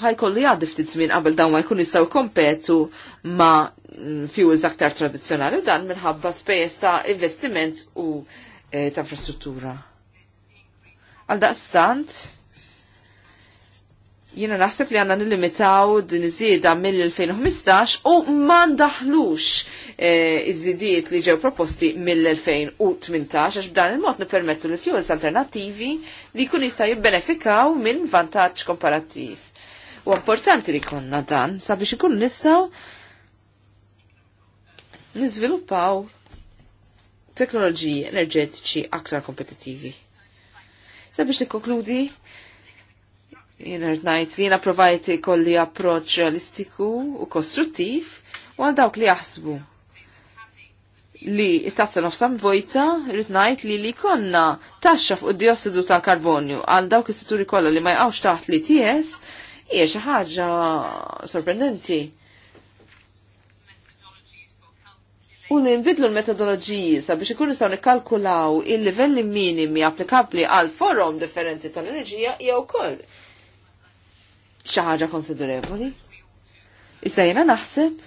ħaj ħajkolli għaddi ftit żmien qabel dawn ma jkun jistgħu kompetu ma' fuels aktar tradizzjonali u dan minħabba spejjeż ta' investiment u uh, Eh, ta' infrastruttura. Għal daqstant, jiena naħseb li għanna nilimitaw din iżieda mill-2015 u ma ndaħlux eh, iż-żiediet li ġew proposti mill-2018 għax b'dan il-mod nippermettu l fuels alternattivi li kun jista' jibbenefikaw minn vantaġġ komparattiv. U importanti li konna dan sabiex ikun nistgħu niżviluppaw teknoloġiji enerġetiċi aktar kompetittivi. biex nikkonkludi, jena rtnajt li jena provajt kolli approċ realistiku u kostruttiv u għal dawk li jaħsbu li tazza nofsam vojta rritnajt li li konna taxxa fuq id-diossidu tal-karbonju għal dawk is-situri kollha li ma jqawx taħt li ties hija xi ħaġa sorprendenti. u li nbidlu l-metodoloġiji sabiex ikunu nistgħu nikkalkulaw il-livelli minimi applikabbli għal forom differenzi tal-enerġija jew ukoll xi ħaġa konsiderevoli. Iżda jiena naħseb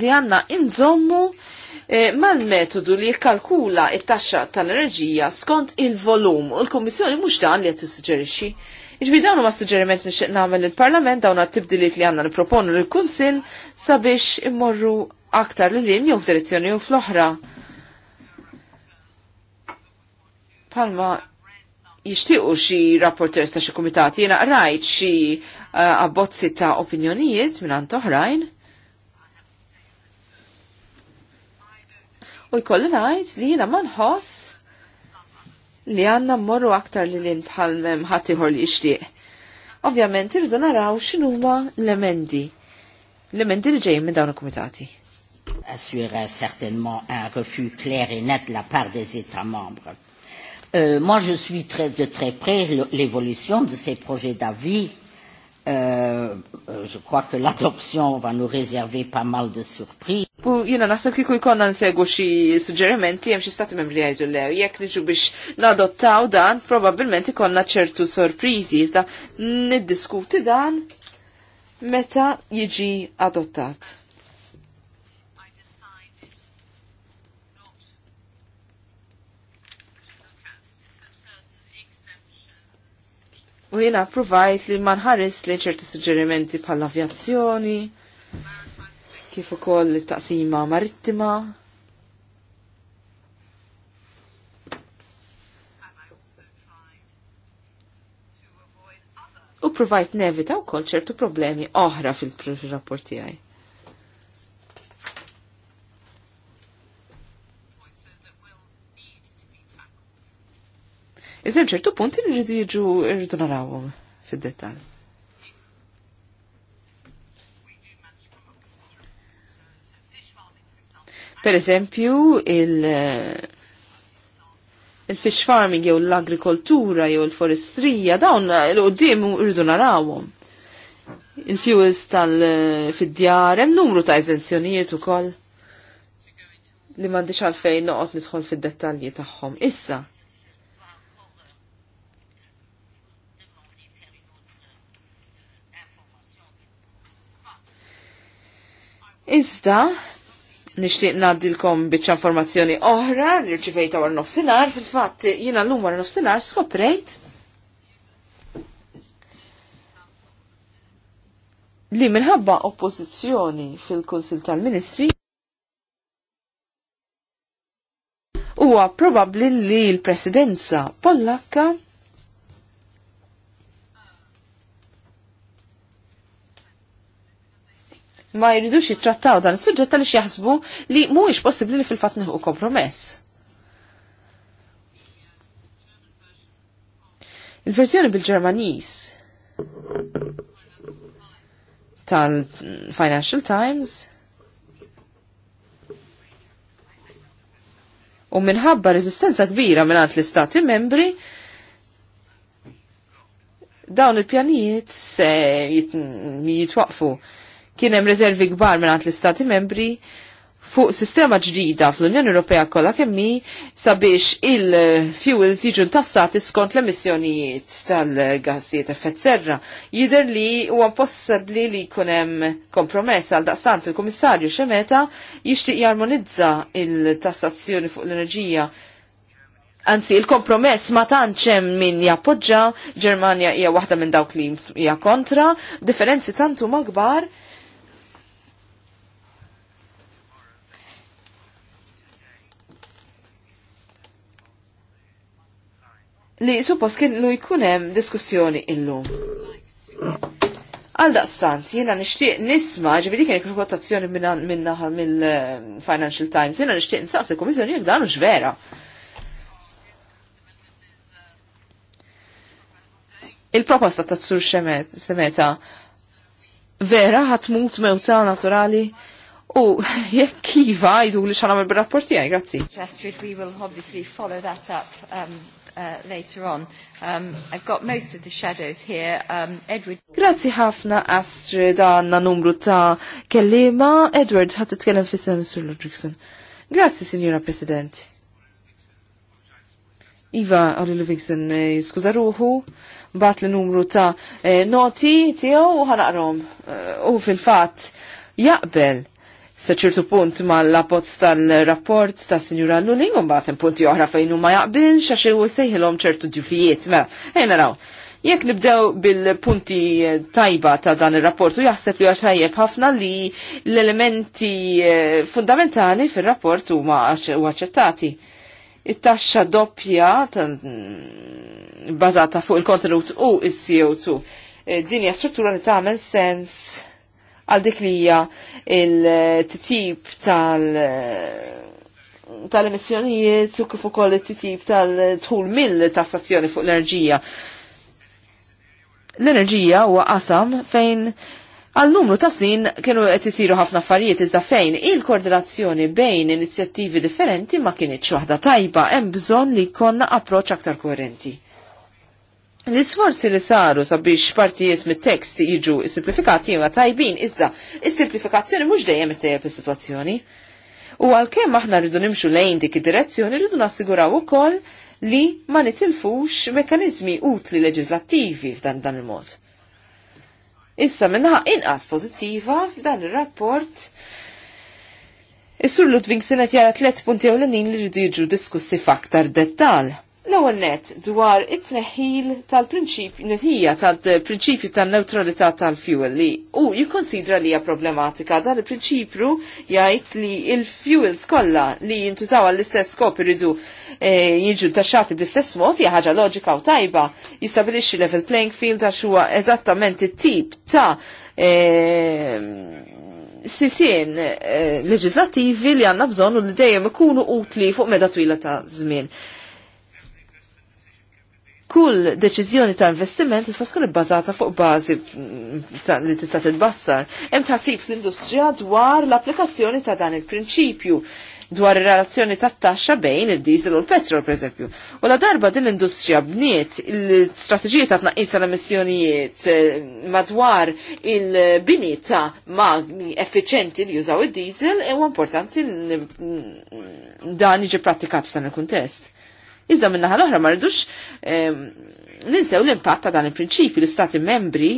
li għandna inżommu eh, mal-metodu li jikkalkula it-taxxa tal-enerġija skont il-volum u l kummissjoni mhux dan li qed tissuġġerixxi. Iġbi dawn huma suġġeriment nixtieq nagħmel il-Parlament dawn għat-tibdiliet li għandna nipproponu lill-Kunsill sabiex immorru aktar li lim jew f'direzzjoni u fl-oħra. Palma jixtiequ xi rapporters ta' xi kumitati jena rajt xi uh, abbozzi ta' opinjonijiet minn oħrajn. U jkolli ngħid li jiena ma nħoss li għanna mmorru aktar li lin bħal ħatiħor li jishtiq. Ovvjament irridu naraw x'inhuma l-emendi. L-emendi li ġejjin minn dawn il-kumitati assurerait certainement un refus clair et net de la part des États membres. Euh, moi, je suis très, de très près l'évolution de ces projets d'avis. Euh, euh, je crois que l'adoption va nous réserver pas mal de surprises. U jina nasab kiku jkonna nsegu xie suġġerimenti jem xie stati membri jgħidu lew, jek niġu biex nadottaw dan, probabilment ikonna ċertu sorprizi, iżda niddiskuti dan meta jiġi adottat. U jena provajt li manħares li ċerti suġġerimenti bħal avjazzjoni, kif ukoll taqsima marittima. U provajt nevita u kol ċertu problemi oħra fil-rapport tiegħi. Iżem ċertu punti nirridu jiġu rridu narawhom fid detal Per eżempju, il- il-fish farming jew l-agrikoltura jew l-forestrija dawn l-qoddim irridu narawhom. Il-fuels tal-fid-djar hemm numru ta' eżenzjonijiet ukoll li m'għandix għalfejn noqgħod nidħol fid-dettalji tagħhom. Issa, Iżda, nishtiq naddilkom bieċa informazzjoni oħra li rċivejta war nofsinar, fil-fat jina l-lum war nofsinar skoprejt li minħabba oppozizjoni fil-Kunsil tal-Ministri huwa probabbli li l-presidenza Pollakka ma jridux jittrattaw dan is-suġġett għaliex jaħsbu li mhuwiex possibbli li fil-fatt nieħu kompromess. Il-verżjoni bil-Ġermaniż tal-Financial Times u minħabba rezistenza kbira minn l-istati membri dawn il-pjanijiet se jitwaqfu. Jit Kien hemm rezervi kbar mingħand l-Istati membri fuq sistema ġdida fl-Unjoni Ewropea kollha kemmi sabiex il-fuels jiġu ntassati skont l-emissjonijiet tal-gassijiet effett serra. Jider li huwa possibbli li jkun hemm kompromess għal daqstant il-Kummissarju xemeta jixtieq jarmonizza il-tassazzjoni fuq l-enerġija Anzi, il-kompromess ma tantx hemm min jappoġġa, Ġermania hija waħda minn dawk li hija kontra, differenzi tant huma kbar li suppost kien lu jkunem diskussjoni illum. Għal daqstanz, jena nishtiq nisma, ġibidi kien ikru kotazzjoni mill-Financial Times, jena nishtiq nsaqsi komissjoni jek danu ġvera. Il-proposta ta' tsur semeta vera ħatmut mewta naturali u [laughs] jekk kiva jdu li xanam il-rapporti għaj, grazzi. Uh, later on. Um, I've got most of the shadows here. Um, Edward. Grazzi ħafna Astrid għanna numru ta' kellima. Edward, ħat t-tkellem fissem sur Ludrickson. Grazzi, Signora President. Iva, għalli Vixen, eh, skuza ruħu, bat li numru ta' eh, noti tiegħu u ħanaqrom. Eh, u fil fat jaqbel se ċertu punt ma l-appoz tal-rapport ta' Sinjura Luling, un batem punti oħra fejn ma jaqbin, għax u sejħilom ċertu ġifijiet. Mela, ejna raw. Jekk nibdew bil-punti tajba ta' dan il-rapport u jaħseb li għaxħajjeb ħafna li l-elementi eh, fundamentali fil-rapport u għacċettati. It-taxxa doppja bazata fuq il-kontenut u il-CO2. Eh, Dinja struttura li tagħmel sens għal dik li hija il-titjib tal- tal-emissjonijiet u kif ukoll it-titjib tal-tħul mill-tassazzjoni fuq l-enerġija. L-enerġija huwa qasam fejn għal numru ta' snin kienu qed isiru ħafna affarijiet iżda fejn il-koordinazzjoni bejn inizjattivi differenti ma kienitx waħda tajba hemm bżonn li jkollna approċċ aktar koerenti. L-isforzi li saru sabiex partijiet mit-tekst jiġu simplifikati huma tajbin, iżda is-simplifikazzjoni mhux dejjem ittejjeb is-sitwazzjoni. U għalkemm aħna rridu nimxu lejn dik id-direzzjoni rridu nassiguraw ukoll li ma nitilfux mekanizmi utli leġislattivi f'dan dan il-mod. Issa minnaħa inqas pozittiva f'dan il-rapport Is-sur Ludwig sinet jara tliet punti ewlenin li rridu jiġu diskussi f'aktar dettal. L-ewwel net dwar it-tneħħil tal-prinċipju nitħija tal-prinċipju tan-neutralità tal-fuel li u jikkonsidra li hija problematika dan il-prinċipju jgħid li il-fuels kollha li jintużaw għall-istess skop iridu eh, jiġu taxxati bl-istess mod hija ħaġa loġika u tajba jistabilixxi level playing field għax huwa eżattament it-tip ta' eh, sisien eh, leġislattivi li għandna bżonn u li dejjem ikunu utli fuq meda twila ta' żmien kull deċiżjoni ta' investiment tista' tkun ibbażata fuq bażi mm, li tista' titbassar. Hemm taħsib fl-industrija dwar l-applikazzjoni ta' dan il-prinċipju dwar ir-relazzjoni tat-taxxa bejn id-diesel u l-petrol pereżempju. U la darba din l-industrija bniet l-istrateġija ta' tnaqqis tal-emissjonijiet eh, madwar il-bini ta' magni effiċenti li jużaw id-diesel e huwa importanti mm, dan jiġi pratikat f'dan il-kuntest. Iżda minnaħa l-oħra ma rridux ninsew l-impatt ta' dan il-prinċipju l-istati membri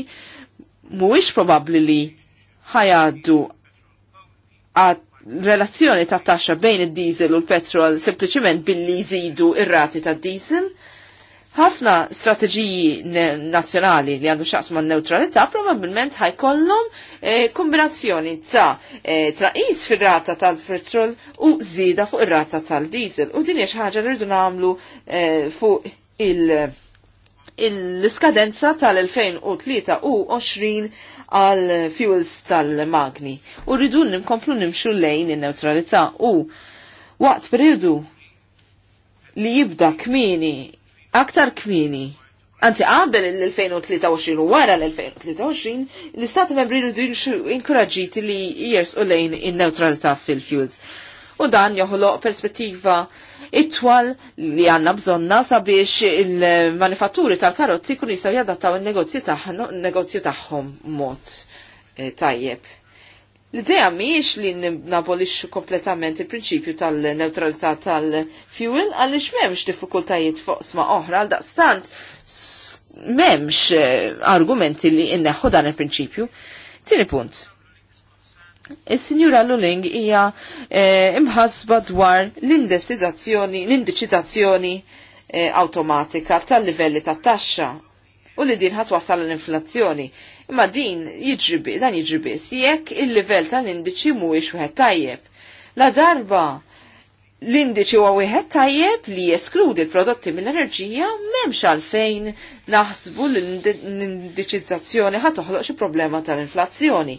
mhuwiex probabbli li ħajaddu relazzjoni ta' taxxa bejn id-diesel u l-petrol sempliċiment billi jżidu ir-rati ta' diesel ħafna strateġiji nazzjonali li għandu xaqs man neutralità probabilment ħajkollhom eh, kombinazzjoni ta' eh, traqis fir-rata tal-petrol u żieda fuq ir-rata tal-diesel. U din hija ħaġa rridu nagħmlu eh, fuq il- l-iskadenza tal-2023 u 20 għal fuels tal-magni. U rridu nkomplu nimxu lejn in-neutralità u waqt periodu li jibda kmini aktar kmini. Anzi, qabel l-2023 u wara l-2023, l-Istati membri rridu inkuraġiti li jersqu lejn in-neutralità fil-fuels. U dan joħlo perspettiva it-twal li għanna bżonna sabiex il-manifatturi tal-karozzi kun jistaw jadattaw il-negozju tagħhom mod eh, tajjeb. L-idea miex li nabolixxu kompletament il-prinċipju tal-neutralità tal-fuel għaliex m'hemmx diffikultajiet foqsma oħra għal daqstant m'hemmx eh, argumenti li inneħħu dan il-prinċipju. Tieni punt. Is-Sinjura Luling hija eh, imħasba dwar l-indesizzazzjoni, automatika eh, tal-livelli tat-taxxa u li din ħatwasal l-inflazzjoni. Imma din jiġri dan jiġri biss jekk il-livell tal-indiċi mhuwiex wieħed tajjeb. La darba l-indiċi huwa wieħed tajjeb li jeskludi l-prodotti mill-enerġija m'hemmx għalfejn naħsbu l-indiċizzazzjoni ħad toħloq xi problema tal-inflazzjoni.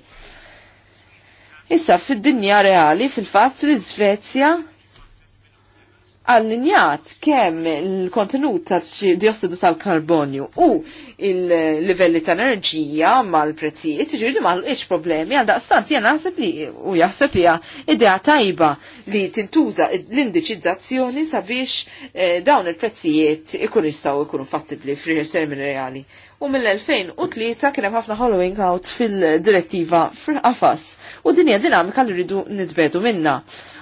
Issa fid-dinja reali fil-fatt li Svezja allinjat kemm il-kontenut ta' diossidu tal-karbonju u il-livelli ta' enerġija mal-prezzijiet, ġirdi l iċ problemi għal daqstant jena għasab li u jaħseb li idea tajba li tintuża l-indiċizzazzjoni sabiex eh, dawn il-prezzijiet ikun jistaw ikunu fattibli fri termini reali u mill-2003 kien hemm ħafna hollowing out fil-direttiva Afas. u din hija dinamika li rridu nitbedu minna.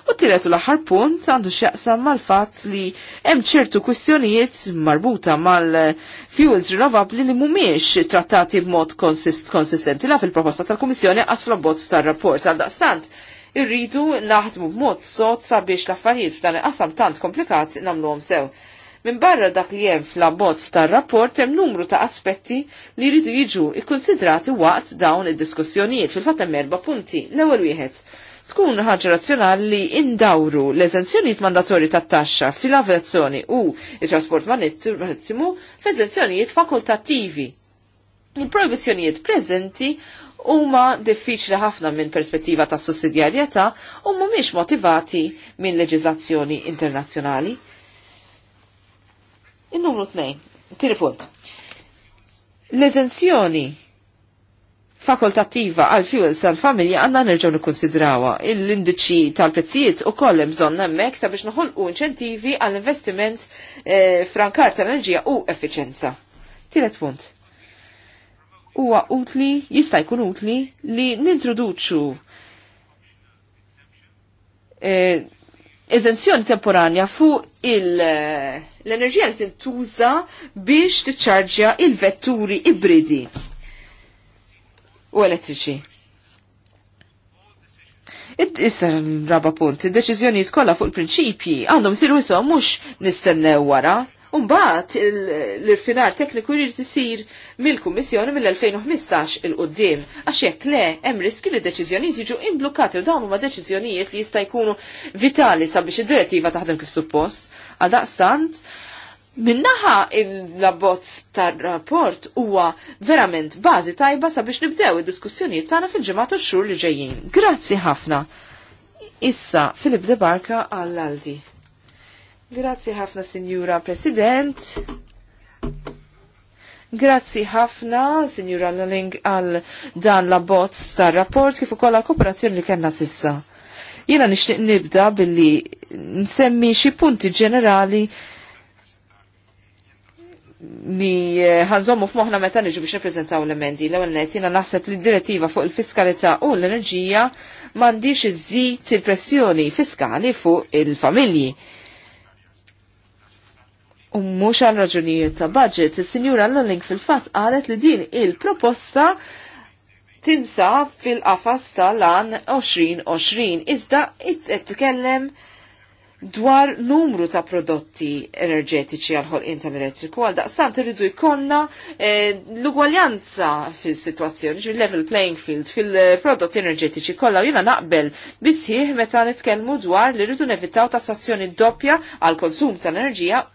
U tiret l-aħħar punt għandu x'jaqsam mal-fatt li hemm ċertu kwistjonijiet marbuta mal-fuels rinnovabbli li mhumiex trattati b'mod konsist konsistenti la fil-proposta tal-Kummissjoni għas fl-abbozz tar-rapport għaldaqstant, irridu naħdmu b'mod sot sabiex l-affarijiet f'dan il-qasam tant komplikat namluhom sew. Minn barra dak li hemm fl-abbozz tar-rapport hemm numru ta' aspetti li jridu jiġu ikkonsidrati waqt dawn id-diskussjonijiet fil-fatt hemm erba' punti. L-ewwel wieħed tkun ħaġa razzjonali li indawru l-eżenzjonijiet mandatorji tat-taxxa fil-avjazzjoni u it-trasport marittimu f'eżenzjonijiet fakultattivi. Il-proibizjonijiet preżenti huma diffiċli ħafna minn perspettiva ta' sussidjarjetà u mhumiex motivati minn leġiżlazzjoni internazzjonali. Il-numru 2. Tiri punt. L-eżenzjoni fakultattiva għal fuel sal familja għanna nerġaw nikkonsidrawa. L-indiċi tal-prezzijiet u kollem bżonna mek sabiex noħolqu inċentivi għall investiment eh, frankar tal-enerġija u effiċenza. Tiret punt. Huwa utli, jista' jkun utli li nintroduċu eh, eżenzjoni temporanja fuq eh, l-enerġija li tintuża biex tiċċarġja il-vetturi ibridi u elettriċi. Issa raba punt, id-deċiżjonijiet kollha fuq il-prinċipji għandhom siru isom mhux nistennew wara Umbat l-irfinar tekniku jrid isir mill-Kummissjoni mill-2015 il-qoddim, għax le hemm riski li deċiżjonijiet jiġu imblukkati, u dawn huma deċiżjonijiet li jista' jkunu vitali sabiex id-direttiva taħdem kif suppost. Għaldaqstant Minnaħa il-labbozz tar-rapport huwa verament bażi tajba sabiex nibdew id-diskussjonijiet tagħna fil-ġimgħat u x-xhur li ġejjin. Grazzi ħafna. Issa Filip De Barka għall-Aldi. Grazzi ħafna, Sinjura President. Grazzi ħafna, Sinjura Lulling għal dan la bozz tar rapport kif ukoll għal kooperazzjoni li kellna sissa. Jiena nixtieq nibda billi nsemmi xi punti ġenerali li eh, ħanżommu f'moħna meta niġu biex nippreżentaw l-emendi. L-ewwel nett jiena naħseb li d-direttiva fuq il-fiskalità u l-enerġija m'għandix iżid il-pressjoni fiskali fuq il-familji. il familji U mhux għal raġunijiet ta' budget, is-Sinjura Lolling fil-fatt qalet li din il-proposta tinsa fil-qafas tal-an 2020, iżda qed tkellem dwar numru ta' prodotti enerġetiċi għal ħolqien tal-elettriku għal daqstant rridu jkollna eh, l-ugwaljanza fil-sitwazzjoni, ġi level playing field fil-prodotti enerġetiċi kollha jiena naqbel bisħieħ meta nitkellmu dwar li rridu nevitaw tassazzjoni doppja għal konsum tal-enerġija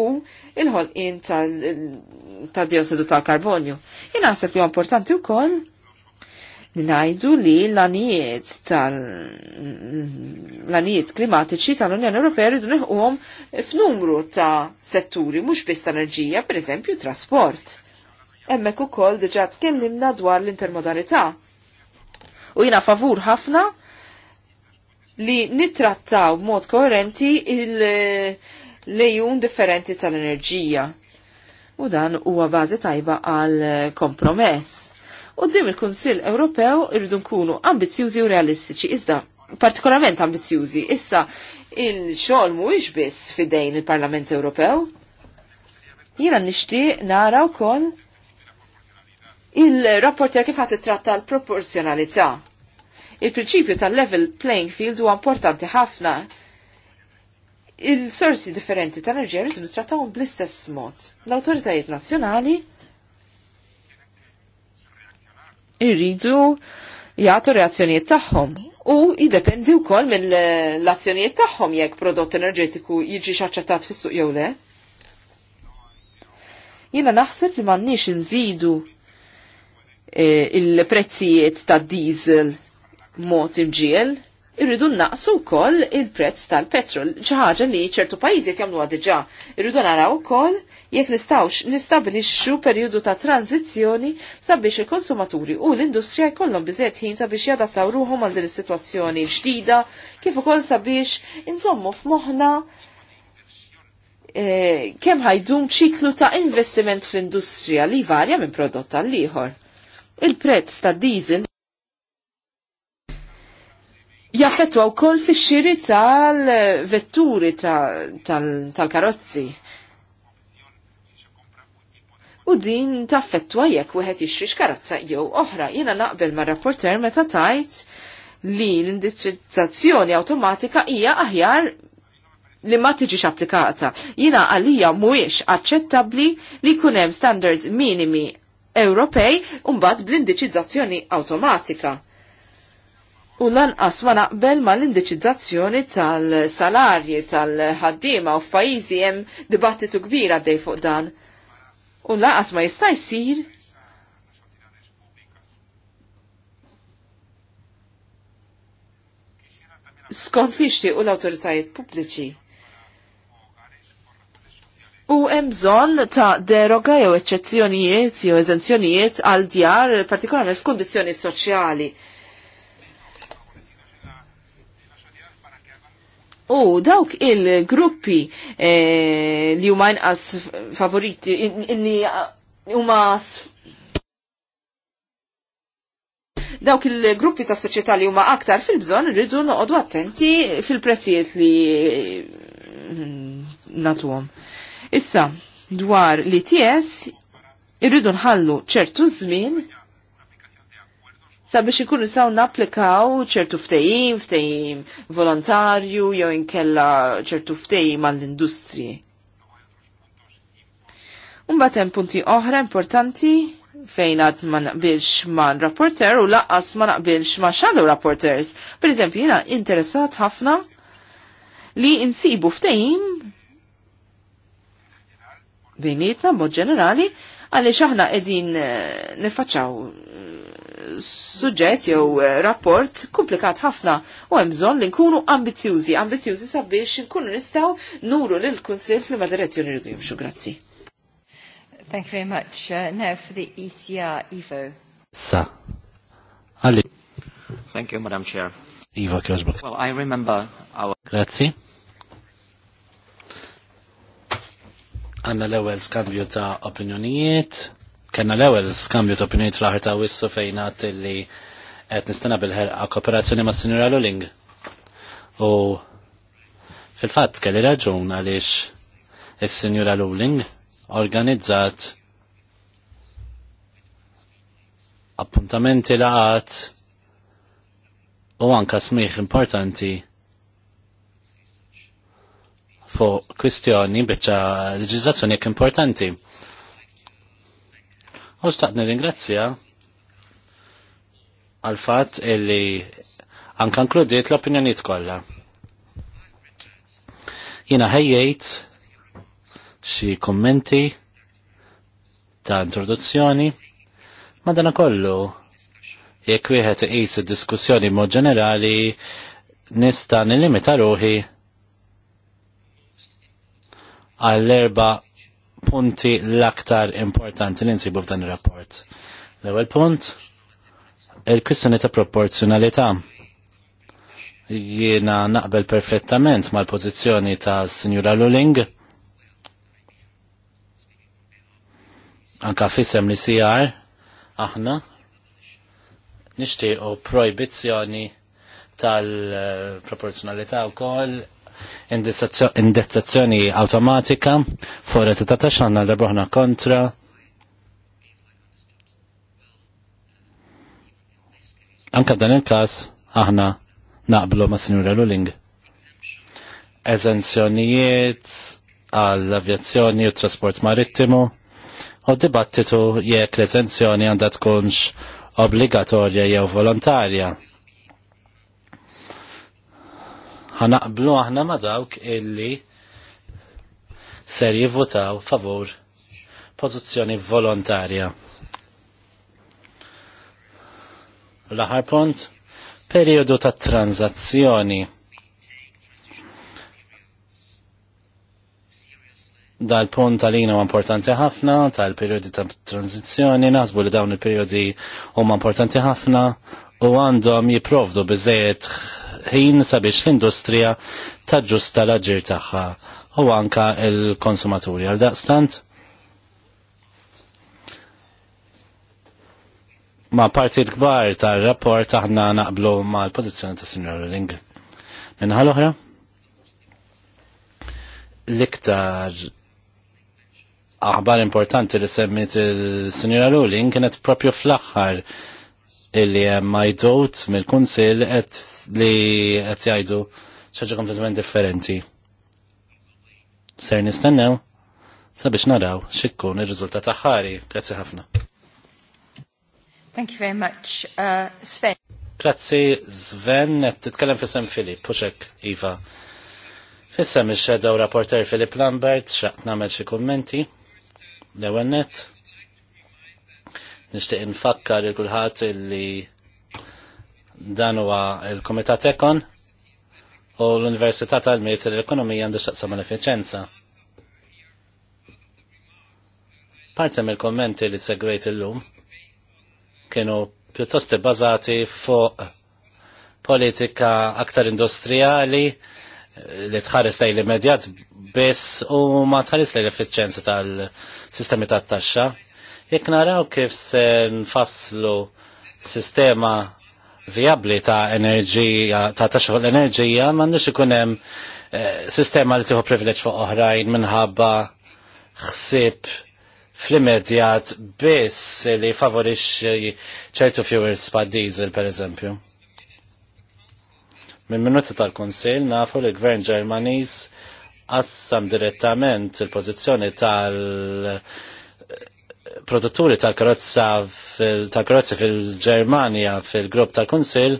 u il-ħolqin tal diossidu tal-karbonju. Jina naħseb li importanti u koll najdu li l-anijiet tal l-anijiet klimatiċi tal-Unjoni Ewropea rridu neħquhom f'numru ta' setturi mhux biss tal-enerġija, pereżempju trasport. Hemmhekk ukoll diġà tkellimna dwar l-intermodalità. U jiena favur ħafna li nittrattaw b'mod koerenti il- lejun differenti tal-enerġija. U dan huwa bażi tajba għal kompromess. U dim il-Kunsill Ewropew irridu nkunu ambizzjużi u realistiċi, iżda partikolarment ambizjużi. Issa il-xogħol mhuwiex biss fidejn il-Parlament Ewropew. Jiena nixtieq nara wkoll il-rapporter kif ħadd tratta l-proporzjonalità. Il-prinċipju tal-level playing field huwa importanti ħafna il-sorsi differenti ta' enerġija rridu nittrattawhom bl-istess mod. L-awtoritajiet nazzjonali irridu jagħtu reazzjonijiet tagħhom u jiddependi wkoll mill-azzjonijiet tagħhom jekk prodott enerġetiku jiġi xaċċettat fis-suq jew le. Jiena naħseb li m'għandniex inżidu eh, il-prezzijiet tad diesel mod imġiel irridu naqsu wkoll il-prezz tal-petrol, xi ħaġa li ċertu pajizi jagħmluha diġà. Irridu naraw koll jekk nistgħux nistabilixxu perjodu ta' tranzizjoni sabiex il-konsumaturi u l-industrija jkollhom biżejjed ħin sabiex jadattaw ruhom għal din is-sitwazzjoni ġdida kif ukoll sabiex inżommu f'moħħna eh, kemm ħajdum ċiklu ta' investiment fl-industrija li varja minn prodott tal ieħor Il-prezz ta' diesel jaffettwa wkoll fix-xiri tal-vetturi tal-karozzi. U din taffettwa jekk wieħed jixrix karozza jew oħra. Jiena naqbel mar-rapporter meta tajt li l-indicizzazzjoni awtomatika hija aħjar li ma tiġix applikata. Jina għalija mhuwiex aċċettabbli li jkun hemm standards minimi Ewropej u mbagħad bl-indiċizzazzjoni awtomatika u lanqas ma naqbel ma l-indiċizzazzjoni tal-salarji tal-ħaddiema u f'pajjiżi hemm dibattitu kbir għaddej fuq dan. U lanqas ma jista' jsir skont li u l-awtoritajiet pubbliċi. U hemm bżonn ta' deroga jew eċċezzjonijiet jew eżenzjonijiet għal djar partikolarment f'kundizzjoni soċjali U dawk il-gruppi eh, li huma inqas favoriti, li huma dawk il-gruppi ta' soċjetà li huma aktar fil-bżonn irridu noqogħdu attenti fil-prezzijiet li mm, natuhom. Issa, dwar li ties irridu nħallu ċertu żmien sabiex ikunu saw napplikaw ċertu ftejim, ftejim volontarju, jew inkella ċertu ftejim għall industriji Unbat hemm punti oħra importanti fejn għad ma naqbilx ma rapporter u laqqas ma naqbilx ma shadow rapporters. Per eżempju, jena interessat ħafna li insibu ftejim bejnietna mod ġenerali għalli xaħna edin eh, nifacċaw suġġett jew eh, rapport komplikat ħafna u hemm bżonn li nkunu ambizzjużi, ambizzjużi sabiex nkunu nistgħu nuru lil kunsill fl direzzjoni rridu jimxu. Grazzi. Thank you very much. Uh, now for the ECR, Ivo. Sa. Ali. Thank you, Madam Chair. Ivo Kjosbuk. Well, I remember our... Grazie. Għanna l-ewel skambju ta' opinjonijiet kena l-ewel skambju ta' opinjoni fl aħħar ta' wissu fejna li qed nistana bil-ħerqa kooperazzjoni ma' Sinjura Luling. U fil-fatt kelli raġun għaliex is-Sinjura Luling organizzat appuntamenti laqat u anka smiħ importanti fuq kwistjoni bieċa leġizzazzjoni jekk importanti. U staqt nir-ingrazzja għal-fat illi għankan kludiet l-opinjoniet kollha. Jina ħejjejt xi kommenti ta' introduzzjoni dana kollu jekk wieħed iqis id-diskussjoni mod ġenerali nista' nilimita ruħi għall-erba' punti l-aktar importanti li nsibu f'dan ir-rapport. L-ewwel punt il-kwistjoni ta' proporzjonalità. Jiena naqbel perfettament mal-pożizzjoni ta' Sinjura Luling. Anka fissem li CR aħna nixtiequ projbizzjoni tal-proporzjonalità wkoll indizzazzjoni automatika fuq ta' ta' xanna li bruħna kontra Anka dan il-kas aħna naqblu ma' Sinjura Luling. Eżenzjonijiet għall-avjazzjoni u trasport marittimu u dibattitu jekk l-eżenzjoni għandha tkunx obbligatorja jew volontarja ħanaqblu aħna ma dawk illi ser jivvotaw favur pożizzjoni volontarja. L-aħar punt, periodu ta' tranzazzjoni. dal-punt tal-ina u importanti ħafna, tal-periodi ta' tranzizjoni, nasbu li dawn il-periodi huma importanti ħafna u għandhom jiprovdu biżejjed ħin sabiex l-industrija taġġusta l ġir tagħha u anka l-konsumaturi. Għal daqstant? Ma partit kbar tar-rapport aħna naqblu ma l-pożizzjoni ta' Sr. Ling. Minħal oħra? L-iktar aħbar importanti li semmit il-Sinjora Luling kienet propju fl-aħħar illi hemm majdut mill-kunsil li qed jgħidu xaġa kompletament differenti. Ser nistennew sabiex naraw xikkun ir-riżultat aħħari. Grazzi ħafna. Thank you very much, uh, Sven. Grazzi, Sven, qed titkellem fissem Filip, puxek, Iva. Fissem ix-xedaw rapporter Filip Lambert, xaqt nagħmel xi kummenti. L-ewwel net Nixtieq nfakkar il kulħadd li dan huwa il-Kumitat Ekon u l-Università tal-Miet l-Ekonomija għandu xaqsa mal-efficienza. Parti mill-kommenti li segwejt illum kienu pjuttost bazati fuq politika aktar industrijali li tħares lej l-immedjat biss u ma tħares lej l-effiċenza tal-sistemi tat-taxxa. Jekk naraw kif se nfasslu sistema viabli ta' enerġija, ta' taxħol enerġija, m'għandux ikun hemm eh, sistema li tieħu privileġġ fuq oħrajn minħabba xsib fl-immedjat biss li favorixxi ċertu fuels pa' diesel pereżempju. Minn minuti tal-Konsil nafu li gvern Ġermaniż assam direttament il-pożizzjoni tal- produtturi tal-karozza tal-karozzi fil-Ġermanja fil-grupp tal-Kunsil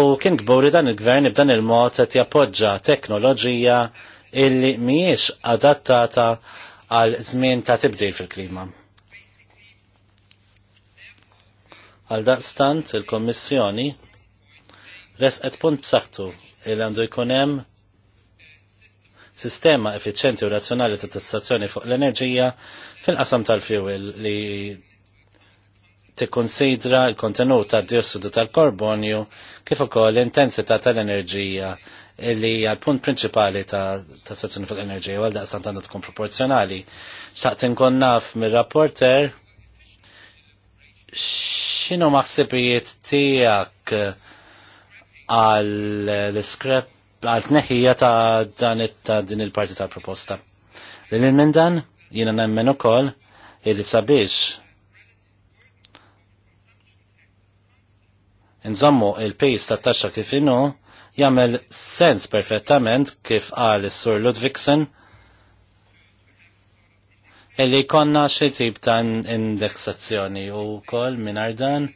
u kien gburi dan il-gvern b'dan il-mod qed jappoġġa teknoloġija illi mhijiex adattata għal żmien ta' tibdil fil-klima. Għal daqstant il-Kommissjoni resqet punt b'saħħtu il għandu jkun hemm sistema effiċenti u razzjonali ta' tassazzjoni fuq l-enerġija fil-qasam tal-fuel li tikkonsidra l-kontenut ta' diossidu tal-karbonju kif ukoll l-intensità tal-enerġija li hija punt prinċipali ta' sezzjoni fil-enerġija għal daqstant għandha tkun proporzjonali. Xtaqt inkun naf mir-rapporter x'inhu maħsibijiet tiegħek għal l-iskrep għal tneħħija ta' dan ta' din il-parti tal proposta. Lil minn dan? Jiena nemmen ukoll illi sabiex nżommu il-pejs ta' taxxa kif inhu jagħmel sens perfettament kif qal is-Sur Ludwigsen illi konna xi tip ta' indeksazzjoni u wkoll mingħajr dan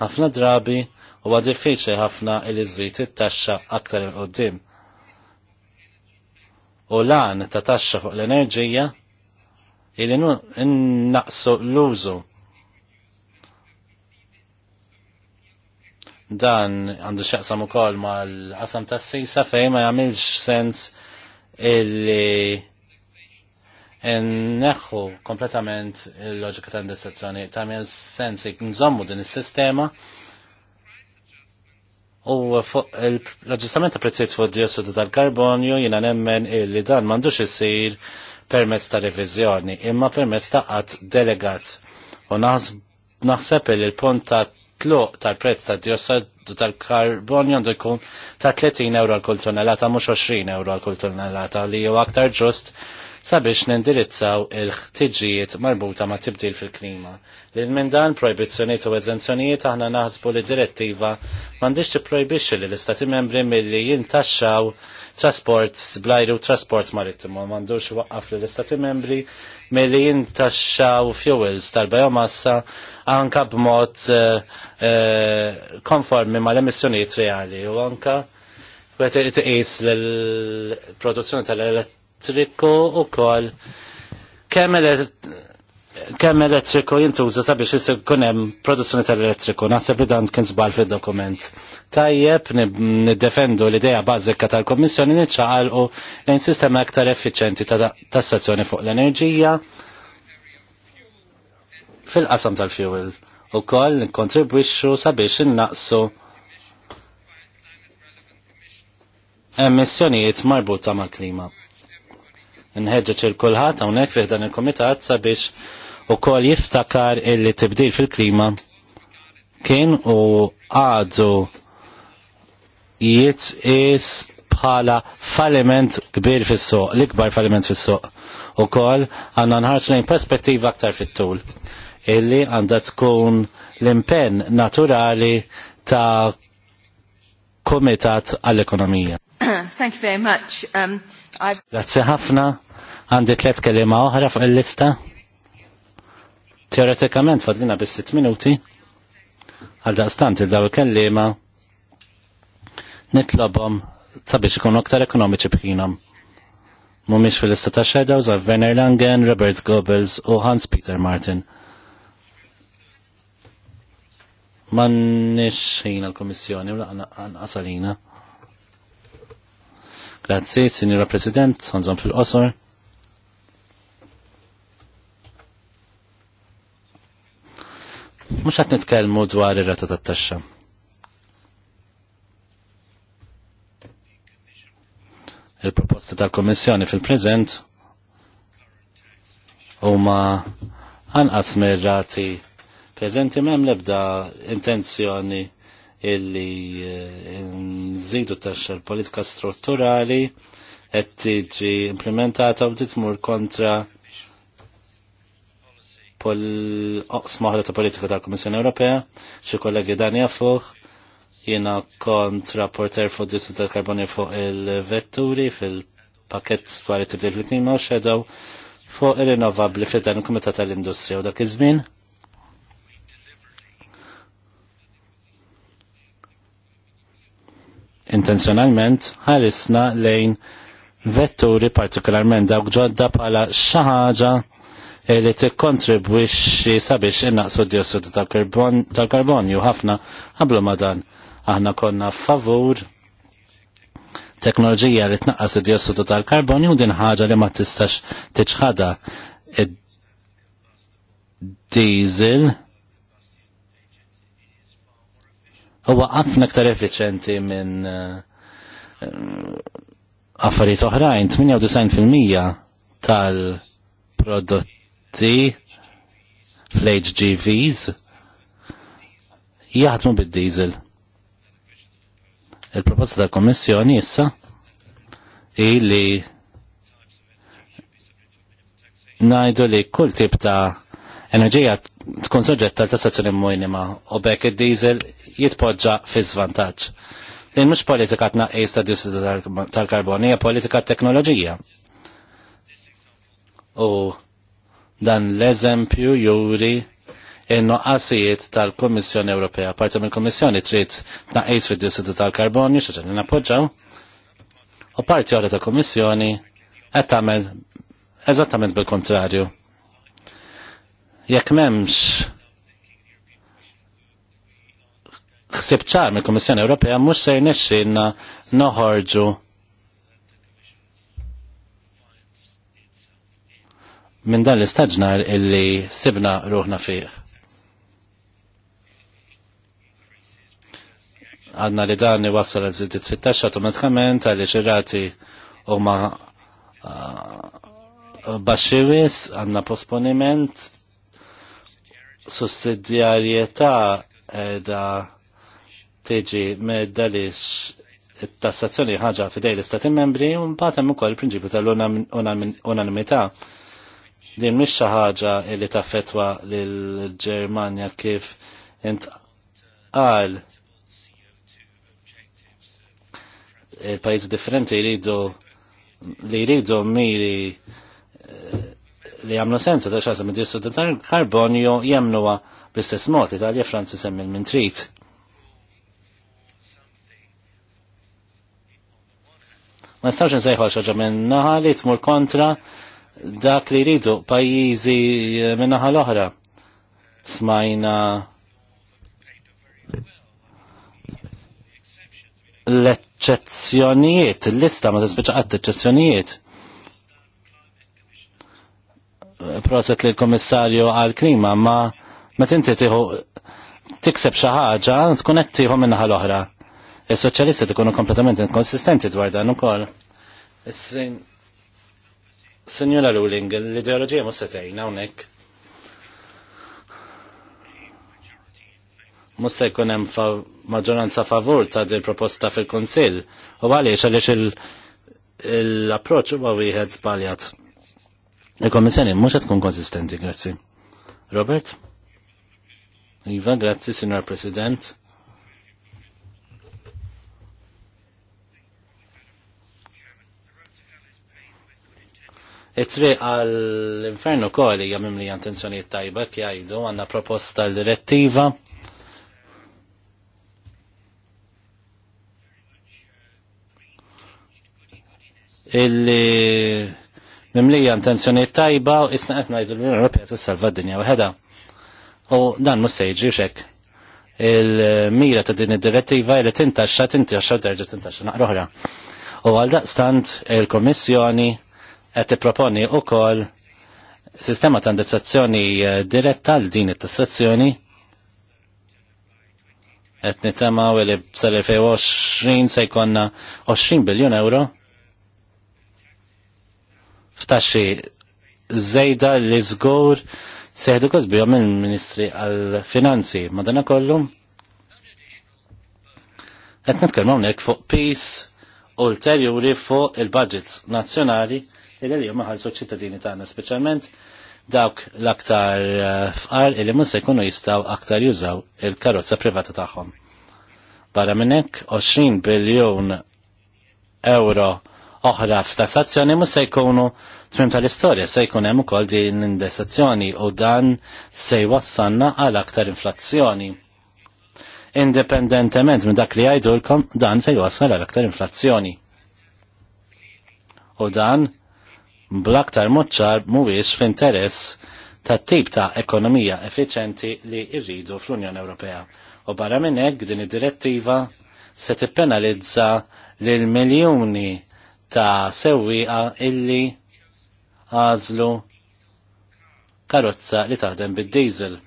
ħafna drabi huwa diffiċli ħafna illi żżid it-taxxa aktar il qudiem U lan ta' taxxa fuq l-enerġija Il naqsu l-użu. Dan għandu xaqsam ukoll mal-qasam tas-sisa fejn ma jagħmilx sens illi n-neħu kompletament il-loġika ta' indestazzjoni. ta' għamil sens nżommu din is-sistema u fuq l-aġġustament ta' prezzijiet fuq dioxidu tal-karbonju jina nemmen illi dan m'għandux isir permezz ta' revizjoni, imma permezz ta' qatt delegat. U naħseb li l-punt ta' tluq tal-prezz ta' diossidu tal karbon għandu jkun ta' 30 euro għal kull tonnellata mhux 20 euro għal kull tonnellata li ju aktar ġust sabiex nindirizzaw il-ħtiġijiet marbuta ma' tibdil fil-klima. l minn dan projbizzjoniet u eżenzjonijiet aħna naħsbu li direttiva m'għandix tipprojbixxi li l-istati membri milli jintaxxaw trasport blajru trasport marittimu m'għandux waqqaf li l-istati membri milli jintaxxaw fuels tal-biomassa anka b'mod eh, eh, konformi mal-emissjonijiet reali u anka Għet il iqis l-produzzjoni tal elettrizzjoni elettriku u kol kemm elettriku jintuża sabiex ikun hemm produzzjoni tal-elettriku. Naħseb li dan kien żball fid-dokument. Tajjeb niddefendu l-idea bażika tal-Kommissjoni niċċaqalqu lejn sistema aktar effiċenti ta' tassazzjoni fuq l-enerġija fil-qasam tal-fuel u koll kontribwixxu sabiex innaqsu emissjonijiet marbuta mal-klima nħedġeċ il-kulħat għonek fih dan il-komitat sabiex u kol jiftakar illi tibdil fil-klima kien u għadu jitqis bħala falliment kbir fis-soq, l-ikbar falliment fis-soq. U kol għanna nħarx lejn perspettiva aktar fit-tul illi għanda tkun l-impenn naturali ta' komitat għall-ekonomija. [coughs] Thank you very much. Um, Grazie ħafna. Għandi tlet kelima oħra fuq il-lista. Teoretikament fadlina bis sitt minuti. Għal daqstant il-daw il-kelima nitlobhom sabiex ikun aktar ekonomiċi bħinhom. Mumiex fil-lista ta' Shadows għal Werner Langen, Robert Goebbels u Hans Peter Martin. Mannix ħina l-Komissjoni, għasalina. Grazzi, Sinjora President, għanżom fil-qosor. Mhux qed nitkellmu dwar ir-rata tat-taxxa. Il-proposta tal komissjoni fil-preżent huma anqas mir-rati preżenti m'hemm l-ebda intenzjoni illi eh, nżidu taxxa l-politika strutturali qed tiġi implementata u titmur kontra Pull-Oqs maħra ta' politika tal-Komissjoni Ewropea, xi kollegi Dani jafuh, jiena kont rapporter fuq dissu tal-karbonju fuq il-vetturi fil-pakett dwar it-tibdil fil-klima u xedew fuq il-rinnovabli fid-dan il-Kumitat tal-Industrija u dak iż-żmien. intenzjonalment ħarisna lejn vetturi partikolarment dawk ġodda bħala xaħġa Eh, li tikkontribwixxi sabiex innaqsu d-diossidu tal-karbonju ħafna għablu ma dan. Aħna konna favur teknoloġija li tnaqqas id-diossidu tal-karbonju din ħaġa li ma tistax t-ċħada diesel huwa ħafna aktar effiċenti minn eh, affarijiet oħrajn, 98% tal-prodotti T, fl-HGVs jaħdmu bid-diesel. Il-proposta tal kommissjoni issa i li najdu li kull tip ta' enerġija tkun soġġetta tal tassazzjoni minima u bekk id-diesel jitpoġġa fi svantaġġ. Din mhux politika tnaqqis ta' dioxidu tal-karbonija, politika teknoloġija. U Dan l-eżempju juri il-noqqasijiet tal komissjoni Ewropea. Parti mill kommissjoni trid tnaqqis fid-diossidu tal-karbonju, xaġa li nappoġġaw, u parti għalli ta' Komissjoni qed tagħmel eżattament bil-kontrarju. Jekk m'hemmx ħsib mill-Kommissjoni Ewropea mhux se jnexxinna noħorġu minn dan l-istaġnar illi sibna ruħna fih. Għadna li dan wassal għal ziddit fit-taxxa automatikament għalli xirrati u ma ah, baxxiwis għanna posponiment sussidjarjetà edha tiġi medda li it-tassazzjoni ħaġa fidej l-istati membri u mbagħad hemm ukoll il-prinċipju tal-unanimità. Din mhix xi ħaġa li taffetwa lil Ġermanja kif int qal il-pajjiż differenti jridu li jridu miri eh, li għamlu sensa ta' xasa mid-dissu ta' karbonju jemnuwa bl-istess mod Italja Franzi semmi l-mintrit. Ma nistawx nsejħu għal xaġa minn naħa li tmur kontra dak li jridu pajjiżi eh, minnaħa l-oħra. Smajna l-eċċezzjonijiet, l-lista ma tisbiċa għad eċċezzjonijiet. Proset li l-Komissarju għal-Klima ma ma inti tiħu tikseb xi ħaġa tkun qed tieħu minnaħa l-oħra. Is-soċjalisti tkunu kompletament inkonsistenti dwar dan ukoll. Is-sin Signora Luling, l-ideologija ma setejna unek. Musa jkun hemm fa maġġoranza favur ta' din proposta fil-Kunsill. U għaliex għaliex l-approċċ huwa wieħed żbaljat. Il-Kommissjoni mhux qed tkun konsistenti, grazzi. Robert? Iva, grazzi, Signor President. it-triq għall-inferno kol hija mimli intenzjonijiet tajba jgħidu għandna proposta l-direttiva illi mimlija intenzjoniet tajba u isna qed ngħidu l-Unjoni Ewropea t-salva d-dinja waħedha. U dan mhux se jiġri xek. Il-mira ta' din id-direttiva li tintaxxa tintaxxa terġa' tintaxxa naqra oħra. U għal daqstant il komissjoni qed tipproponi wkoll sistema ta' indizzazzjoni eh, diretta għal din it-tassazzjoni qed nitemaw li sal-2020 se jkollna 20 biljun euro f'taxxi żejda li zgur seħdu kosbihom il-Ministri għal-Finanzi. Madana kollu qed nitkellmu hawnhekk fuq peace ulterjuri fuq il-budgets nazzjonali il-għalijom maħalsu ċittadini tagħna speċjalment dawk l-aktar eh, fqar illi mhux se jkunu jistgħu aktar jużaw il-karozza privata tagħhom. Barra minn hekk 20 biljun euro oħra f'tassazzjoni mus se jkunu tmim tal-istorja se jkun hemm ukoll din indessazzjoni u dan se jwassalna għal aktar inflazzjoni. Indipendentement minn dak li jgħidulkom dan se jwassal għal aktar inflazzjoni. U dan blaktar moċċar mhuwiex f'interess tat tip ta' ekonomija effiċenti li rridu fl-Unjoni Ewropea. U barra minn hekk din id-direttiva se tippenalizza lil miljuni ta' sewwieqa illi għażlu karozza li taħdem bid-diesel.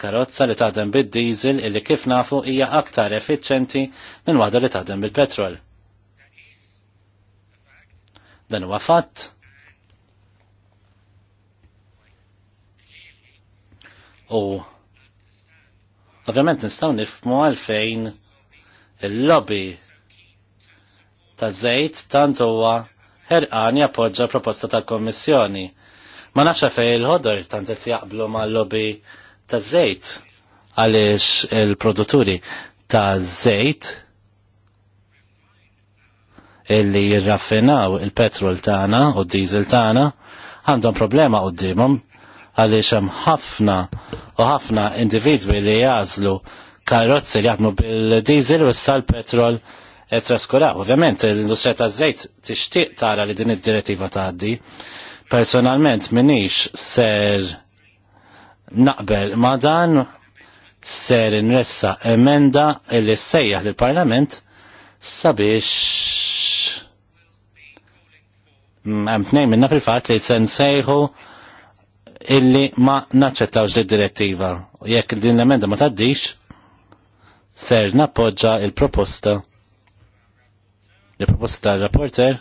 Karozza li taħdem bid-diesel illi kif nafu hija aktar effiċenti minn waħda li taħdem bil-petrol. Dan huwa fatt. U ovvjament nistgħu nifmu għalfejn il-lobby ta' żejt tant huwa ħerqan jappoġġa proposta tal-Kommissjoni. Ma nafxa fej il-ħodor tant qed jaqblu ma' lobby ta' żejt għaliex il-produtturi ta' żejt illi jirraffinaw il-petrol tagħna u d-diesel tagħna għandhom problema qudiemhom għaliex hemm ħafna u ħafna individwi li jażlu karozzi li jaħdmu bil-diesel u issa l-petrol e traskuraw. Ovvjament l-industrija taż-żejt tixtieq tara li din id-direttiva tgħaddi. Personalment minix ser naqbel ma dan ser nressa emenda illi sejjaħ lill-Parlament sabiex għamtnej minna fil-fat li sen sejħu illi ma naċċettawx li direttiva. jekk din l-emenda ma taddix, ser nappoġġa il-proposta. Il-proposta tal-rapporter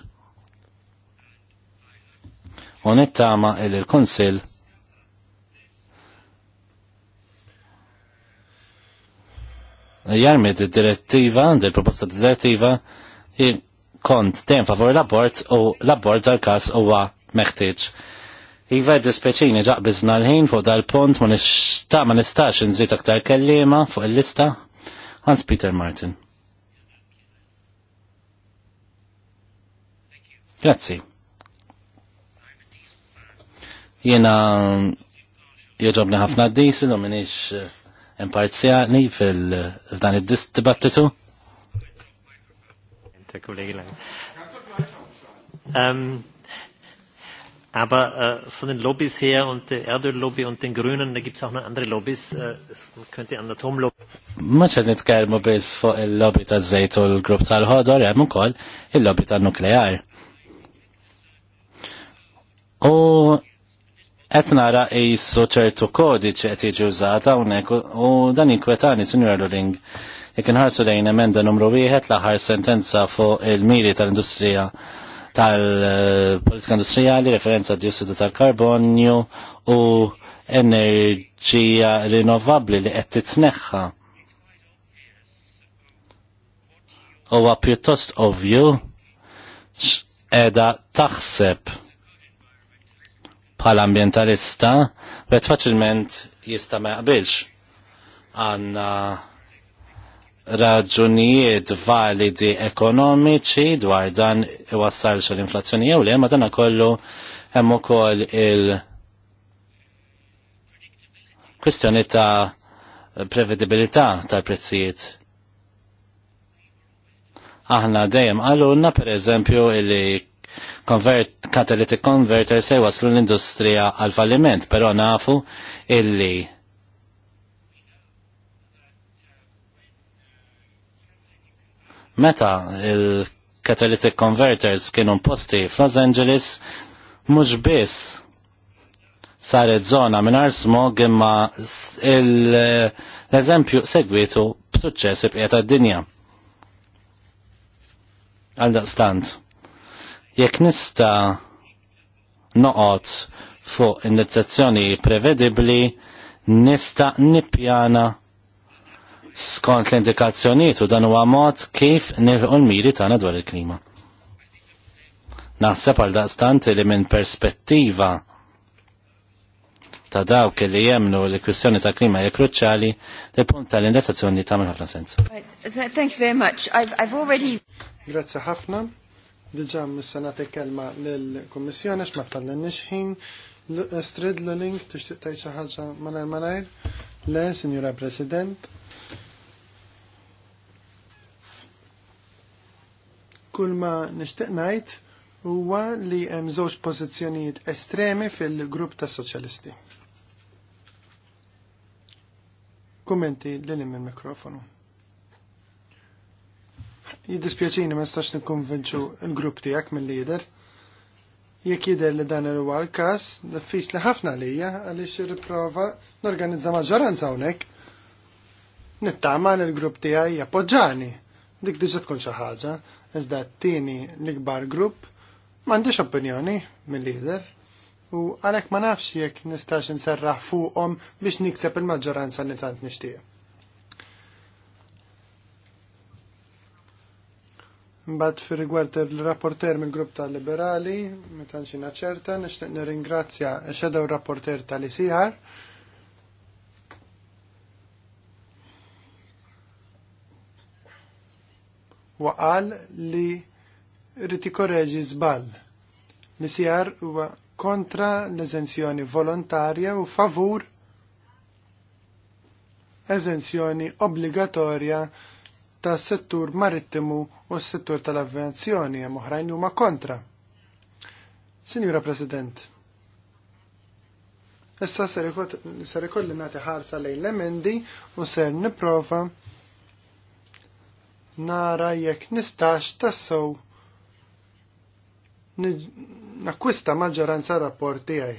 u nittama il konsil jarmit il-direttiva, il-proposta direttiva, il kont dejjem favor l-abort u l-abort dal-każ huwa meħtieġ. Iva dispeċini ġaqbizna l-ħin fuq dal-pont ma nista ma nistax nżid aktar kellima fuq il-lista Hans Peter Martin. Grazzi. Jena jogħġobni ħafna d-diesel u minix imparzjali fil-dan id-dibattitu der Kollege Lang. Ähm, aber äh, von den Lobbys her und der Erdöllobby und den Grünen, da gibt es auch noch andere Lobbys. Äh, es könnte an der Atomlobby. Maċa nitkellmu bis fuq il-lobby ta' żejt u l-grupp tal-ħodor hemm ukoll il-lobby tan-nuklear. U qed nara qisu ċertu kodiċi qed jiġi użata hawnhekk u dan jinkwetani, Sinjor Luling Ikin ħarsu lejn emenda numru wieħed l-aħħar sentenza fuq il-miri tal-industrija tal-politika industrijali, referenza diossidu tal-karbonju u enerġija rinnovabli li qed titneħħa. Huwa pjuttost ovvju x'qiegħda taħseb bħala ambientalista, bet faċilment jista ma jaqbilx għanna uh, raġunijiet validi ekonomiċi dwar dan iwassalx l-inflazzjoni jew li, ma dana kollu hemm ukoll il kwistjoni ta' prevedibilità tal-prezzijiet. Aħna dejjem għalunna per eżempju li convert, catalytic converter se waslu l-industrija għal falliment, pero nafu illi Meta il-catalytic converters kienu posti f'Los Angeles, mhux biss saret zona minn smog imma l-eżempju segwitu b'suċċess ibqiet għad-dinja. Għaldaqstant, jekk nista noqot fuq in prevedibli, nista nippjana skont l-indikazzjoniet u dan huwa mod kif nilħu l-miri tagħna dwar il-klima. Naħseb għal daqstant li minn perspettiva ta' dawk li jemnu li kwistjoni ta' klima hija kruċjali, li punt tal-indikazzjoni tagħmel ħafna sens. Thank you very much. I've, I've already Grazzi ħafna. Diġa mis-senati kelma l-Kommissjoni x'ma tal-nix ħin. Strid l-link t tgħid xi ħaġa manajr malajr. Le, Signora President, Kull ma nixtieq ngħid huwa li hemm żewġ pożizzjonijiet estremi fil-grupp tas soċjalisti. Kummenti lil hemm il-mikrofonu. Jiddispjaċini ma nistax nikkonvinċu l-grupp tiegħek mill-lider. Jekk jidher li dan huwa l-każ, diffiċli ħafna lija għaliex irriprova norganizza maġġoranza hawnhekk. Nittama li l-grupp tiegħi jappoġġani. Dik diġa tkun xi ħaġa, iżda t-tieni l-ikbar grupp m'għandix opinjoni mill-lider u għalhekk ma nafx jekk nistax nserraħ fuqhom biex nikseb il-maġġoranza li tant nixtieq. Mbagħad fir rigward il-rapporter mill-grupp tal-Liberali, meta nxina ċerta, nixtieq nirringrazzja x-shadow rapporter tal-ICR waqal li rriti korreġi zbal. Li sijar huwa kontra l-eżenzjoni volontarja u favur eżenzjoni obbligatorja ta' settur marittimu u s-settur tal-avvenzjoni hemm oħrajn huma kontra. Signora President, issa ser ikolli nagħti ħarsa lejn l-emendi u ser nipprova nara jekk nistax tassow nakwista maġġoranza rapport tiegħi.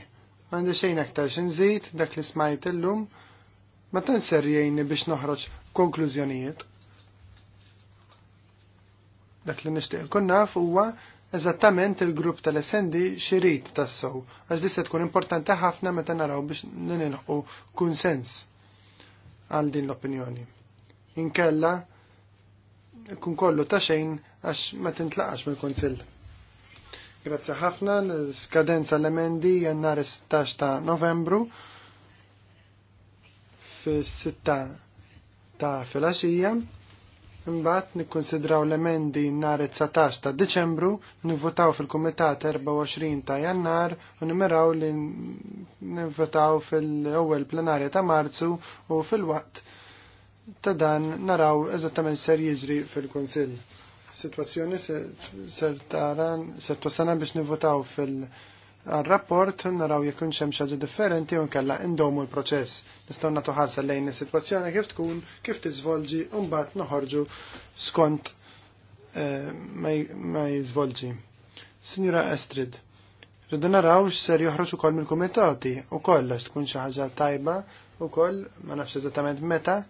M'għandi xejn aktar xinżid dak li smajt illum ma tant serjejni biex noħroġ konklużjonijiet. Dak li nishtiq nkun naf huwa eżattament il-grupp tal-essendi xirrit tassow, għax li tkun importanti ħafna meta naraw biex n-ninħu kunsens għal din l-opinjoni. Inkella kun kollu ta' xejn għax ma tintlaqax mill konsil Grazzi ħafna, l-skadenza l-emendi jannar 16 ta' novembru fis-6 ta' filgħaxija. Imbagħad nikkonsidraw l-emendi nhar 19 ta' Diċembru, nivvotaw fil-Kumitat 24 ta' Jannar u nimeraw li nivvotaw fil-ewwel plenarja ta' Marzu u fil-waqt ta' dan naraw eżattament ser jiġri fil kunsill Situazzjoni ser taran, ser tosana biex nivotaw fil-rapport, naraw jekk hemm xaġa differenti u nkella indomu l-proċess. Nistgħu nagħtu ħarsa lejn is-sitwazzjoni kif tkun, kif tiżvolġi u mbagħad noħorġu skont eh, ma jiżvolġi. Signora Estrid, rridu naraw x'ser joħroġ ukoll mill-kumitati u kollox tkun xi ħaġa tajba koll ma nafx eżattament meta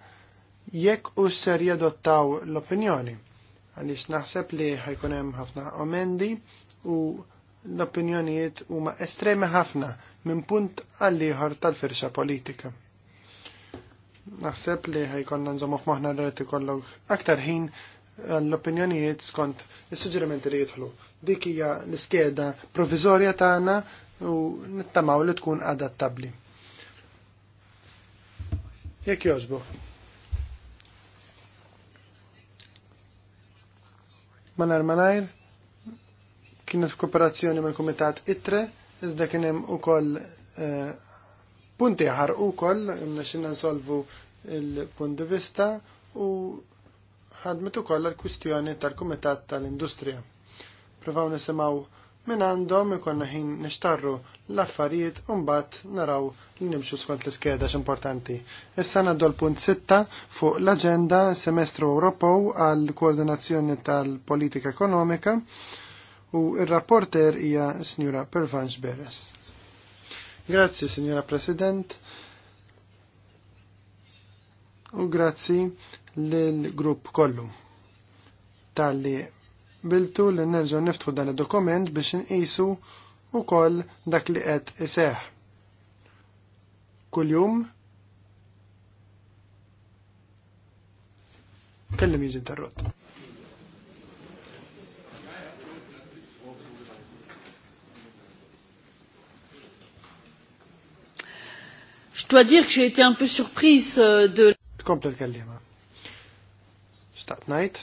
jekk u ser jadottaw l-opinjoni. Għaliex naħseb li ħajkunem hemm ħafna omendi u l-opinjonijiet huma estremi ħafna minn punt għalliħor ieħor tal-firxa politika. Naħseb li ħajkonna nżommu f'moħħna li ikollok aktar ħin l-opinjonijiet skont is-suġġerimenti li jidħlu. Dik hija l-iskeda provizorja tagħna u nittamaw li tkun adattabbli. Jekk jogħġbok. Manar Manajr kienet f'kooperazzjoni mal kumitat ITRE, iżda kien hemm ukoll eh, punti aħar ukoll biex xinna nsolvu il-punt di vista u ħadmet ukoll l-kwistjoni tal-Kumitat tal-Industrija. Provaw nisimgħu minn għandhom ikonna ħin nixtarru l-affarijiet mbagħad naraw li nimxu skont l-iskeda importanti. Issa naddu l-punt 6 fuq l-agenda semestru Ewropew għal koordinazzjoni tal-politika ekonomika u il-rapporter hija Sinjura Pervanx Beres. Grazzi, Sinjura President, u grazzi l-grupp kollu tal-li biltu li nerġgħu niftħu dan il dokument biex u koll dak li qed iseħ. Kuljum kellim jiġi interrott. Je dois dire que j'ai été un peu surprise euh, de... Komplet kallima. Xtaqt najt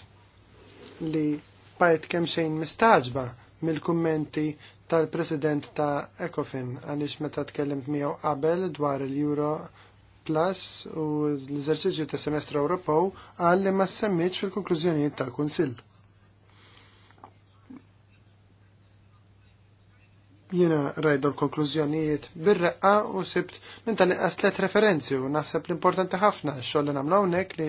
li Bajt kemm xejn mistaġba mill-kummenti tal-President ta' Ecofin għaliex meta tkellimt miegħu qabel dwar il-Euro Plus u l-eżerċizzju tas semestru Ewropew għalli li ma semmitx fil-konklużjonijiet tal-Kunsill. Jiena rajdu l-konklużjonijiet bir-reqqa u sibt minn ta inqas tlet referenzi u naħseb l-importanti ħafna x-xogħol li nagħmlu hawnhekk li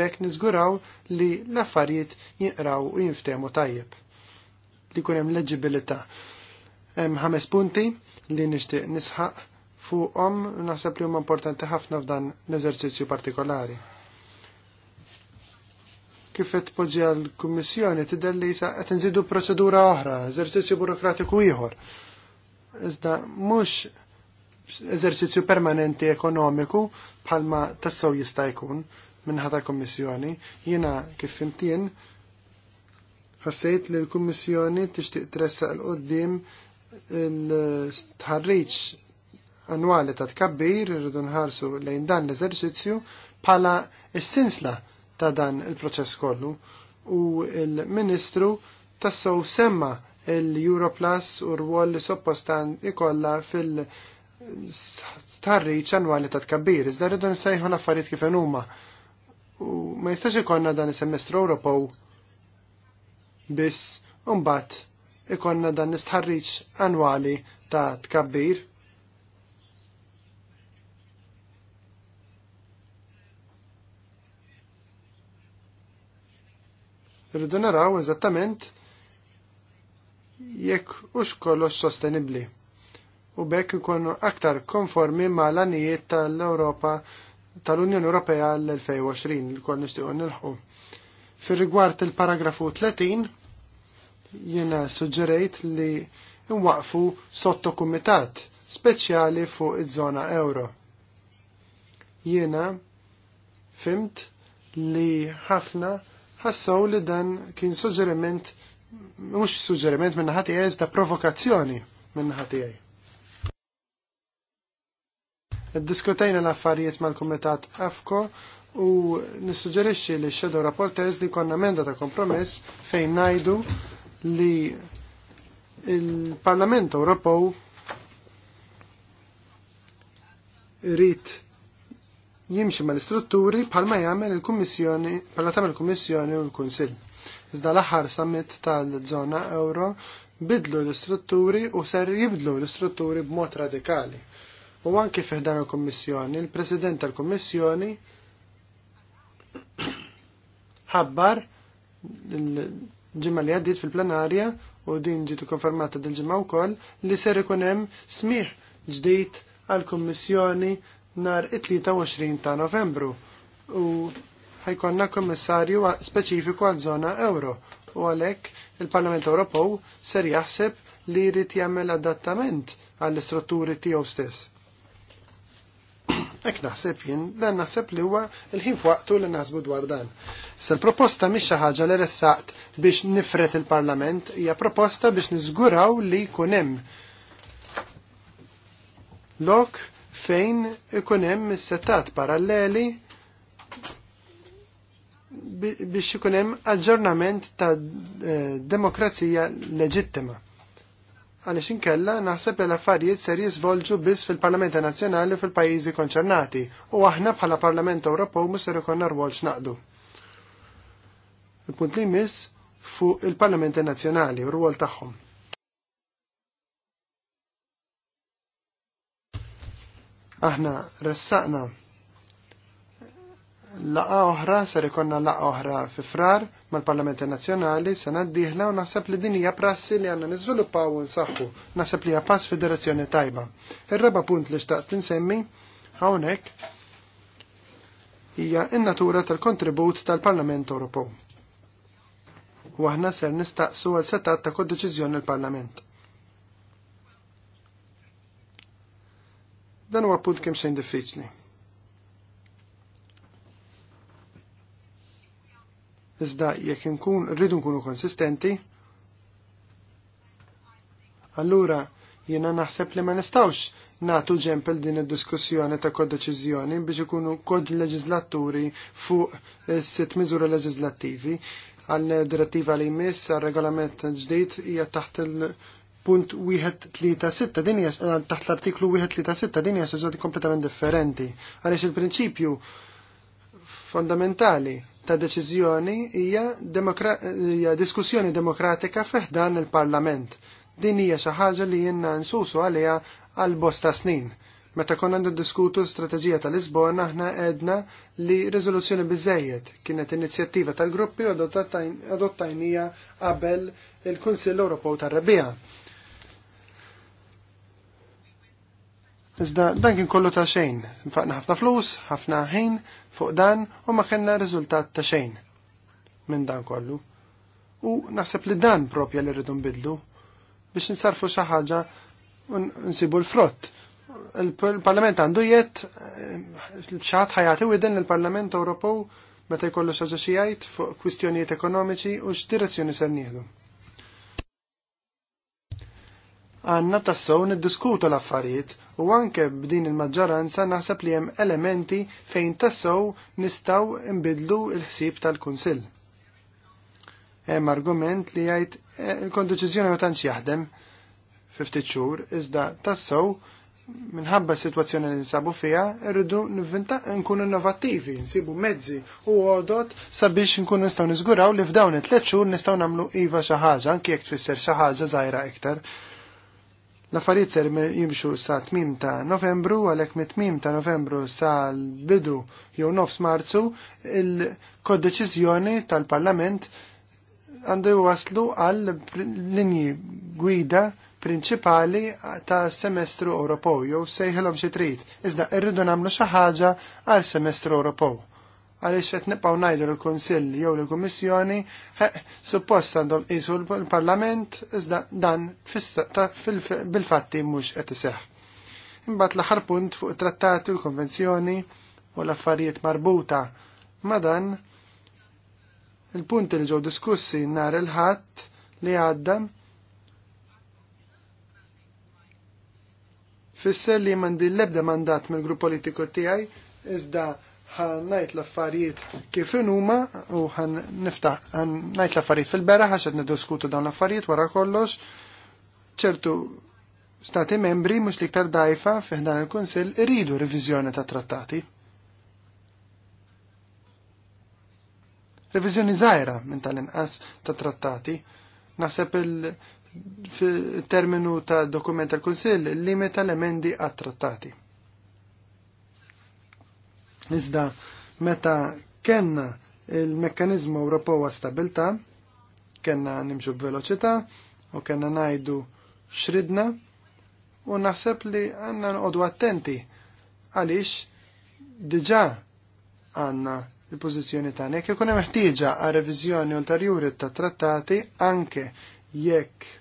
bekk niżguraw li l-affarijiet jinqraw u jinftehmu tajjeb. Li jkun hemm leġibilità. Hemm ħames punti li nixtieq nisħaq fuqhom naħseb li huma importanti ħafna f'dan l-eżerċizzju partikolari. Kif qed tpoġġiha l-Kummissjoni tidher li qed inżidu proċedura oħra, eżerċizzju burokratiku ieħor iżda mhux eżerċizzju permanenti ekonomiku bħalma tassaw jista' jkun minħata l-Kummissjoni. Jiena kif intien ħassejt li l-Kummissjoni tixtieq tressaq l qoddim il-tħarriċ annwali ta' tkabbir, irridu nħarsu lejn dan l-eżerċizzju bħala s-sinsla ta' dan il-proċess kollu. U il-Ministru tassaw semma il europlus u r li soppostan ikolla fil tarri annwali ta' tkabbir. Iżda rridu nsejħu l-affarijiet kif huma. U ma jistax ikonna dan is-semestru Ewropew biss Umbat ikonna dan nistħarriċ annwali ta' tkabbir. Rridu naraw eżattament jekk hux kollox sostenibbli. U bekk ikunu aktar konformi ma l-anijiet tal-Europa tal-Unjoni Ewropea l-2020 li kol nixtiequ nilħu. fil rigward il-paragrafu 30 jiena suġġerejt li nwaqfu sotto kumitat speċjali fuq iż-żona euro. Jiena fimt li ħafna ħassaw li dan kien suġġeriment mhux suġġeriment minn ħati ta' provokazzjoni minn ħati Diskutajna l-affarijiet mal-Kumitat AFCO u nissuġġerixxi li shadow rapporters li konna menda ta' kompromess fejn najdu li il-Parlament Ewropew rrit jimxi mal-istrutturi bħalma jagħmel il-Kummissjoni, bħalma tagħmel il-Kummissjoni u l-Kunsill. Iżda l-aħħar summit tal-żona euro bidlu l-istrutturi u ser jibdlu l-istrutturi b'mod radikali. U anki fih dan il-Kommissjoni, il-President tal-Kommissjoni [coughs] ħabbar ġimma li għaddit fil-plenarja u din ġitu konfermata dil-ġimma wkoll li ser ikun hemm smih ġdid għal-Kommissjoni nar 23 ta' Novembru u ħajkonna kommissarju speċifiku għal żona euro u għalhekk il-Parlament Ewropew ser jaħseb li jrid jagħmel adattament għall-istrutturi tiegħu stess. Ek naħseb jien, dan naħseb li huwa il-ħin f'waqtu li naħsbu dwar dan. l proposta mhix xi ħaġa li ressaqt biex nifret il-Parlament, hija proposta biex niżguraw li jkun hemm lok fejn ikun hemm is-settat paralleli biex ikun hemm aġġornament ta' eh, demokrazija leġittima. Għaliex inkella naħseb li l-affarijiet ser jisvolġu biss fil-Parlamenta Nazzjonali fil-pajjiżi konċernati u aħna bħala Parlament Ewropew mhux ser ikun narwol x'naqdu. Il-punt li miss fuq il parlament Nazzjonali u rwol tagħhom. Aħna ressaqna laqa oħra ser ikonna laqa oħra fi frar mal-Parlamenti Nazzjonali sena d-dieħla u naħseb li din hija prassi li għandna niżviluppaw u nsaħħu. Naħseb li hija pass fi direzzjoni tajba. Ir-raba punt li xtaqt insemmi hawnhekk hija in-natura tal-kontribut tal-Parlament Ewropew. U aħna ser nistaqsu għal setat ta' kod deċiżjoni l-Parlament. Dan huwa punt kemm xejn diffiċli Iżda jekk inkun rridu nkunu konsistenti, allura jiena naħseb li ma nistawx natu ġempel din id-diskussjoni ta' kod deċiżjoni biex ikunu kod leġislatturi fuq eh, sitt miżura leġislattivi għal direttiva li jmiss għal regolament ġdid hija taħt il- punt 136 din hija eh, taħt l-artiklu 136 din hija soġġetti kompletament differenti għaliex il-prinċipju fondamentali ta' deċiżjoni hija demokra diskussjoni demokratika dan il-Parlament. Din hija xi ħaġa li jenna nsusu għaliha għal bosta snin. Meta konna diskutu strateġija tal-Lisbona aħna edna li riżoluzzjoni biżejjed kienet inizjattiva tal-gruppi adottajnija qabel il-Kunsill Ewropew tar-Rebija. Iżda dan kien kollu ta' xejn, infaqna ħafna flus, ħafna ħin, fuq dan u ma kellna riżultat ta' xejn minn dan kollu. U naħseb li dan propja li rridu nbidlu biex nsarfu xi ħaġa nsibu l-frott. Il-Parlament għandu jett eh, xaħat ħajati u id-din il-Parlament Ewropew meta jkollu xaġa xi jgħid fuq kwistjonijiet ekonomiċi u x'direzzjoni ser nieħdu. Għanna tassew niddiskutu l-affarijiet u anke b'din il-maġġoranza naħseb li hemm elementi fejn tassew nistgħu nbidlu l-ħsieb tal-Kunsill. Hemm argument li jgħid il eh, kondiċiżjoni ma tantx jaħdem ftit xhur iżda tassew minħabba s-situazzjoni li nsabu fija, irridu nkunu innovativi, nsibu mezzi u għodot sabiex nkunu nistaw nizguraw li f'dawn it-tlet xhur nistgħu nagħmlu iva xi ħaġa, anke jekk tfisser xi ħaġa żgħira iktar, L-affarijiet ser jimxu sa tmim ta' novembru, għalek mit tmim ta' novembru sa l-bidu jew nofs marzu, il-koddeċizjoni tal-parlament għandu waslu għal linji gwida prinċipali ta' semestru Ewropew jew sejħilhom xi trid, iżda rridu nagħmlu xi ħaġa għal semestru Ewropew għaliex qed nibqgħu ngħidu l-Kunsill jew l-Kummissjoni suppost għandhom qisu l-Parlament iżda dan bil-fatti mhux qed iseħħ. Imbagħad l-aħħar punt fuq it-trattati u l-konvenzjoni u l-affarijiet marbuta ma' dan il-punti li ġew diskussi nhar il-ħadd li għadda fisser li mandi l-ebda mandat mill grupp politiku tiegħi iżda ħannajt l-affarijiet kif huma u ħan niftaħ l-affarijiet fil-bera ħax qed niddiskutu dawn l-affarijiet wara kollox ċertu stati membri mhux liktar dajfa fih dan il-Kunsill iridu reviżjoni ta' trattati. Reviżjoni żgħira minn tal-inqas ta' trattati. Naħseb il-terminu ta' dokument tal-Kunsill limita l-emendi għat-trattati. Iżda meta kenna il-mekkanizmu Ewropew stabilta, kenna nimxu b'veloċità u kenna najdu xridna u naħseb li għanna nqodu attenti għaliex diġa għanna il-pozizjoni tagħna jekk ikun hemm ħtieġa għal reviżjoni ulterjuri ta' trattati anke jekk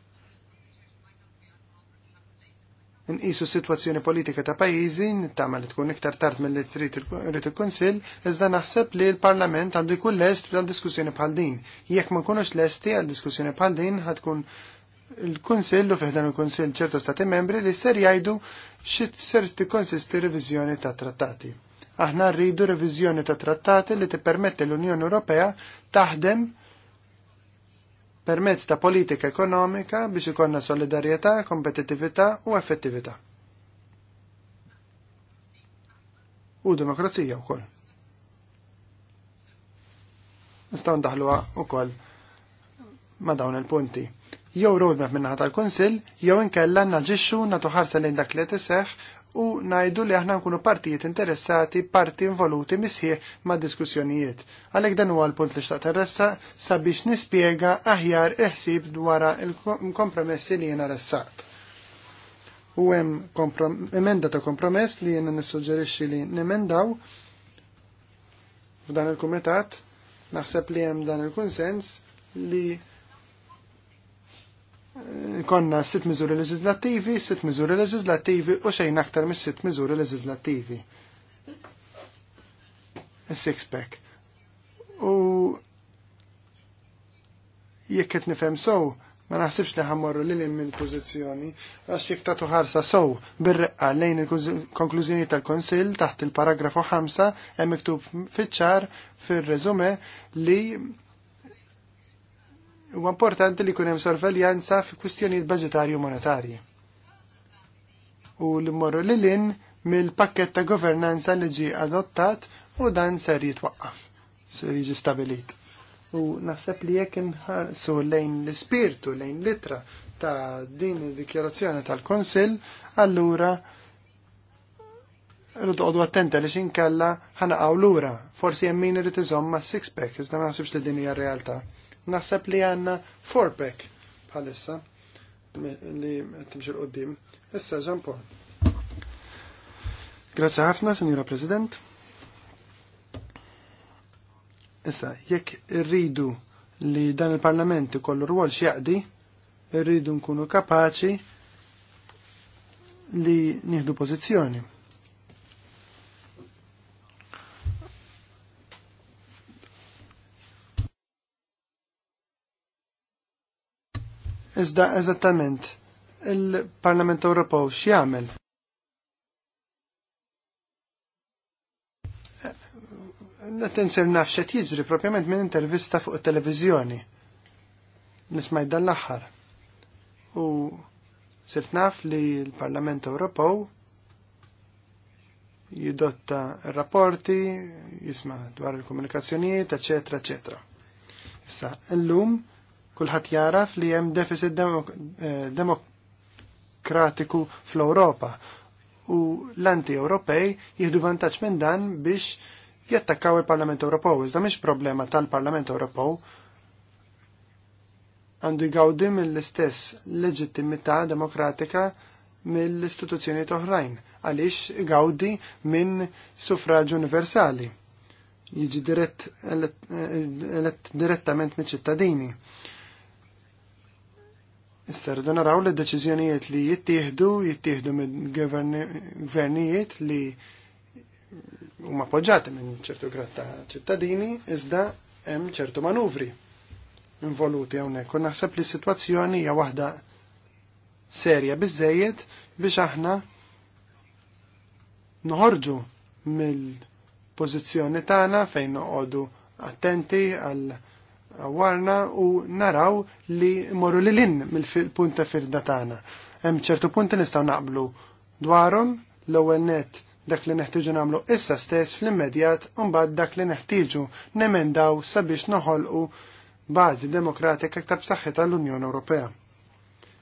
nqisu situazzjoni politika ta' pajjiżi nittama li tkun iktar tard mill-li trid il-Kunsill, iżda naħseb li l-Parlament għandu jkun lest għal diskussjoni bħal din. Jekk ma nkunux lesti għal diskussjoni bħal din ħadkun il-Kunsill u fiħdan il-Kunsill ċertu stati membri li ser jgħidu xit ser tikkonsisti reviżjoni ta' trattati. Aħna rridu reviżjoni ta' trattati li tippermetti l-Unjoni Ewropea taħdem permezz ta' politika ekonomika biex ikonna solidarjetà, kompetitività u effettività. U demokrazija wkoll. Nistgħu ndaħluha wkoll ma' dawn il-punti. Jew roadmap minnaħa tal-Kunsill, jew inkella naġixxu nagħtu ħarsa lejn dak li tiseħħ u najdu li aħna nkunu partijiet interessati, parti involuti misħieħ ma' diskussjonijiet. Għalek dan huwa l-punt li xtaqt ressa sabiex nispjega aħjar iħsib dwar il-kompromessi li jena ressat. U hemm emenda ta' kompromess li jena nissuġġerixxi li nemendaw f'dan il-kumitat naħseb li hemm dan il-kunsens li konna sitt miżuri leżislattivi, sitt miżuri leżislattivi u xejn aktar mis sitt miżuri leżislattivi. Six pack. U jekk qed nifhem sow, ma naħsibx li ħammorru lil hemm minn pożizzjoni għax jekk tagħtu ħarsa sow birreqqa lejn il-konklużjoni tal-Konsill taħt il-paragrafu 5 hemm miktub fiċ-ċar fir-reżume li huwa importanti li jkun hemm sorveljanza fi kwistjonijiet budgetarji u monetarji. U li mmorru li lin mill-pakket ta' governanza li ġie adottat u dan ser jitwaqqaf, ser jiġi stabilit. U naħseb li jekk inħarsu lejn l-ispirtu, lejn litra ta' din id-dikjarazzjoni tal-Konsil, allura rridu għodu attenta li xinkella ħanaqgħu lura. Forsi jemmin irid iżomm ma' six-pack, iżda naħsibx li din hija realtà Naħseb li għanna forbek bħalissa li l qoddim. Issa, Jean Paul. Grazie ħafna, Signora President. Issa, jekk irridu li dan il-Parlament ikollu rwol x'jaqdi, irridu nkunu kapaċi li nieħdu pożizzjoni. Iżda eżattament il-Parlament Ewropew x'jagħmel? L-attenzjoni naf xed jiġri propjament minn intervista fuq it-televiżjoni. Nismaj dan l-aħħar. U sirt naf li l-Parlament Ewropew jidotta rapporti, jisma dwar il-komunikazzjonijiet, eccetera, eccetera. Issa, l-lum Kulħadd jaraf li hemm deficit demok eh, demokratiku fl-Ewropa u l-anti-Ewropej jieħdu vantaġġ minn dan biex jattakkaw il-Parlament Ewropew. Iżda mhix problema tal-Parlament Ewropew għandu jgawdim mill-istess leġittimità demokratika mill-istituzzjoni oħrajn għaliex gawdi minn suffraġġ universali jiġi dirett, direttament miċ ċittadini Issa rridu naraw li d-deċiżjonijiet li jittieħdu jittieħdu minn gvernijiet li huma appoġġjati minn ċertu grat ta' ċittadini iżda hemm ċertu manuvri involuti hawnhekk u naħseb li s-sitwazzjoni hija waħda serja biżejjed biex aħna noħorġu mill-pożizzjoni tagħna fejn noqogħdu attenti għal warna u naraw li morru li lin mill punta firda tagħna. Hemm ċertu punti nistgħu naqblu dwarhom l-ewwel net dak li neħtieġu nagħmlu issa stess fl-immedjat u mbagħad dak li neħtieġu nemendaw sabiex noħolqu bażi demokratika aktar b'saħħitha l-Unjoni Ewropea.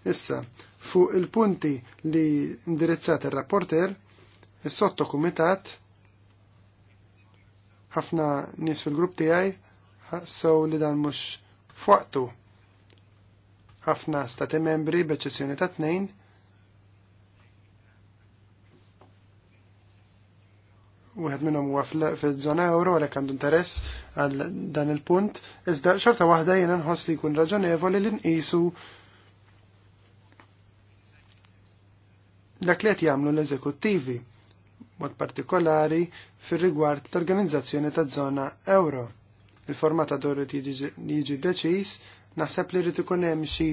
Issa, fuq il-punti li indirizzat ir-rapporter, is-sottokumitat ħafna nies fil-grupp tiegħi so li dan mhux fuqtu. Ħafna stati membri b'eċċezzjoni ta' tnejn Wieħed minnhom huwa fil-żona euro għalhekk għandu interess għal dan il-punt, iżda xorta waħda jiena nħoss li jkun raġonevoli li nqisu dak li qed jagħmlu l-eżekuttivi mod partikolari fir rigward l-organizzazzjoni ta' żona euro il-formata dorru jiġi deċiż naħseb li rritu ikun hemm xi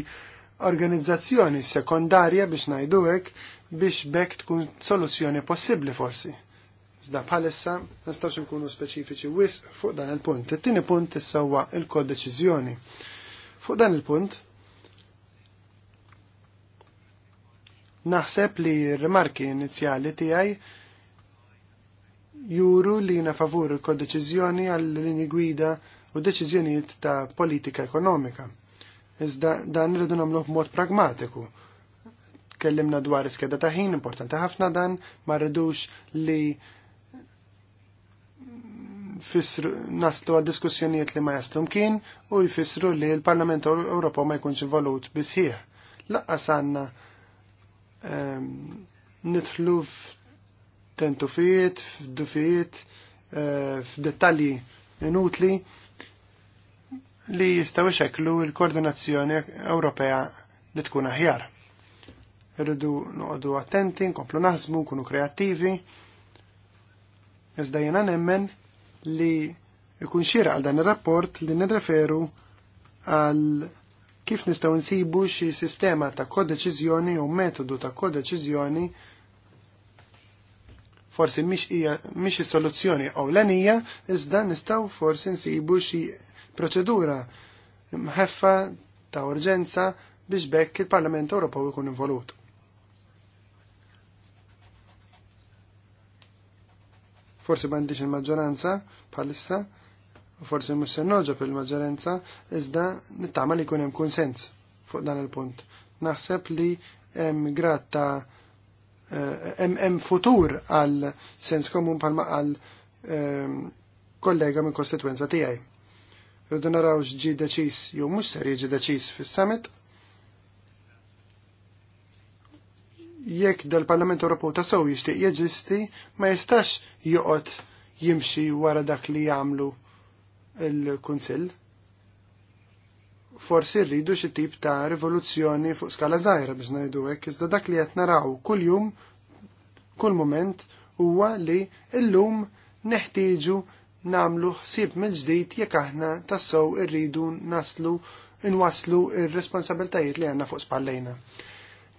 organizzazzjoni sekondarja biex ngħidu hekk biex bekt tkun soluzzjoni possibbli forsi. Iżda bħalissa nistgħux nkunu speċifiċi wisq fuq dan il-punt. It-tieni punt issa il l deċizjoni. Fuq dan il-punt naħseb li r-rimarki inizjali tiegħi juru li jina favur il deċizjoni għall-lini gwida u deċizjoniet ta' politika ekonomika. Iżda dan rridu nagħmluh b'mod pragmatiku. Kellimna dwar iskeda ta' ħin importanti ħafna dan, ma rridux li fissru naslu għad diskussjonijiet li ma jaslu mkien u jfissru li l-Parlament Ewropa ma jkunx involut bisħieħ. Laqqa sanna um, ehm, nidħlu fit, f'dufijiet, eh, f'dettalji inutli li jistaw xeklu il-koordinazzjoni Ewropea li tkun aħjar. Irridu noqdu attenti, nkomplu naħsmu, nkunu kreattivi. Iżda jena nemmen li ikun xira għal dan ir-rapport li nirreferu għal kif nistaw nsibu xi sistema ta' kodeċiżjoni u metodu ta' kodeċiżjoni forsi miex is-soluzzjoni ewlenija iżda nistgħu forsi nsibu xi proċedura mħeffa ta' urġenza biex bekk il-Parlament Ewropew ikun involut. Forsi bandiċ il-maġġoranza bħalissa, u forsi mhux se per il-maġġoranza, iżda nittama li jkun hemm kunsens fuq dan il-punt. Naħseb li hemm grat ta' hemm eh, futur għal sens komun palma għal ehm, kollega minn kostituenza tiegħi. Rridu naraw x'ġi deċis jew mhux ser jiġi deċis fis-summit. Jekk dal-Parlament Ewropew ta' sew jixtieq jeġisti, ma jistax joqgħod jimxi wara dak li jagħmlu l-Kunsill forsi rridu xi tip ta' rivoluzzjoni fuq skala żgħira biex ngħidu hekk iżda dak li qed naraw kuljum kull mument huwa li illum neħtieġu nagħmlu ħsieb mill-ġdid jekk aħna tassew irridu naslu inwaslu ir-responsabiltajiet li għandna fuq spallejna.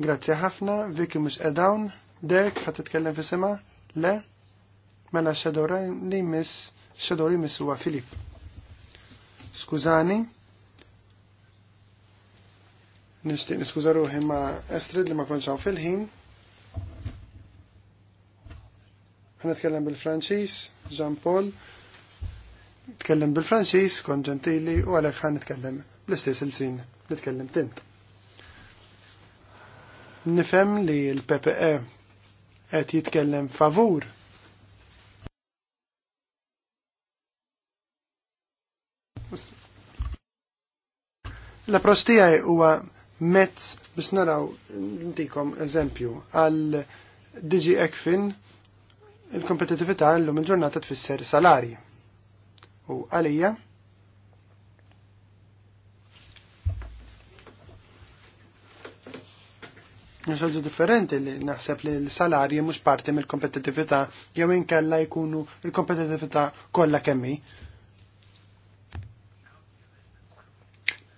Grazzi ħafna, Vicky mhux edawn, Derek ħadd titkellem fis sema, le, mela xadora li miss xadori miss huwa Filip. Skużani, Nishtiq niskuża ruħi ma' Estrid li ma konċaw fil-ħin. Ħanitkellem bil-Franċiż, Jean Paul. Tkellem bil-Franċiż, kon ġentili u għalhekk ħanitkellem bl-istess il-sin li tkellem tint. Nifhem li l-PPE qed jitkellem favur La prostija huwa mezz biex naraw ntikom eżempju għal diġi Ekfin il-kompetitività llum il-ġurnata tfisser salari. U għalija ħaġa differenti li naħseb li l-salarji mhux parti mill-kompetitività jew inkella jkunu l-kompetitività kollha kemmi.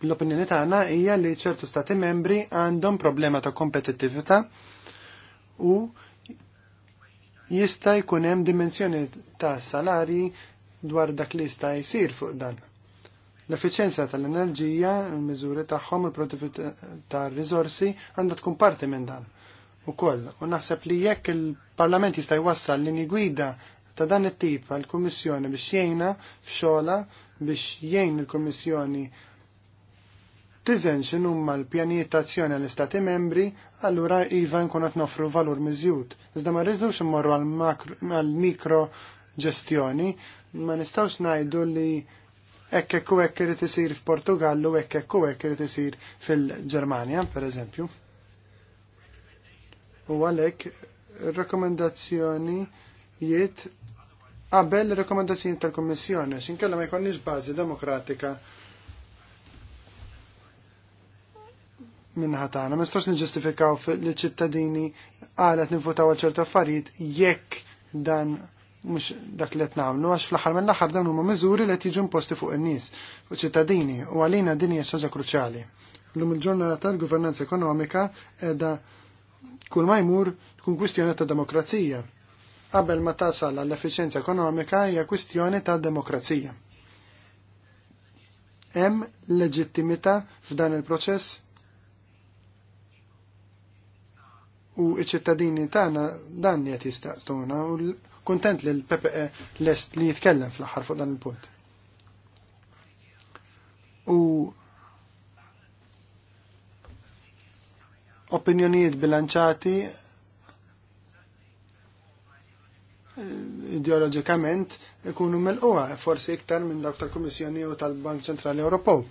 L-opinjoni tagħna hija li ċertu stati membri għandhom problema ta' kompetittività u jista' jkun hemm dimensjoni ta' salari dwar dak li jista' jsir fuq dan. L-efficienza tal-enerġija, il-miżuri tagħhom, il produttività tar-riżorsi għandha tkun parti minn dan ukoll. U naħseb li jekk il-Parlament jista' jwassal linji gwida ta' dan it-tip għall-Kummissjoni biex jgħinha f'xogħla biex jgħin il-Kummissjoni tiżen x'inhuma l-pjanijiet ta' azzjoni għall-Istati membri, allura iva nkunat nofru valur miżjud. Iżda ma rridux immorru għall-mikro ġestjoni, ma nistgħux ngħidu li hekk hekk u hekk irid isir f'Portugallu, hekk hekk u hekk irid isir fil-Ġermanja, pereżempju. U għalhekk ir jiet qabel rekomendazzjoni tal-Kommissjoni, x'inkella ma jkollniex bażi demokratika minnħatana. Ma nistax niġġustifikaw li ċittadini għalet nivvutaw għal ċertu affarijiet jekk dan mux dak li nagħmlu għax fl-aħħar mill-aħħar dawn huma mizuri li jiġu imposti fuq in-nies u ċittadini u għalina din hija kruċali. kruċjali. Lum il-ġurnata l-governanza ekonomika edha kull ma jmur tkun kwistjoni ta' demokrazija. Qabel ma tasal għall effiċjenza ekonomika hija kwistjoni ta' demokrazija. Hemm leġittimità f'dan il-proċess u iċ-ċittadini tagħna dan qed jistaqstuna u kuntent li l-PPE lest li jitkellem fl-aħħar fuq dan il-punt. U opinjonijiet bilanċati eh, ideoloġikament ikunu melquha forsi iktar minn dawk tal-Kummissjoni u tal-Bank Ċentrali Ewropew.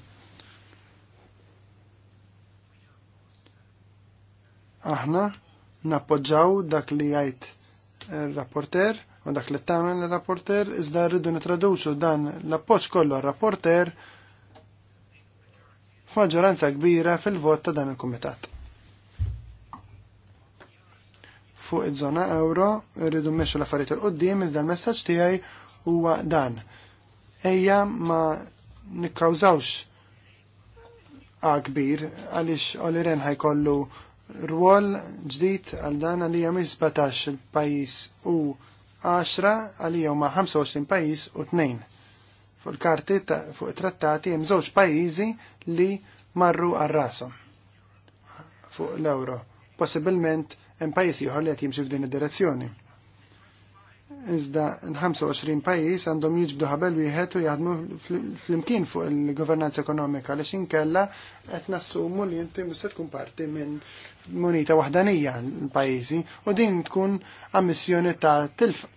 Aħna nappoġġaw dak li jgħid il-rapporter u dak li tagħmel il-rapporter iżda rridu nitraduċu dan l-appoġġ kollu għar-rapporter f'maġġoranza kbira fil-vot ta' dan il-kumitat. Fuq iż-żona euro rridu mmexxu l-affarijiet il qudiem iżda l-messaġġ tiegħi huwa dan. Ejja ma nikkawżawx A kbir għaliex Oliren ħajkollu rwol ġdid għal dan għal jom 17 il-pajis u 10 għalija ma' 25 pajis u 2. Fuq karti karti fuq it-trattati hemm żewġ pajjiżi li marru għal rasom fuq l-euro. Possibilment hemm pajjiż ieħor li qed jimxi f'din id-direzzjoni. Iżda l-25 pajjiż għandhom jiġbdu ħabel wieħed u jaħdmu flimkien fuq il-governanza ekonomika għaliex inkella qed nassumu li inti mhux tkun parti minn moneta wahdanija l-pajjiżi u din tkun ammissjoni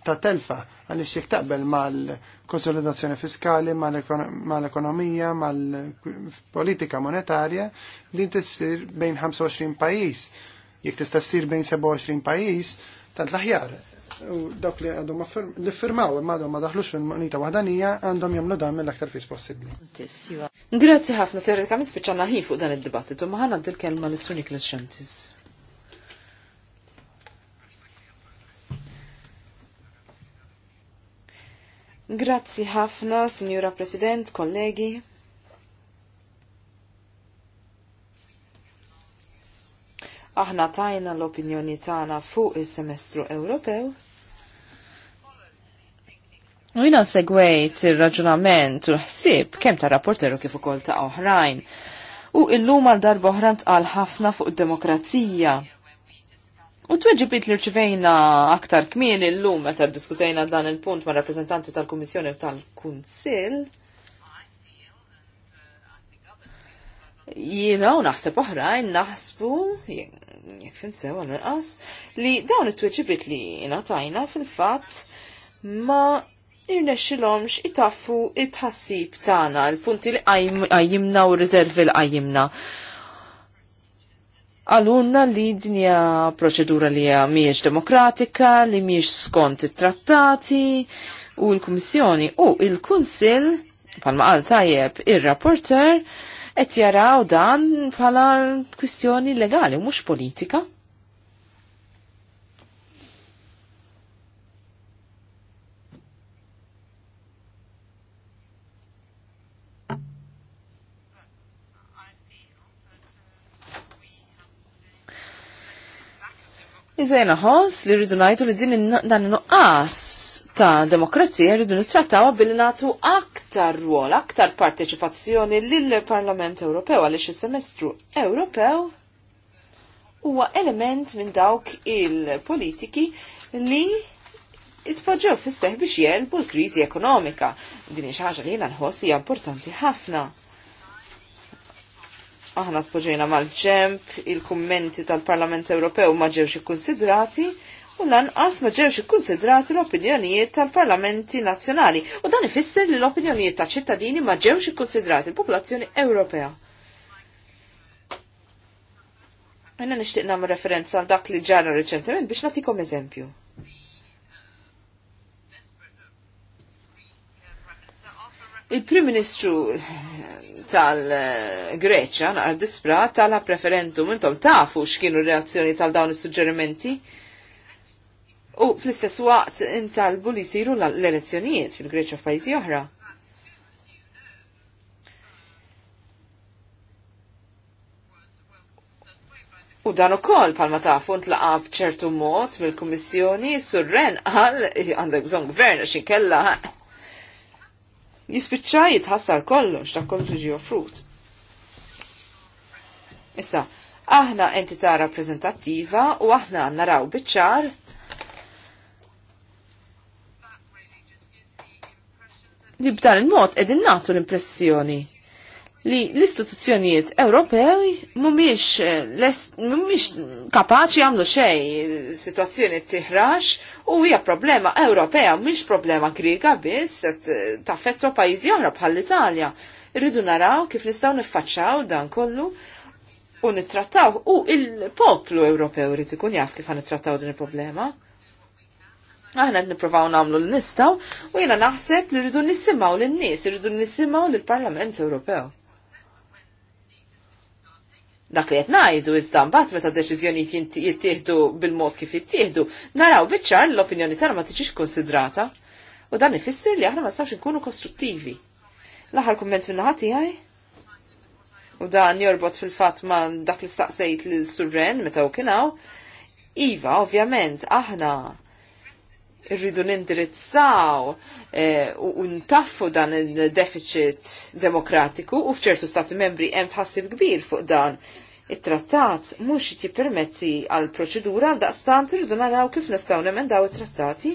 ta' telfa għaliex jekk taqbel mal-konsolidazzjoni fiskali, mal-ekonomija, mal-politika monetarja, din tissir bejn 25 pajjiż. jek tista' ssir bejn 27 pajjiż, tant l u dak li għandhom li firmaw imma għadhom ma daħlux fil-monita waħdanija għandhom jagħmlu dan mill-aktar fis possibbli. Grazzi ħafna teoretikament spiċċa ħin fuq dan id-dibattitu ma ħanna il-kelma l sunik Grazzi ħafna, Signora President, kollegi. aħna tajna l-opinjoni tagħna fuq is-semestru Ewropew U jina segwejt il-raġunament u l-ħsib kem ta' rapporteru kif ukoll ta' oħrajn. U illum għal darba oħran tqal ħafna fuq id demokrazija. U tweġibit li rċivejna aktar kmien illum meta diskutejna dan il-punt ma' rappresentanti tal-Kummissjoni u tal-Kunsill. Jiena u naħseb oħrajn naħsbu jek fim sewa li dawn it-tweġibit li inatajna fil-fat ma irnexxilhomx itaffu it tħassib tagħna l-punti li qajjimna u riservi li qajjimna. Għalunna li dinja proċedura li miex demokratika, li miex skont it-trattati u l-Kummissjoni u l kunsil palma għal tajjeb ir-rapporter, qed jaraw dan bħala kwistjoni legali u mhux politika. Iżajna ħons li rridu najtu li din dan nuqqas ta' demokrazija rridu nittrattaw billi natu aktar ruol, aktar parteċipazzjoni lill-Parlament Ewropew għaliex is-semestru Ewropew huwa element minn dawk il-politiki li jitpoġġew fis-seħ biex jelbu l-kriżi ekonomika. Din hi xi ħaġa li jiena nħoss hija importanti ħafna aħna tpoġejna mal-ġemp, il-kummenti tal-Parlament Ewropew ma ġewx ikkonsidrati, u lanqas ma ġewx ikkonsidrati l-opinjonijiet tal-Parlamenti Nazzjonali. U dan ifisser li l-opinjonijiet ta' ċittadini ma ġewx ikkonsidrati l-popolazzjoni Ewropea. Għanna nishtiq referenza għal dak li ġara reċentement biex natikom eżempju. Il-Prim Ministru tal-Greċja naqra dispra tala preferentum intom tafu x'kienu reazzjoni tal dawn is-suġġerimenti. U fl-istess waqt intalbu li jsiru l-elezzjonijiet fil-Greċja f'pajjiżi oħra. U dan ukoll palma tafu ntlaqa b'ċertu mod mill-Kummissjoni surren għal għandek bżonn gvern x'inkella Jispiċċaj jitħassar kollox ta' kollu tiġi offrut. Issa, aħna entità rappreżentattiva u aħna naraw biċċar li b'dan il-mod edin natu l-impressjoni li l-istituzzjonijiet Ewropej eh, mumiex kapaċi għamlu xej situazzjoni tiħrax u hija problema Ewropea mhix problema Griega biss eh, ta' fetro pajjiżi oħra bħal italja Irridu naraw kif nistgħu niffaċċaw dan kollu u nittrattaw u il-poplu Ewropew irid ikun jaf kif nittrattaw din il-problema. Aħna qed nippruvaw nagħmlu l-nistgħu u jiena naħseb li rridu nisimgħu lin-nies, irridu nisimgħu lill-Parlament Ewropew dak li qed ngħidu iżda mbagħad meta deċiżjonijiet jittieħdu bil-mod kif jittieħdu, naraw biċċar l-opinjoni tagħna ma tiġix konsidrata. U dan ifisser li aħna ma nistgħux inkunu kostruttivi. L-aħħar kumment minn ħadd tiegħi? U dan jorbot fil-fatt ma dak li staqsejt lil Surren meta u kienaw. Iva, ovvjament, aħna rridu nindirizzaw Eh, u ntaffu dan il-deficit demokratiku u fċertu stati membri hemm tħassib kbir fuq dan. It-trattat mhux jippermetti għal proċedura daqstant irridu naraw kif nistgħu nemendaw it-trattati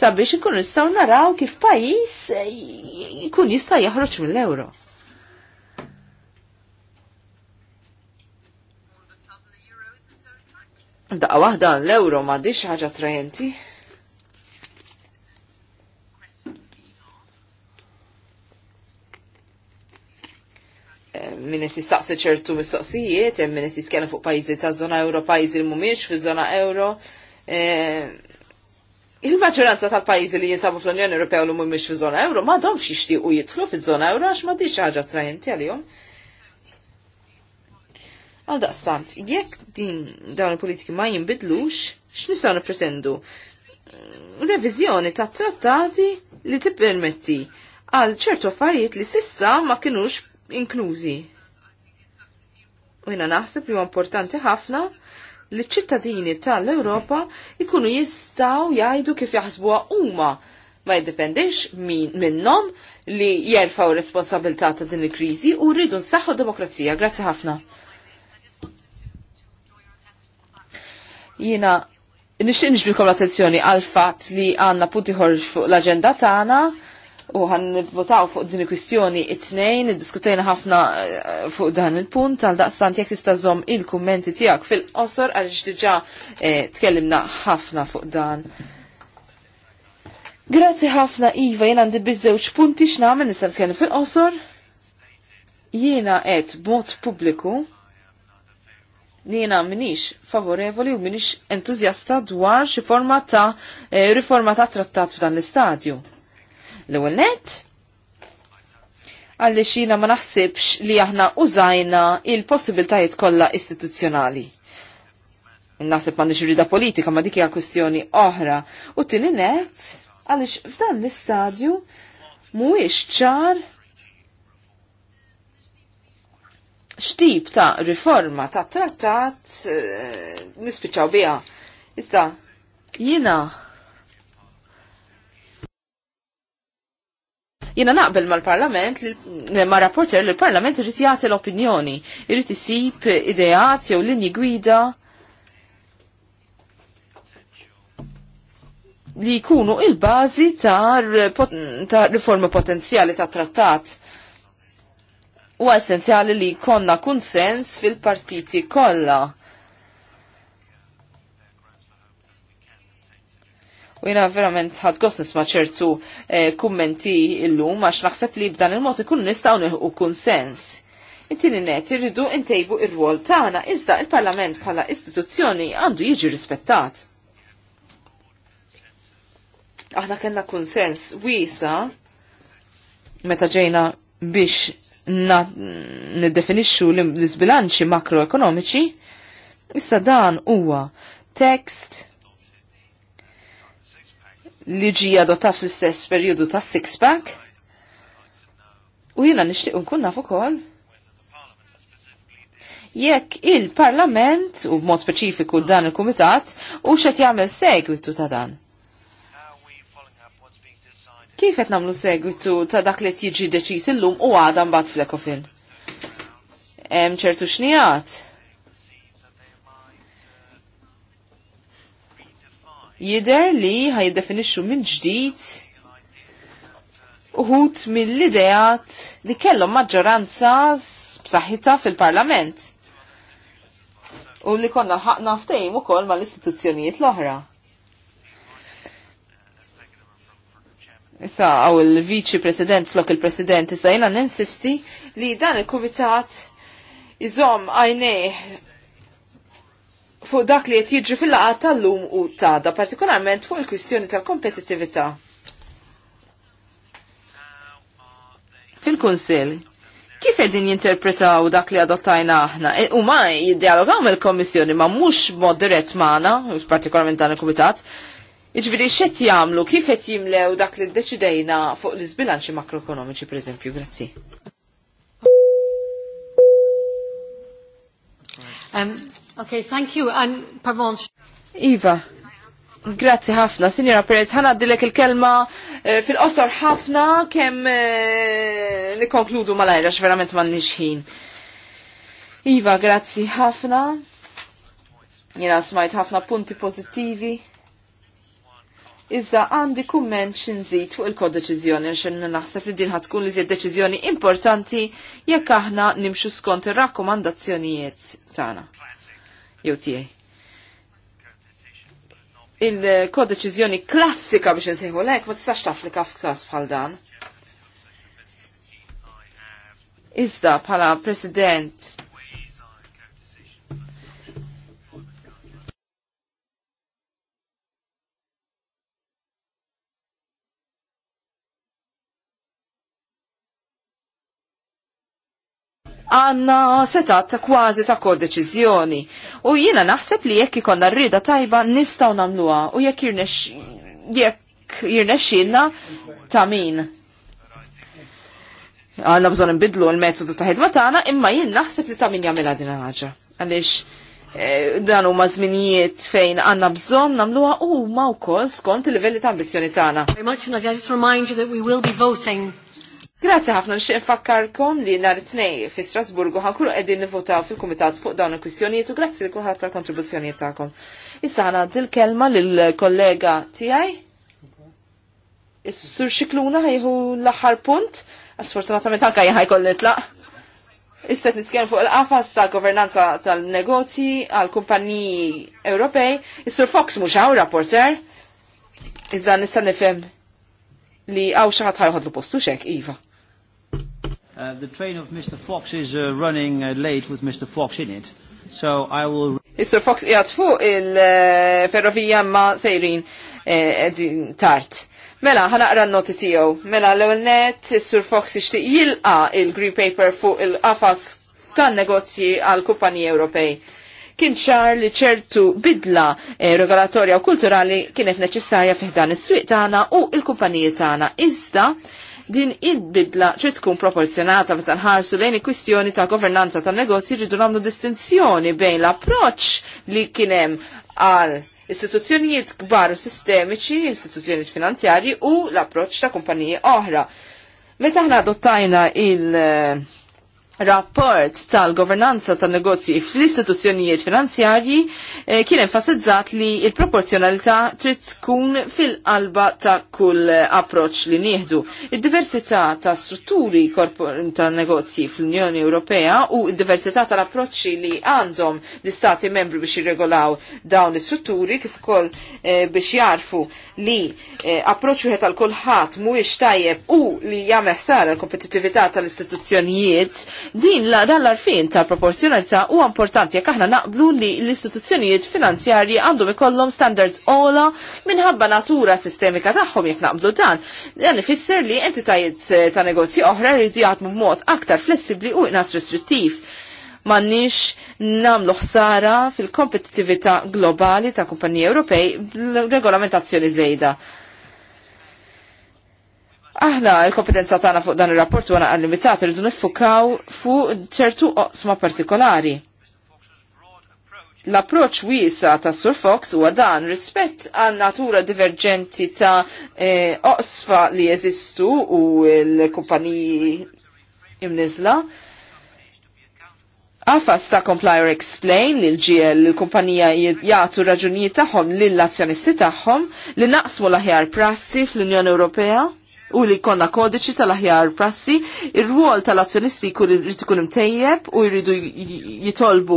sabiex ikun nistgħu naraw kif pajjiż eh, jkun jista' jaħroġ mill-ewro. Daqqa waħda l-euro ma diċ ħaġa trajenti. min qed jistaqsi ċertu mistoqsijiet, hemm min qed jitkellem fuq pajjiżi ta' żona euro, pajjiżi li mhumiex fiż-żona euro. E, il-maġġoranza tal-pajjiżi li jinsabu fl-Unjoni Ewropea li mhumiex fi żona euro m'għadhomx jixtiequ jidħlu fiż-żona euro għax m'għadix ħaġa attrajenti għalihom. Għal daqstant, jekk din dawn il-politiki ma jinbidlux, x'nistgħu nippretendu? Reviżjoni tat trattati li tippermetti għal ċertu affarijiet li sissa ma kinux inklużi. U jina naħseb li importanti ħafna li ċittadini tal-Europa ikunu jistaw jajdu kif jaħsbuha huma ma jiddependix minnom li jerfaw responsabilità ta' din il-kriżi u rridu nsaħħu demokrazija. Grazzi ħafna. Jina nixtieq nixbilkom l-attenzjoni għal fatt li għandna punti ħorġ fuq l-aġenda tagħna u għan votaw fuq din il-kwistjoni it-tnejn, diskutajna ħafna eh, fuq dan il-punt, għal daqstant jek tistazom il-kummenti tijak fil-qosor għal diġa eh, tkellimna ħafna fuq dan. Grazzi ħafna Iva, jena għandi bizzewċ punti x'namel nista' nitkellem fil-qosor. Jiena qed b'mod pubbliku li jena minix favorevoli u minix entuzjasta dwar xi forma ta' eh, riforma ta' trattat f'dan l-istadju L-ewwel nett għalli xina ma naħsibx li aħna użajna il-possibiltajiet kollha istituzzjonali. Naħseb ma rida politika ma dikja kwestjoni oħra. U tini net, għalix f'dan l-istadju mhuwiex ċar xtib ta' riforma ta' trattat eh, nispiċaw biha. Iżda, jina jina naqbel mal-parlament, ma' rapporter li l-parlament irrit jagħti l-opinjoni, irrit isib ideat jew linji gwida li jkunu il-bażi ta', ta riforma potenzjali ta' trattat. U essenzjali li konna kunsens fil-partiti kollha U jina verament ħad gos nisma ċertu eh, kummenti illum għax naħseb li b'dan il-mod ikun nistgħu nieħu kunsens inti ninnet irridu intejbu ir-rwol tagħna iżda il-Parlament bħala istituzzjoni għandu jiġi rispettat. Aħna kellna konsens wiesa meta ġejna biex niddefinixxu l-isbilanċi makroekonomiċi, issa dan huwa tekst li ġi adottat fl-istess periodu ta' six-pack. U jina nishtiq nkun naf ukoll. Jekk il-Parlament u b'mod speċifiku dan il-Kumitat u x'et jagħmel segwitu ta' dan. Kif qed nagħmlu segwitu ta' dak li jiġi deċiż illum u għadha bat fl-ekofin? Hemm ċertu xnijat jider li ħajdefinixxu minn ġdid uħut mill-ideat li kellhom maġġoranza b'saħħitha fil-Parlament. U li konna ħaqna ftejm ukoll mal-istituzzjonijiet l-oħra. Issa għaw il-viċi president flok il-president, issa jena ninsisti li dan il kumitat iżom għajnej fuq dak li qed jiġri fil-laqgħa tal-lum u tada, partikolarment fuq il-kwistjoni tal-kompetittività. Fil-Kunsill, kif qegħdin jinterpretaw dak li adottajna aħna? E, u ma jiddialogaw mill kommissjoni ma mhux mod dirett magħna, partikolarment dan il kumitat jiġri xet jamlu, kif et jimlew dak li d-deċidejna fuq l-izbilanċi makroekonomiċi, per eżempju, grazzi. Um, Okay, thank you. And Parvonch. Iva, Grazzi ħafna, Sinjora Perez, ħana għaddilek il-kelma eh, fil-qosor ħafna kem eh, nikonkludu malajra verament ma nixħin. Iva, grazzi ħafna. Jena smajt ħafna punti pozittivi. Iżda għandi kumment xinżit fuq il kodeċiżjoni xin naħseb li din ħatkun li zjed deċizjoni importanti jekk aħna nimxu skont ir-rakkomandazzjonijiet tagħna jew tiegħi. Il-kodeċiżjoni klassika biex nsejħu lek ma tistax taf li kaf klas bħal dan. Iżda bħala President għanna setat ta' kważi ta' kodeċizjoni. U jina naħseb li jekk ikonna rrida tajba nistaw namluha u jekk jekk jirnexxinna ta' min. Għanna bżon nbidlu l-metodu ta' ħidma tagħna imma jien naħseb li ta' min jagħmilha din ħaġa. Għaliex eh, dan huma żminijiet fejn għandna bżonn nagħmluha huma wkoll skont il-livelli ta' ambizzjoni tagħna. Very much and I just remind you that we will be voting Grazzi ħafna nxieq fakkarkom li nhar it-tnej fi Strasburgu ħankunu qegħdin nivvotaw fil-kumitat fuq dawn il-kwistjonijiet u grazzi li kulħadd tal-kontribuzzjonijiet tagħkom. Issa ħana il-kelma lill-kollega tiegħi. Is-sur xikluna ħajħu l-aħħar punt, asfortunatament anka jħaj kolli tlaq. Issa nitkellem fuq il-qafas ta' governanza tal-negozji għal kumpaniji Ewropej. Is-sur Fox mhux hawn rapporter. Iżda nista' nifhem li għaw xi ħadd ħajħodlu postu xek, Iva. Uh, the train of Mr. Fox is uh, running uh, late with Mr. Fox in it, so I will... Mr. Fox jgħat fuq il-ferrovija uh, ma sejrin uh, tart. Mela, ħanaqra n-noti tiegħu. Mela, l-ewwel net, is-Sur Fox jixtieq jilqa' il-Green Paper fuq il-qafas tan-negozji għal kumpaniji Ewropej kien ċar li ċertu bidla eh, regolatorja u kulturali kienet neċessarja fiħdan is-swieq tagħna u l-kumpaniji tagħna. Iżda Din il-bidla ċe tkun proporzjonata meta nħarsu lejn il-kwistjoni ta' governanza tan negozji rridu nagħmlu distinzjoni bejn l-approċċ li kien hemm għal istituzzjonijiet kbar u sistemiċi, istituzzjonijiet finanzjarji u l-approċċ ta' kumpaniji oħra. Meta ħna adottajna il- rapport tal-governanza tan negozji fl-istituzzjonijiet finanzjarji eh, kien enfasizzat li il-proporzjonalità trid tkun fil-qalba ta' kull approċċ li nieħdu. Id-diversità ta' strutturi tal negozji fl-Unjoni Ewropea u id-diversità tal-approċċi li għandhom l-istati membri biex jirregolaw dawn l-istrutturi kif ukoll eh, biex jarfu li eh, approċċ wieħed għal kulħadd mhuwiex tajjeb u li jagħmel ħsara l-kompetittività tal-istituzzjonijiet Din la dan l-arfin ta' proporzjonalità huwa importanti jekk aħna naqblu li l-istituzzjonijiet finanzjarji għandhom ikollhom standards ola minħabba natura sistemika tagħhom jekk naqblu dan. Dan ifisser li entitajiet eh, ta' negozji oħra jridu jaħdmu b'mod aktar flessibbli u inqas restrittiv mannix namlu ħsara fil-kompetitività globali ta' kumpaniji Ewropej b-regolamentazzjoni żejda. Aħna il-kompetenza tagħna fuq dan ir-rapport huwa naqal limitat irridu niffukaw fuq ċertu oqsma partikolari. L-approċ wiesa ta' Sur Fox huwa dan rispett għal natura diverġenti ta' eh, oqsfa li jeżistu u l-kumpaniji imnizla. Għafas ta' Complier Explain li l-GL l-kumpanija jgħatu raġunijiet tagħhom lill-azzjonisti tagħhom li naqsmu l-aħjar prassi fl-Unjoni Ewropea u li konna kodiċi tal-aħjar prassi, il-ruol tal-azzjonisti jrid ikun imtejjeb u jridu jitolbu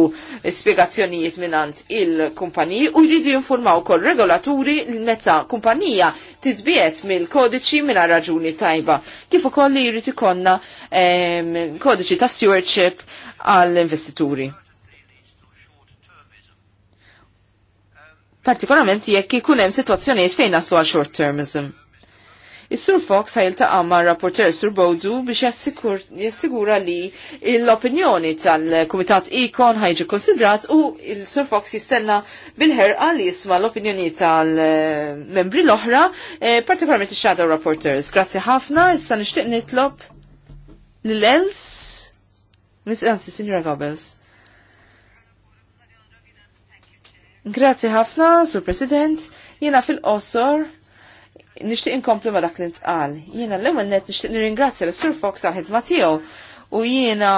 spiegazzjonijiet minnant il-kumpaniji u jridu jinformaw kol regolaturi meta kumpanija titbiet mill-kodiċi minna raġuni tajba. Kif ukoll li jrid ikonna kodiċi ta' stewardship għall-investituri. Partikolarment jekk ikun hemm sitwazzjonijiet fejn naslu għal short termism. Is-Sur Fox ħajiltaqa' ma' rapporter Sur Bowdu biex jassigura li l-opinjoni tal-Kumitat Ikon ħajġi konsidrat u il-Sur Fox jistenna bil-ħerqa li jisma l-opinjoni tal-membri l-oħra, eh, partikolarment ix-Shadow Reporters. Grazzi ħafna, issa nixtieq nitlob l-els. Anzi, Signora Goebbels. Grazzi ħafna, Sur President. Jena fil-qosor nixtieq inkomplu ma dak li ntqal. Jiena l-ewwel net nixtieq nirringrazzja l sur Fox għal ħidma tiegħu u jiena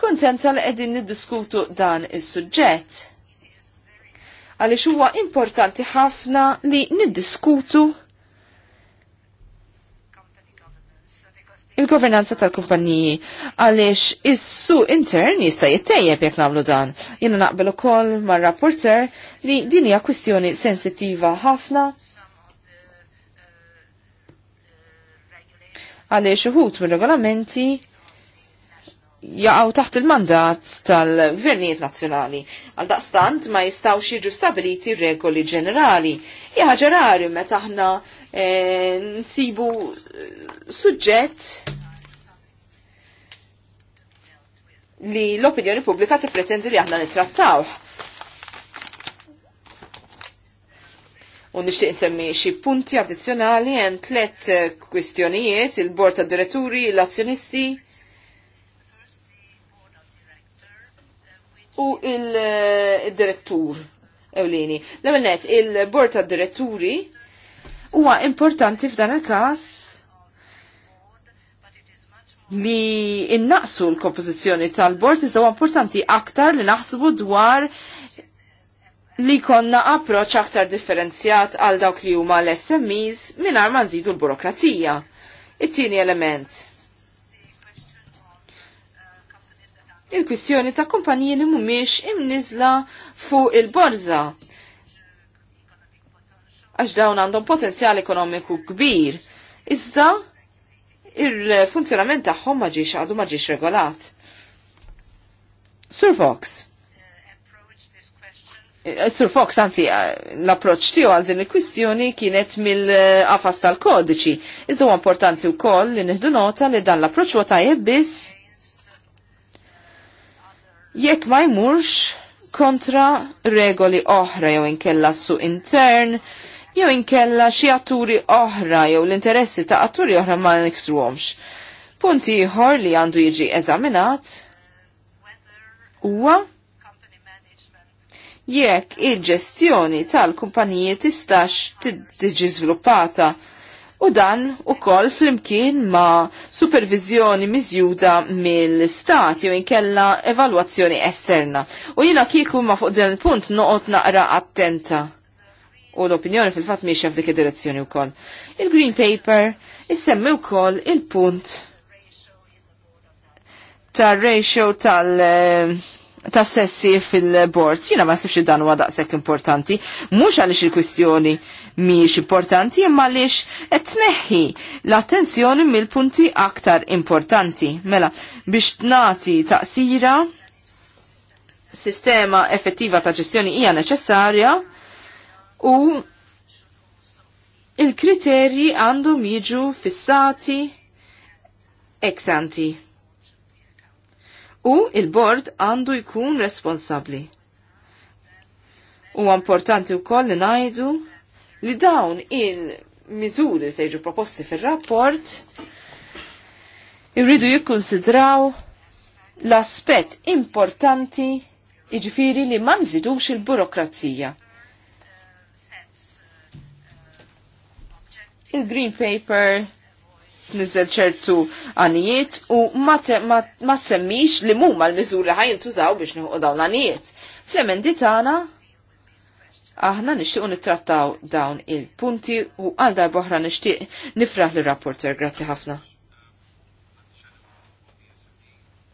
kuntenta li qegħdin niddiskutu dan is-suġġett. Għaliex huwa importanti ħafna li niddiskutu il-governanza tal-kumpanniji għaliex issu intern jista' jittejjeb jekk nagħmlu dan. Jiena naqbel ukoll mar-rapporter li din hija kwistjoni sensittiva ħafna għaliex uħut mir-regolamenti jaqgħu taħt il-mandat tal-gvernijiet nazzjonali. Għal daqstant ma jistawx jiġu stabiliti regoli ġenerali. Jaħġa rari meta aħna e, nsibu eh, suġġett li l-opinjoni pubblika tippretendi li aħna nitrattawħ. U nixtieq insemmi xi punti addizzjonali hemm tliet eh, kwistjonijiet il-bord tad diretturi, l-azzjonisti u eh, il-direttur ewlini. L-ewwel net il-bord tad diretturi huwa importanti f'dan il-każ li innaqsu l-kompożizzjoni tal-bord iżda importanti aktar li naħsbu dwar li konna approċ aktar differenzjat għal dawk li huma l-SMEs mingħajr ma nżidu l-burokrazija. It-tieni element. Il-kwissjoni ta' kumpaniji li mhumiex imniżla fuq il-borża għax dawn għandhom potenzjal ekonomiku kbir. Iżda il-funzjonament tagħhom ma ġiex għadu ma ġiex regolat. Sur Vox. Eh, Sur Fox, anzi, eh, l-approċ tiegħu għal din il-kwistjoni kienet mill-qafas tal-kodiċi. Iżda huwa importanti wkoll li nieħdu nota li dan l-approċ huwa tajjeb biss jekk ma jmurx kontra regoli oħra jew inkella su intern jew inkella xi atturi oħra jew l-interessi ta' atturi oħra ma niksruhomx. Punti ieħor li għandu jiġi eżaminat huwa jekk il-ġestjoni tal-kumpaniji tistax tiġi żviluppata u dan ukoll flimkien ma' supervizjoni miżjuda mill-istat jew inkella evalwazzjoni esterna. U jiena kieku ma' fuq dan il-punt noqgħod naqra attenta. U l-opinjoni fil-fatt miexja f'dik id-direzzjoni wkoll. Il-Green Paper u wkoll il-punt tar-ratio tal- eh, ta' sessi fil-bord. Jina ma' sifx dan huwa daqshekk importanti. Mhux għaliex il-kwistjoni mhijiex importanti, imma għaliex qed tneħħi l-attenzjoni mill-punti aktar importanti. Mela, biex ta' taqsira sistema effettiva ta' ġestjoni hija neċessarja u il-kriterji għandhom jiġu fissati ex u il-bord għandu jkun responsabli. U importanti u koll li najdu li dawn il-mizuri li sejġu proposti fil-rapport irridu jikkonsidraw l-aspet importanti iġifiri li ma nżidux il-burokrazija. Il-Green Paper nizzel ċertu għanijiet u ma, ma, ma semmix li mumma l-miżuri ħajn tużaw biex nħuq dawn l-għanijiet. Fl-emendi tagħna aħna nixtiequ nittrattaw dawn il-punti u għal darba oħra nixtieq nifraħ lir-rapporter. Grazzi ħafna.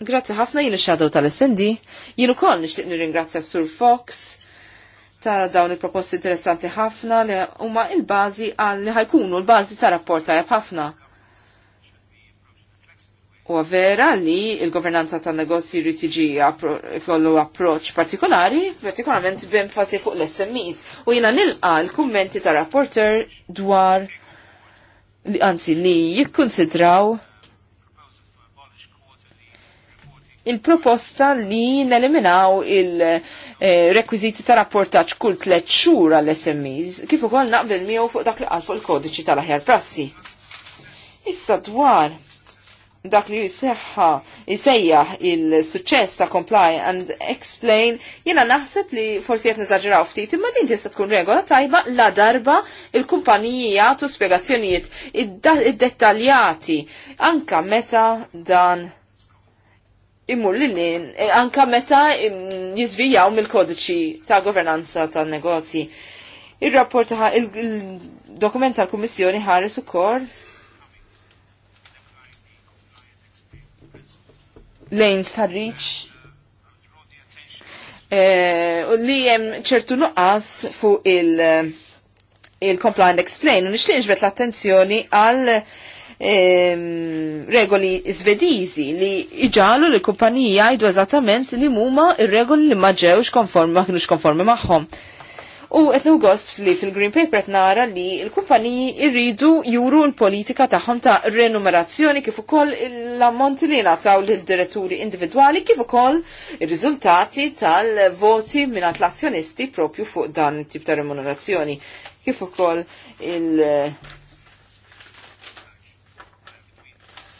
Grazzi ħafna jien ix-shadow tal-SND, jien ukoll nixtieq nirringrazzja Sur Fox ta' dawn il-proposti interessanti ħafna li huma il-bażi għal li ħajkunu l-bażi ta' rapport tajjeb ħafna. U vera li il-governanza tan negozji jrid tiġi kollu approċ partikolari, partikolarment b'enfasi fuq l-SMEs. U jina nilqa l-kummenti ta' rapporter dwar li anzi li jikkonsidraw il-proposta li neliminaw il-rekwiziti eh, ta' rapportaċ kull tlet xhur għall-SMEs kif ukoll naqbel miegħu fuq dak li qal fuq il-kodiċi tal-aħjar prassi. Issa dwar dak li jseħħa jisejjaħ il-suċċess ta' comply and explain, jena naħseb li forsi qed niżaġġeraw ftit, imma din tista' tkun regola tajba la darba il kumpanija jagħtu spjegazzjonijiet id-dettaljati anka meta dan immur li nien, eh, anka meta jizvijaw mill-kodiċi ta' governanza ta' negozji. Il-rapport il-dokument tal-Kummissjoni ħares ukoll lejn sarriċ eh, u li jem ċertu nuqqas fuq il- il-comply and explain u nixtieġ l-attenzjoni għal ehm, regoli svedizi li iġalu li kumpanija jdu eżattament li muma il regoli li maġewx konformi ma konformi magħhom. Ma U etnu għost li fil-Green Paper nara li l-kumpaniji irridu juru l-politika tagħhom ta' renumerazzjoni kif ukoll l ammont li nataw l diretturi individwali kif ukoll ir-riżultati tal-voti minn l-azzjonisti propju fuq dan it-tip ta' remunerazzjoni kif ukoll il-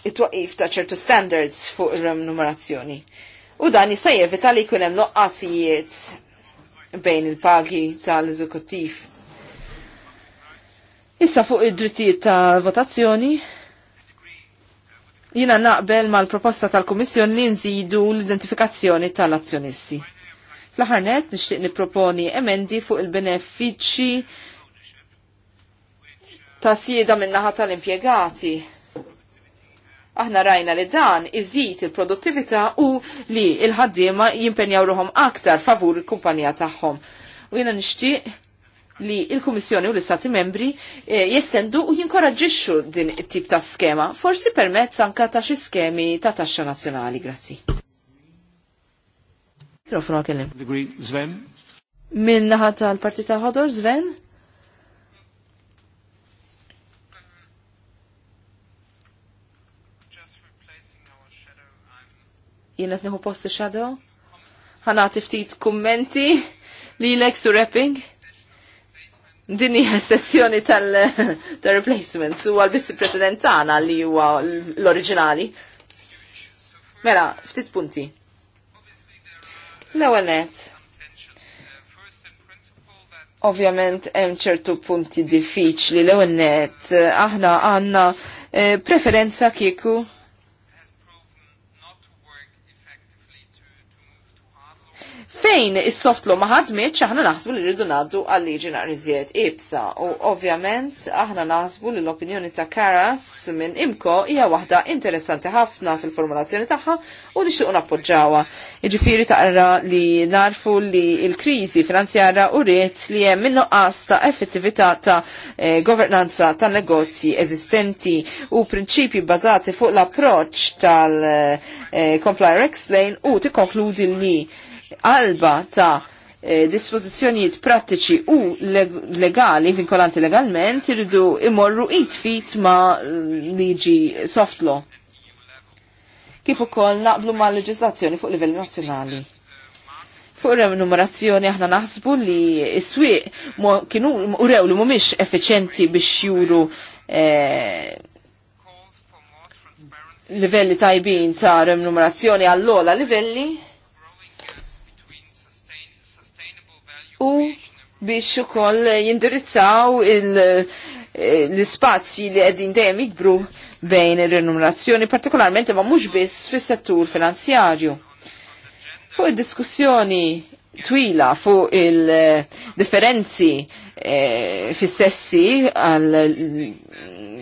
it-twaqif ta' ċertu standards fuq il-remunerazzjoni. U dan jista' jevita li jkun hemm noqqasijiet bejn il-pagi tal-eżekuttiv. Issa fuq id-drittijiet ta' votazzjoni, jina naqbel mal-proposta tal-Komissjoni li nżidu l-identifikazzjoni tal-azzjonisti. Fl-ħarnet nixtieq niproponi emendi fuq il-benefiċċji ta' sieda minnaħa tal-impjegati Aħna rajna li dan iżid il-produttività u li il-ħaddiema jimpenjaw ruhom aktar favur il-kumpanija tagħhom. U jiena nixtieq li il-Kummissjoni u l-Istati membri eh, jestendu u jinkoraġġixxu din it-tip ta' skema, forsi permezz anka ta' xi skemi ta' taxxa nazzjonali. Grazzi. Mikrofon kellim. minn naħa tal-partita ħodor, Sven? jienet neħu posti shadow. Ħanati ftit kummenti li l su rapping. Dini sessjoni tal-replacements [laughs] u għal-bissi president tagħna li huwa l-oriġinali. Mela, ftit punti. L-ewwel net. Ovvjament hemm ċertu punti diffiċli l ewwel net aħna għandna eh, preferenza kieku fejn is-soft law ma ħadmitx aħna naħsbu li rridu ngħaddu għal liġi naqriżiet ibsa u ovvjament aħna naħsbu li l-opinjoni ta' Karas minn imko hija waħda interessanti ħafna fil-formulazzjoni tagħha u nixtiequ nappoġġawha. Jiġifieri taqra li narfu li l-kriżi finanzjara u ried li hemm innuqqas ta' effettività ta' eh, governanza tan negozji eżistenti u prinċipji bbażati fuq l-approċċ tal-Complier eh, Explain u tikkonkludi li qalba ta' eh, dispożizzjonijiet prattiċi u legali, vinkolanti legalment, irridu imorru it-fit ma liġi soft law. Kif ukoll naqblu ma' leġislazzjoni fuq livell nazzjonali. Fuq remunerazzjoni aħna naħsbu li s-swieq kienu urew li mhumiex effiċenti biex juru eh, livelli tajbin ta' remunerazzjoni għall-ola livelli u biex ukoll jindirizzaw l-ispazji eh, li qegħdin dejjem jikbru bejn ir-renumerazzjoni, partikolarment ma mhux biss fis-settur finanzjarju. Fuq id-diskussjoni twila fuq il-differenzi eh, fis-sessi għal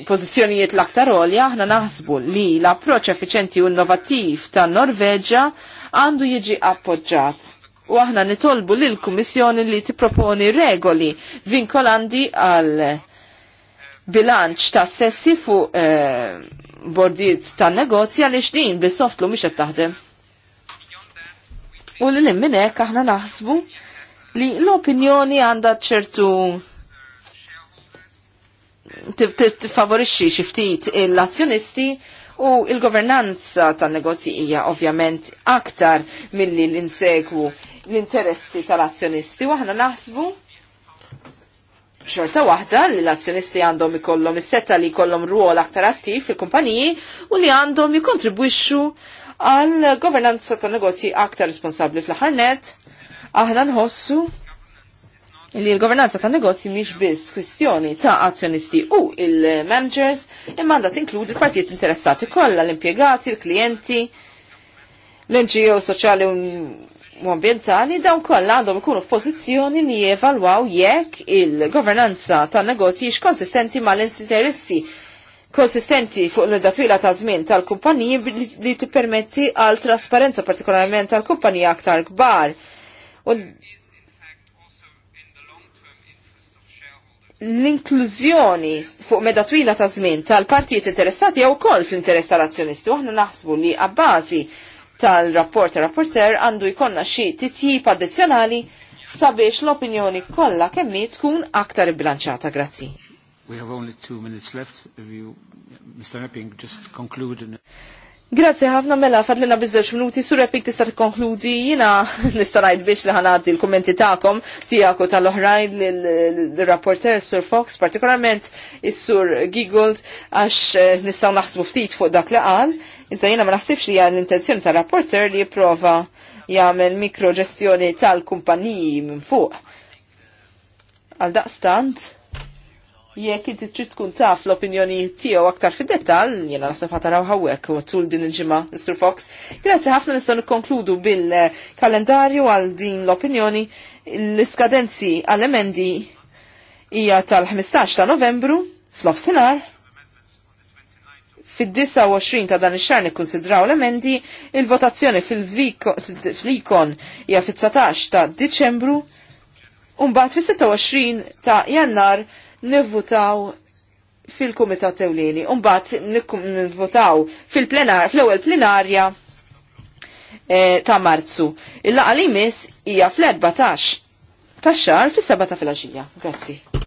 pożizzjonijiet l-aktar olja, aħna naħsbu li l-approċċ effiċenti u innovattiv tan-Norveġġa għandu jiġi appoġġat u aħna nitolbu lil kummissjoni li tipproponi regoli vinkolandi għal bilanċ ta' sessi fuq eh, bordiet ta' negozja għal xdin bi softlu miex qed taħdem. U li l-imminek aħna naħsbu li l-opinjoni għandha ċertu tiffavorixxi xi ftit l-azzjonisti u il-governanza tan negozji hija ovvjament aktar milli l-insegwu l-interessi tal-azzjonisti. Waħna naħsbu xorta waħda li l-azzjonisti għandhom ikollhom is-setta li jkollhom ruol aktar attiv fil-kumpaniji u li għandhom jikontribwixxu għal governanza ta' negozji aktar responsabbli fl-aħħar net, aħna nħossu li l-governanza ta' negozji mhix biss kwistjoni ta' azzjonisti u il-managers imma għandha tinkludi l-partijiet interessati kollha l-impjegati, l-klijenti, l-NGO soċjali ambientali dawn kollha għandhom ikunu f'pożizzjoni li jevalwaw jekk il-governanza tan-negozji x-konsistenti mal-interessi konsistenti fuq l edda twila ta' żmien tal-kumpaniji li tippermetti għal trasparenza partikolarment tal-kumpanija aktar kbar. L-inklużjoni fuq meda twila ta' żmien tal-partijiet interessati jew ukoll fl-interess tal-azzjonisti. Waħna naħsbu li għabbażi tal rapporter rapporter għandu jkonna xi titjib addizzjonali sabiex l-opinjoni kollha kemmi tkun aktar bilanċata. Grazzi. We have only two minutes left. If you, Mr. Epping, just conclude. Grazie ħafna mela fadlina bizzewġ minuti sur epik tista' tikkonkludi jiena [laughs] nista' ngħid biex li ħanaddi l-kummenti tagħkom tiegħu tal-oħrajn l-rapporter sur Fox, partikolarment is-sur Giggold għax eh, nistgħu naħsbu ftit fuq dak li qal, iżda jiena ma naħsibx li hija l-intenzjoni tar-rapporter li jipprova jagħmel mikroġestjoni tal-kumpaniji minn fuq. Għal daqstant, jekk inti trid tkun taf l opinjoni tiegħu aktar fid-dettall, jiena naħseb ħataraw hawnhekk u tul din il-ġimgħa, Mr. Fox. Grazzi ħafna nistgħu nikkonkludu bil-kalendarju għal din l-opinjoni. L-iskadenzi għall-emendi hija tal-15 ta' Novembru fl-ofsinhar fid-29 ta' dan ix-xahar nikkunsidraw l-emendi, il-votazzjoni fil-ikon hija fit-19 ta' Diċembru u mbagħad fis-26 ta' Jannar nivvutaw fil-Kumitat Ewlieni. Umbat nivvutaw fil-plenar, fl-ewwel plenarja eh, ta' Marzu. Il-laqa li hija fl-14 ta' xar fis sabata ta' filgħaxija. Grazzi.